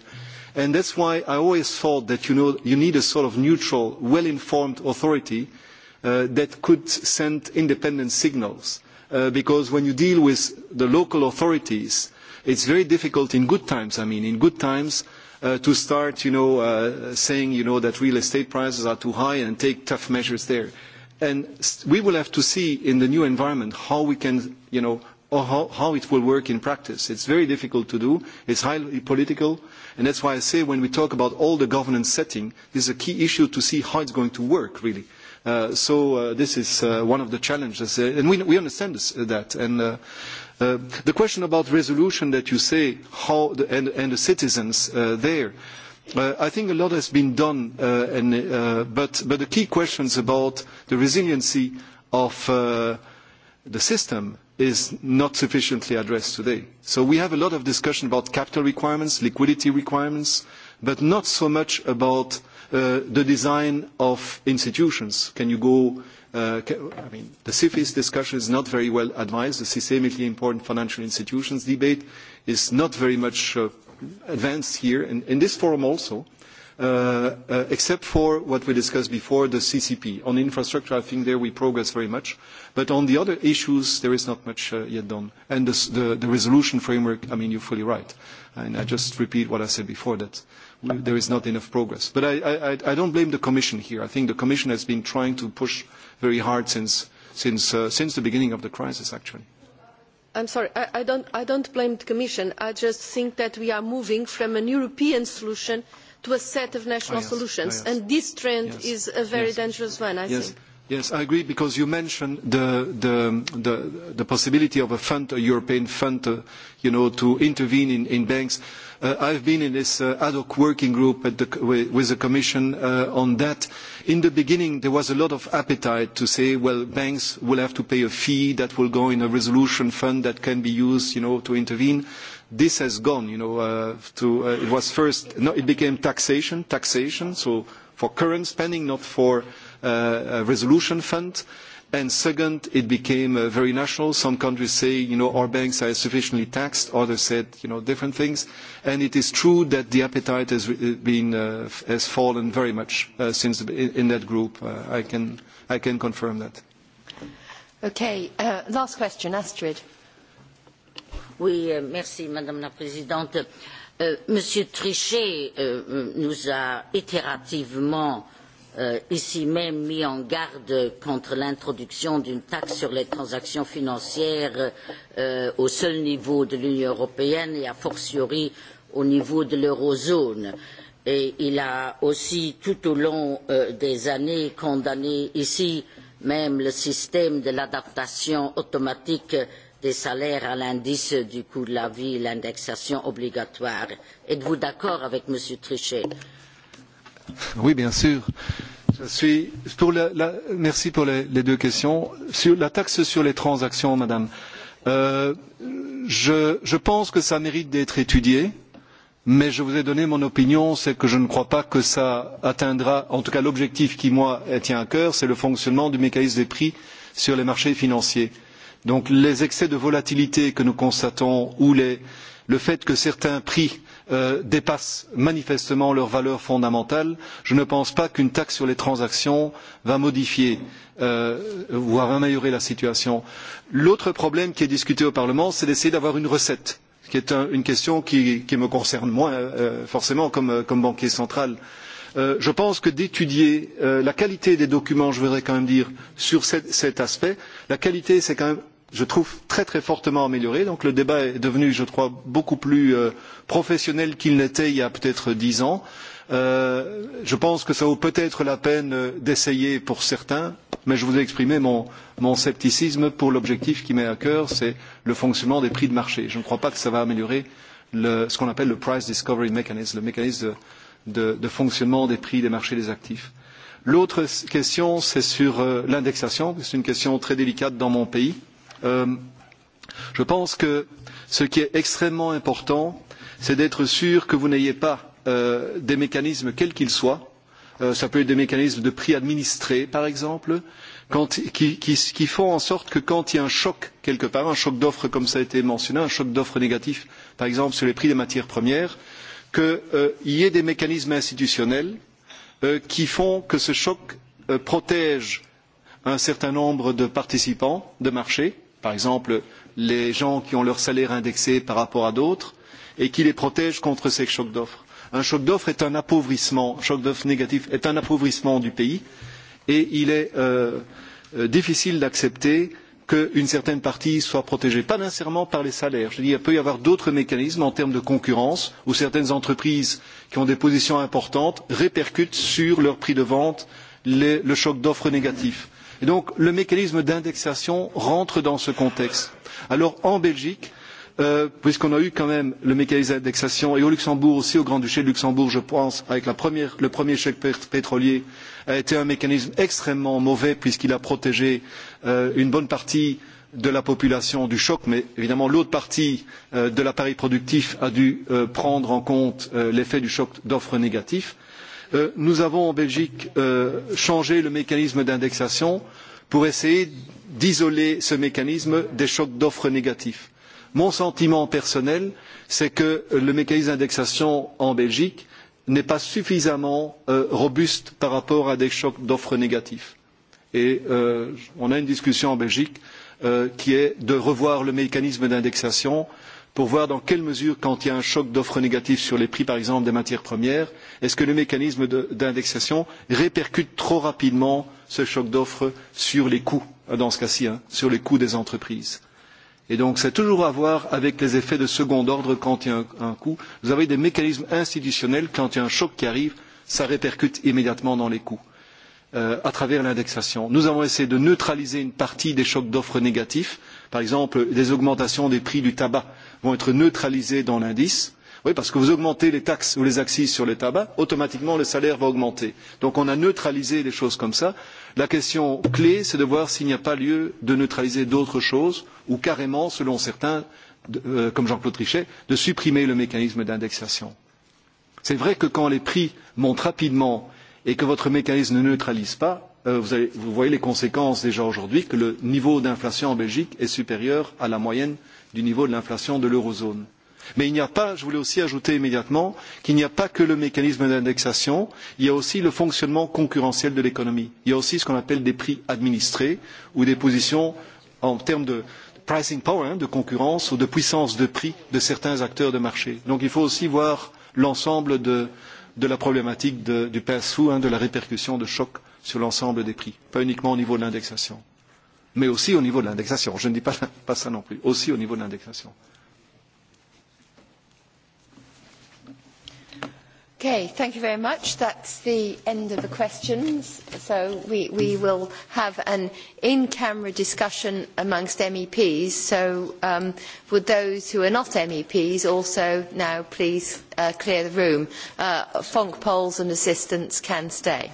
And that's why I always thought that you, know, you need a sort of neutral, well-informed authority uh, uh, that could send independent signals. Uh, because when you deal with the local authorities, it's very difficult in good times, I mean, in good times, uh, to start, you know, uh, saying, you know, that real estate prices are too high and take tough measures there. And we will have to see in the new environment how we can, you know, or how, how it will work in practice. It's very difficult to do. It's highly political. And that's why I say when we talk about all the governance setting, this is a key issue to see how it's going to work, really. Uh, Uh, so uh, this is uh, one of the challenges, uh, and we, we understand this, uh, that. And uh, uh, the question about resolution that you say, how the, and, and the citizens uh, there, uh, I think a lot has been done, uh, and, uh, but, but the key questions about the resiliency of uh, the system is not sufficiently addressed today. So we have a lot of discussion about capital requirements, liquidity requirements, but not so much about uh, uh, the design of institutions. Can you go, uh, can, I mean, the CFIS discussion is not very well advised. The systemically important financial institutions debate is not very much uh, advanced here, in, in this forum also, uh, uh, except for what we discussed before, the CCP. On infrastructure, I think there we progress very much. But on the other issues, there is not much uh, yet done. And the, the, the resolution framework, I mean, you're fully right. And I just repeat what I said before, that uh, we, there is not enough progress. But I, I, I don't blame the Commission here. I think the Commission has been trying to push very hard since, since, uh, since the beginning of the crisis, actually. I'm sorry, I, I, don't, I don't blame the Commission. I just think that we are moving from an European solution to a set of national ah, yes, solutions. Ah, yes. And this trend yes, is a very yes. dangerous one, I yes. think. Yes, I agree, because you mentioned the, the, the, the possibility of a fund, a European fund, uh, you know, to intervene in, in banks. Uh, Uh, I've been in this uh, ad hoc working group at the, with, with the Commission uh, on that. In the beginning, there was a lot of appetite to say, well, banks will have to pay a fee that will go in a resolution fund that can be used, you know, to intervene this has gone, you know, uh, to, uh, it was first, no, it became taxation, taxation, so for current spending, not for uh, a resolution fund. Uh, And second, it became uh, very national. Some countries say, you know, our banks are sufficiently taxed. Others said, you know, different things. And it is true that the appetite has uh, been uh, has fallen very much uh, since the, in that group. Uh, I can I can confirm that. Okay. Uh, last question, Astrid. Oui, euh, merci, Madame la Présidente. Euh, Monsieur Trichet euh, nous a itérativement euh, euh, ici même mis en garde contre l'introduction d'une taxe sur les transactions financières euh, au seul niveau de l'Union européenne et a fortiori au niveau de l'eurozone. Et il a aussi tout au long euh, des années condamné ici même le système de l'adaptation automatique des salaires à l'indice du coût de la vie, l'indexation obligatoire. Êtes-vous d'accord avec M. Trichet euh, Oui, bien sûr. Je suis pour la, la, merci pour les, les deux questions. Sur la taxe sur les transactions, madame, euh, je, je pense que ça mérite d'être étudié, mais je vous ai donné mon opinion, c'est que je ne crois pas que ça atteindra, en tout cas l'objectif qui, moi, tient à cœur, c'est le fonctionnement du mécanisme des prix sur les marchés financiers. Donc les excès de volatilité que nous constatons ou les, le fait que certains prix euh, euh, dépassent manifestement leurs valeurs fondamentales. Je ne pense pas qu'une taxe sur les transactions va modifier euh, voire améliorer la situation. L'autre problème qui est discuté au Parlement, c'est d'essayer d'avoir une recette, ce qui est un, une question qui, qui me concerne moi euh, forcément comme, euh, comme banquier central. Euh, je pense que d'étudier euh, la qualité des documents, je voudrais quand même dire, sur cet, cet aspect, la qualité c'est quand même je trouve très très fortement améliorée. Donc le débat est devenu, je crois, beaucoup plus euh, professionnel qu'il n'était il y a peut-être dix ans. Euh, je pense que ça vaut peut-être la peine euh, d'essayer pour certains, mais je vous ai exprimé mon, mon scepticisme pour l'objectif qui m'est à cœur, c'est le fonctionnement des prix de marché. Je ne crois pas que ça va améliorer le, ce qu'on appelle le price discovery mechanism, le mécanisme de, de, de fonctionnement des prix des marchés des actifs. L'autre question, c'est sur euh, l'indexation, c'est une question très délicate dans mon pays. Euh, Euh, je pense que ce qui est extrêmement important, c'est d'être sûr que vous n'ayez pas euh, des mécanismes quels qu'ils soient. Euh, ça peut être des mécanismes de prix administrés, par exemple, quand, qui, qui, qui font en sorte que quand il y a un choc quelque part, un choc d'offres comme ça a été mentionné, un choc d'offres négatif, par exemple sur les prix des matières premières, qu'il euh, y ait des mécanismes institutionnels euh, qui font que ce choc euh, protège un certain nombre de participants de marché par exemple les gens qui ont leur salaire indexé par rapport à d'autres, et qui les protège contre ces chocs d'offres. Un choc d'offres est un appauvrissement, un choc d'offres négatif est un appauvrissement du pays, et il est euh, euh, difficile d'accepter qu'une certaine partie soit protégée, pas nécessairement par les salaires. Je dis, il peut y avoir d'autres mécanismes en termes de concurrence où certaines entreprises qui ont des positions importantes répercutent sur leur prix de vente les, le choc d'offres négatif. Et donc le mécanisme d'indexation rentre dans ce contexte. Alors en Belgique, euh, puisqu'on a eu quand même le mécanisme d'indexation et au Luxembourg aussi, au Grand-Duché de Luxembourg, je pense, avec la première, le premier chèque pétrolier, a été un mécanisme extrêmement mauvais puisqu'il a protégé euh, une bonne partie de la population du choc, mais évidemment l'autre partie euh, de l'appareil productif a dû euh, prendre en compte euh, l'effet du choc d'offres négatif. Euh, euh, nous avons en Belgique euh, changé le mécanisme d'indexation pour essayer d'isoler ce mécanisme des chocs d'offres négatifs. Mon sentiment personnel, c'est que le mécanisme d'indexation en Belgique n'est pas suffisamment euh, robuste par rapport à des chocs d'offres négatifs. Et euh, on a une discussion en Belgique euh, qui est de revoir le mécanisme d'indexation euh, pour voir dans quelle mesure, quand il y a un choc d'offres négatif sur les prix, par exemple, des matières premières, est-ce que le mécanisme d'indexation répercute trop rapidement ce choc d'offres sur les coûts, dans ce cas-ci, hein, sur les coûts des entreprises. Et donc, c'est toujours à voir avec les effets de second ordre quand il y a un, un coût. Vous avez des mécanismes institutionnels, quand il y a un choc qui arrive, ça répercute immédiatement dans les coûts euh, à travers l'indexation. Nous avons essayé de neutraliser une partie des chocs d'offres négatifs, par exemple des augmentations des prix du tabac vont être neutralisés dans l'indice. Oui, parce que vous augmentez les taxes ou les axes sur les tabacs, automatiquement le salaire va augmenter. Donc on a neutralisé les choses comme ça. La question clé, c'est de voir s'il n'y a pas lieu de neutraliser d'autres choses, ou carrément, selon certains, de, euh, comme Jean-Claude Trichet, de supprimer le mécanisme d'indexation. C'est vrai que quand les prix montent rapidement et que votre mécanisme ne neutralise pas, euh, vous, avez, vous voyez les conséquences déjà aujourd'hui que le niveau d'inflation en Belgique est supérieur à la moyenne euh, du niveau de l'inflation de l'eurozone. Mais il n'y a pas, je voulais aussi ajouter immédiatement, qu'il n'y a pas que le mécanisme d'indexation, il y a aussi le fonctionnement concurrentiel de l'économie. Il y a aussi ce qu'on appelle des prix administrés ou des positions en termes de pricing power, hein, de concurrence ou de puissance de prix de certains acteurs de marché. Donc il faut aussi voir l'ensemble de, de la problématique de, du pass-through, hein, de la répercussion de choc sur l'ensemble des prix, pas uniquement au niveau de l'indexation mais aussi au niveau de l'indexation. Je ne dis pas, pas ça non plus, aussi au niveau de l'indexation. Okay, thank you very much. That's the end of the questions. So we, we will have an in-camera discussion amongst MEPs. So um, would those who are not MEPs also now please uh, clear the room? Uh, Fonk polls and assistants can stay.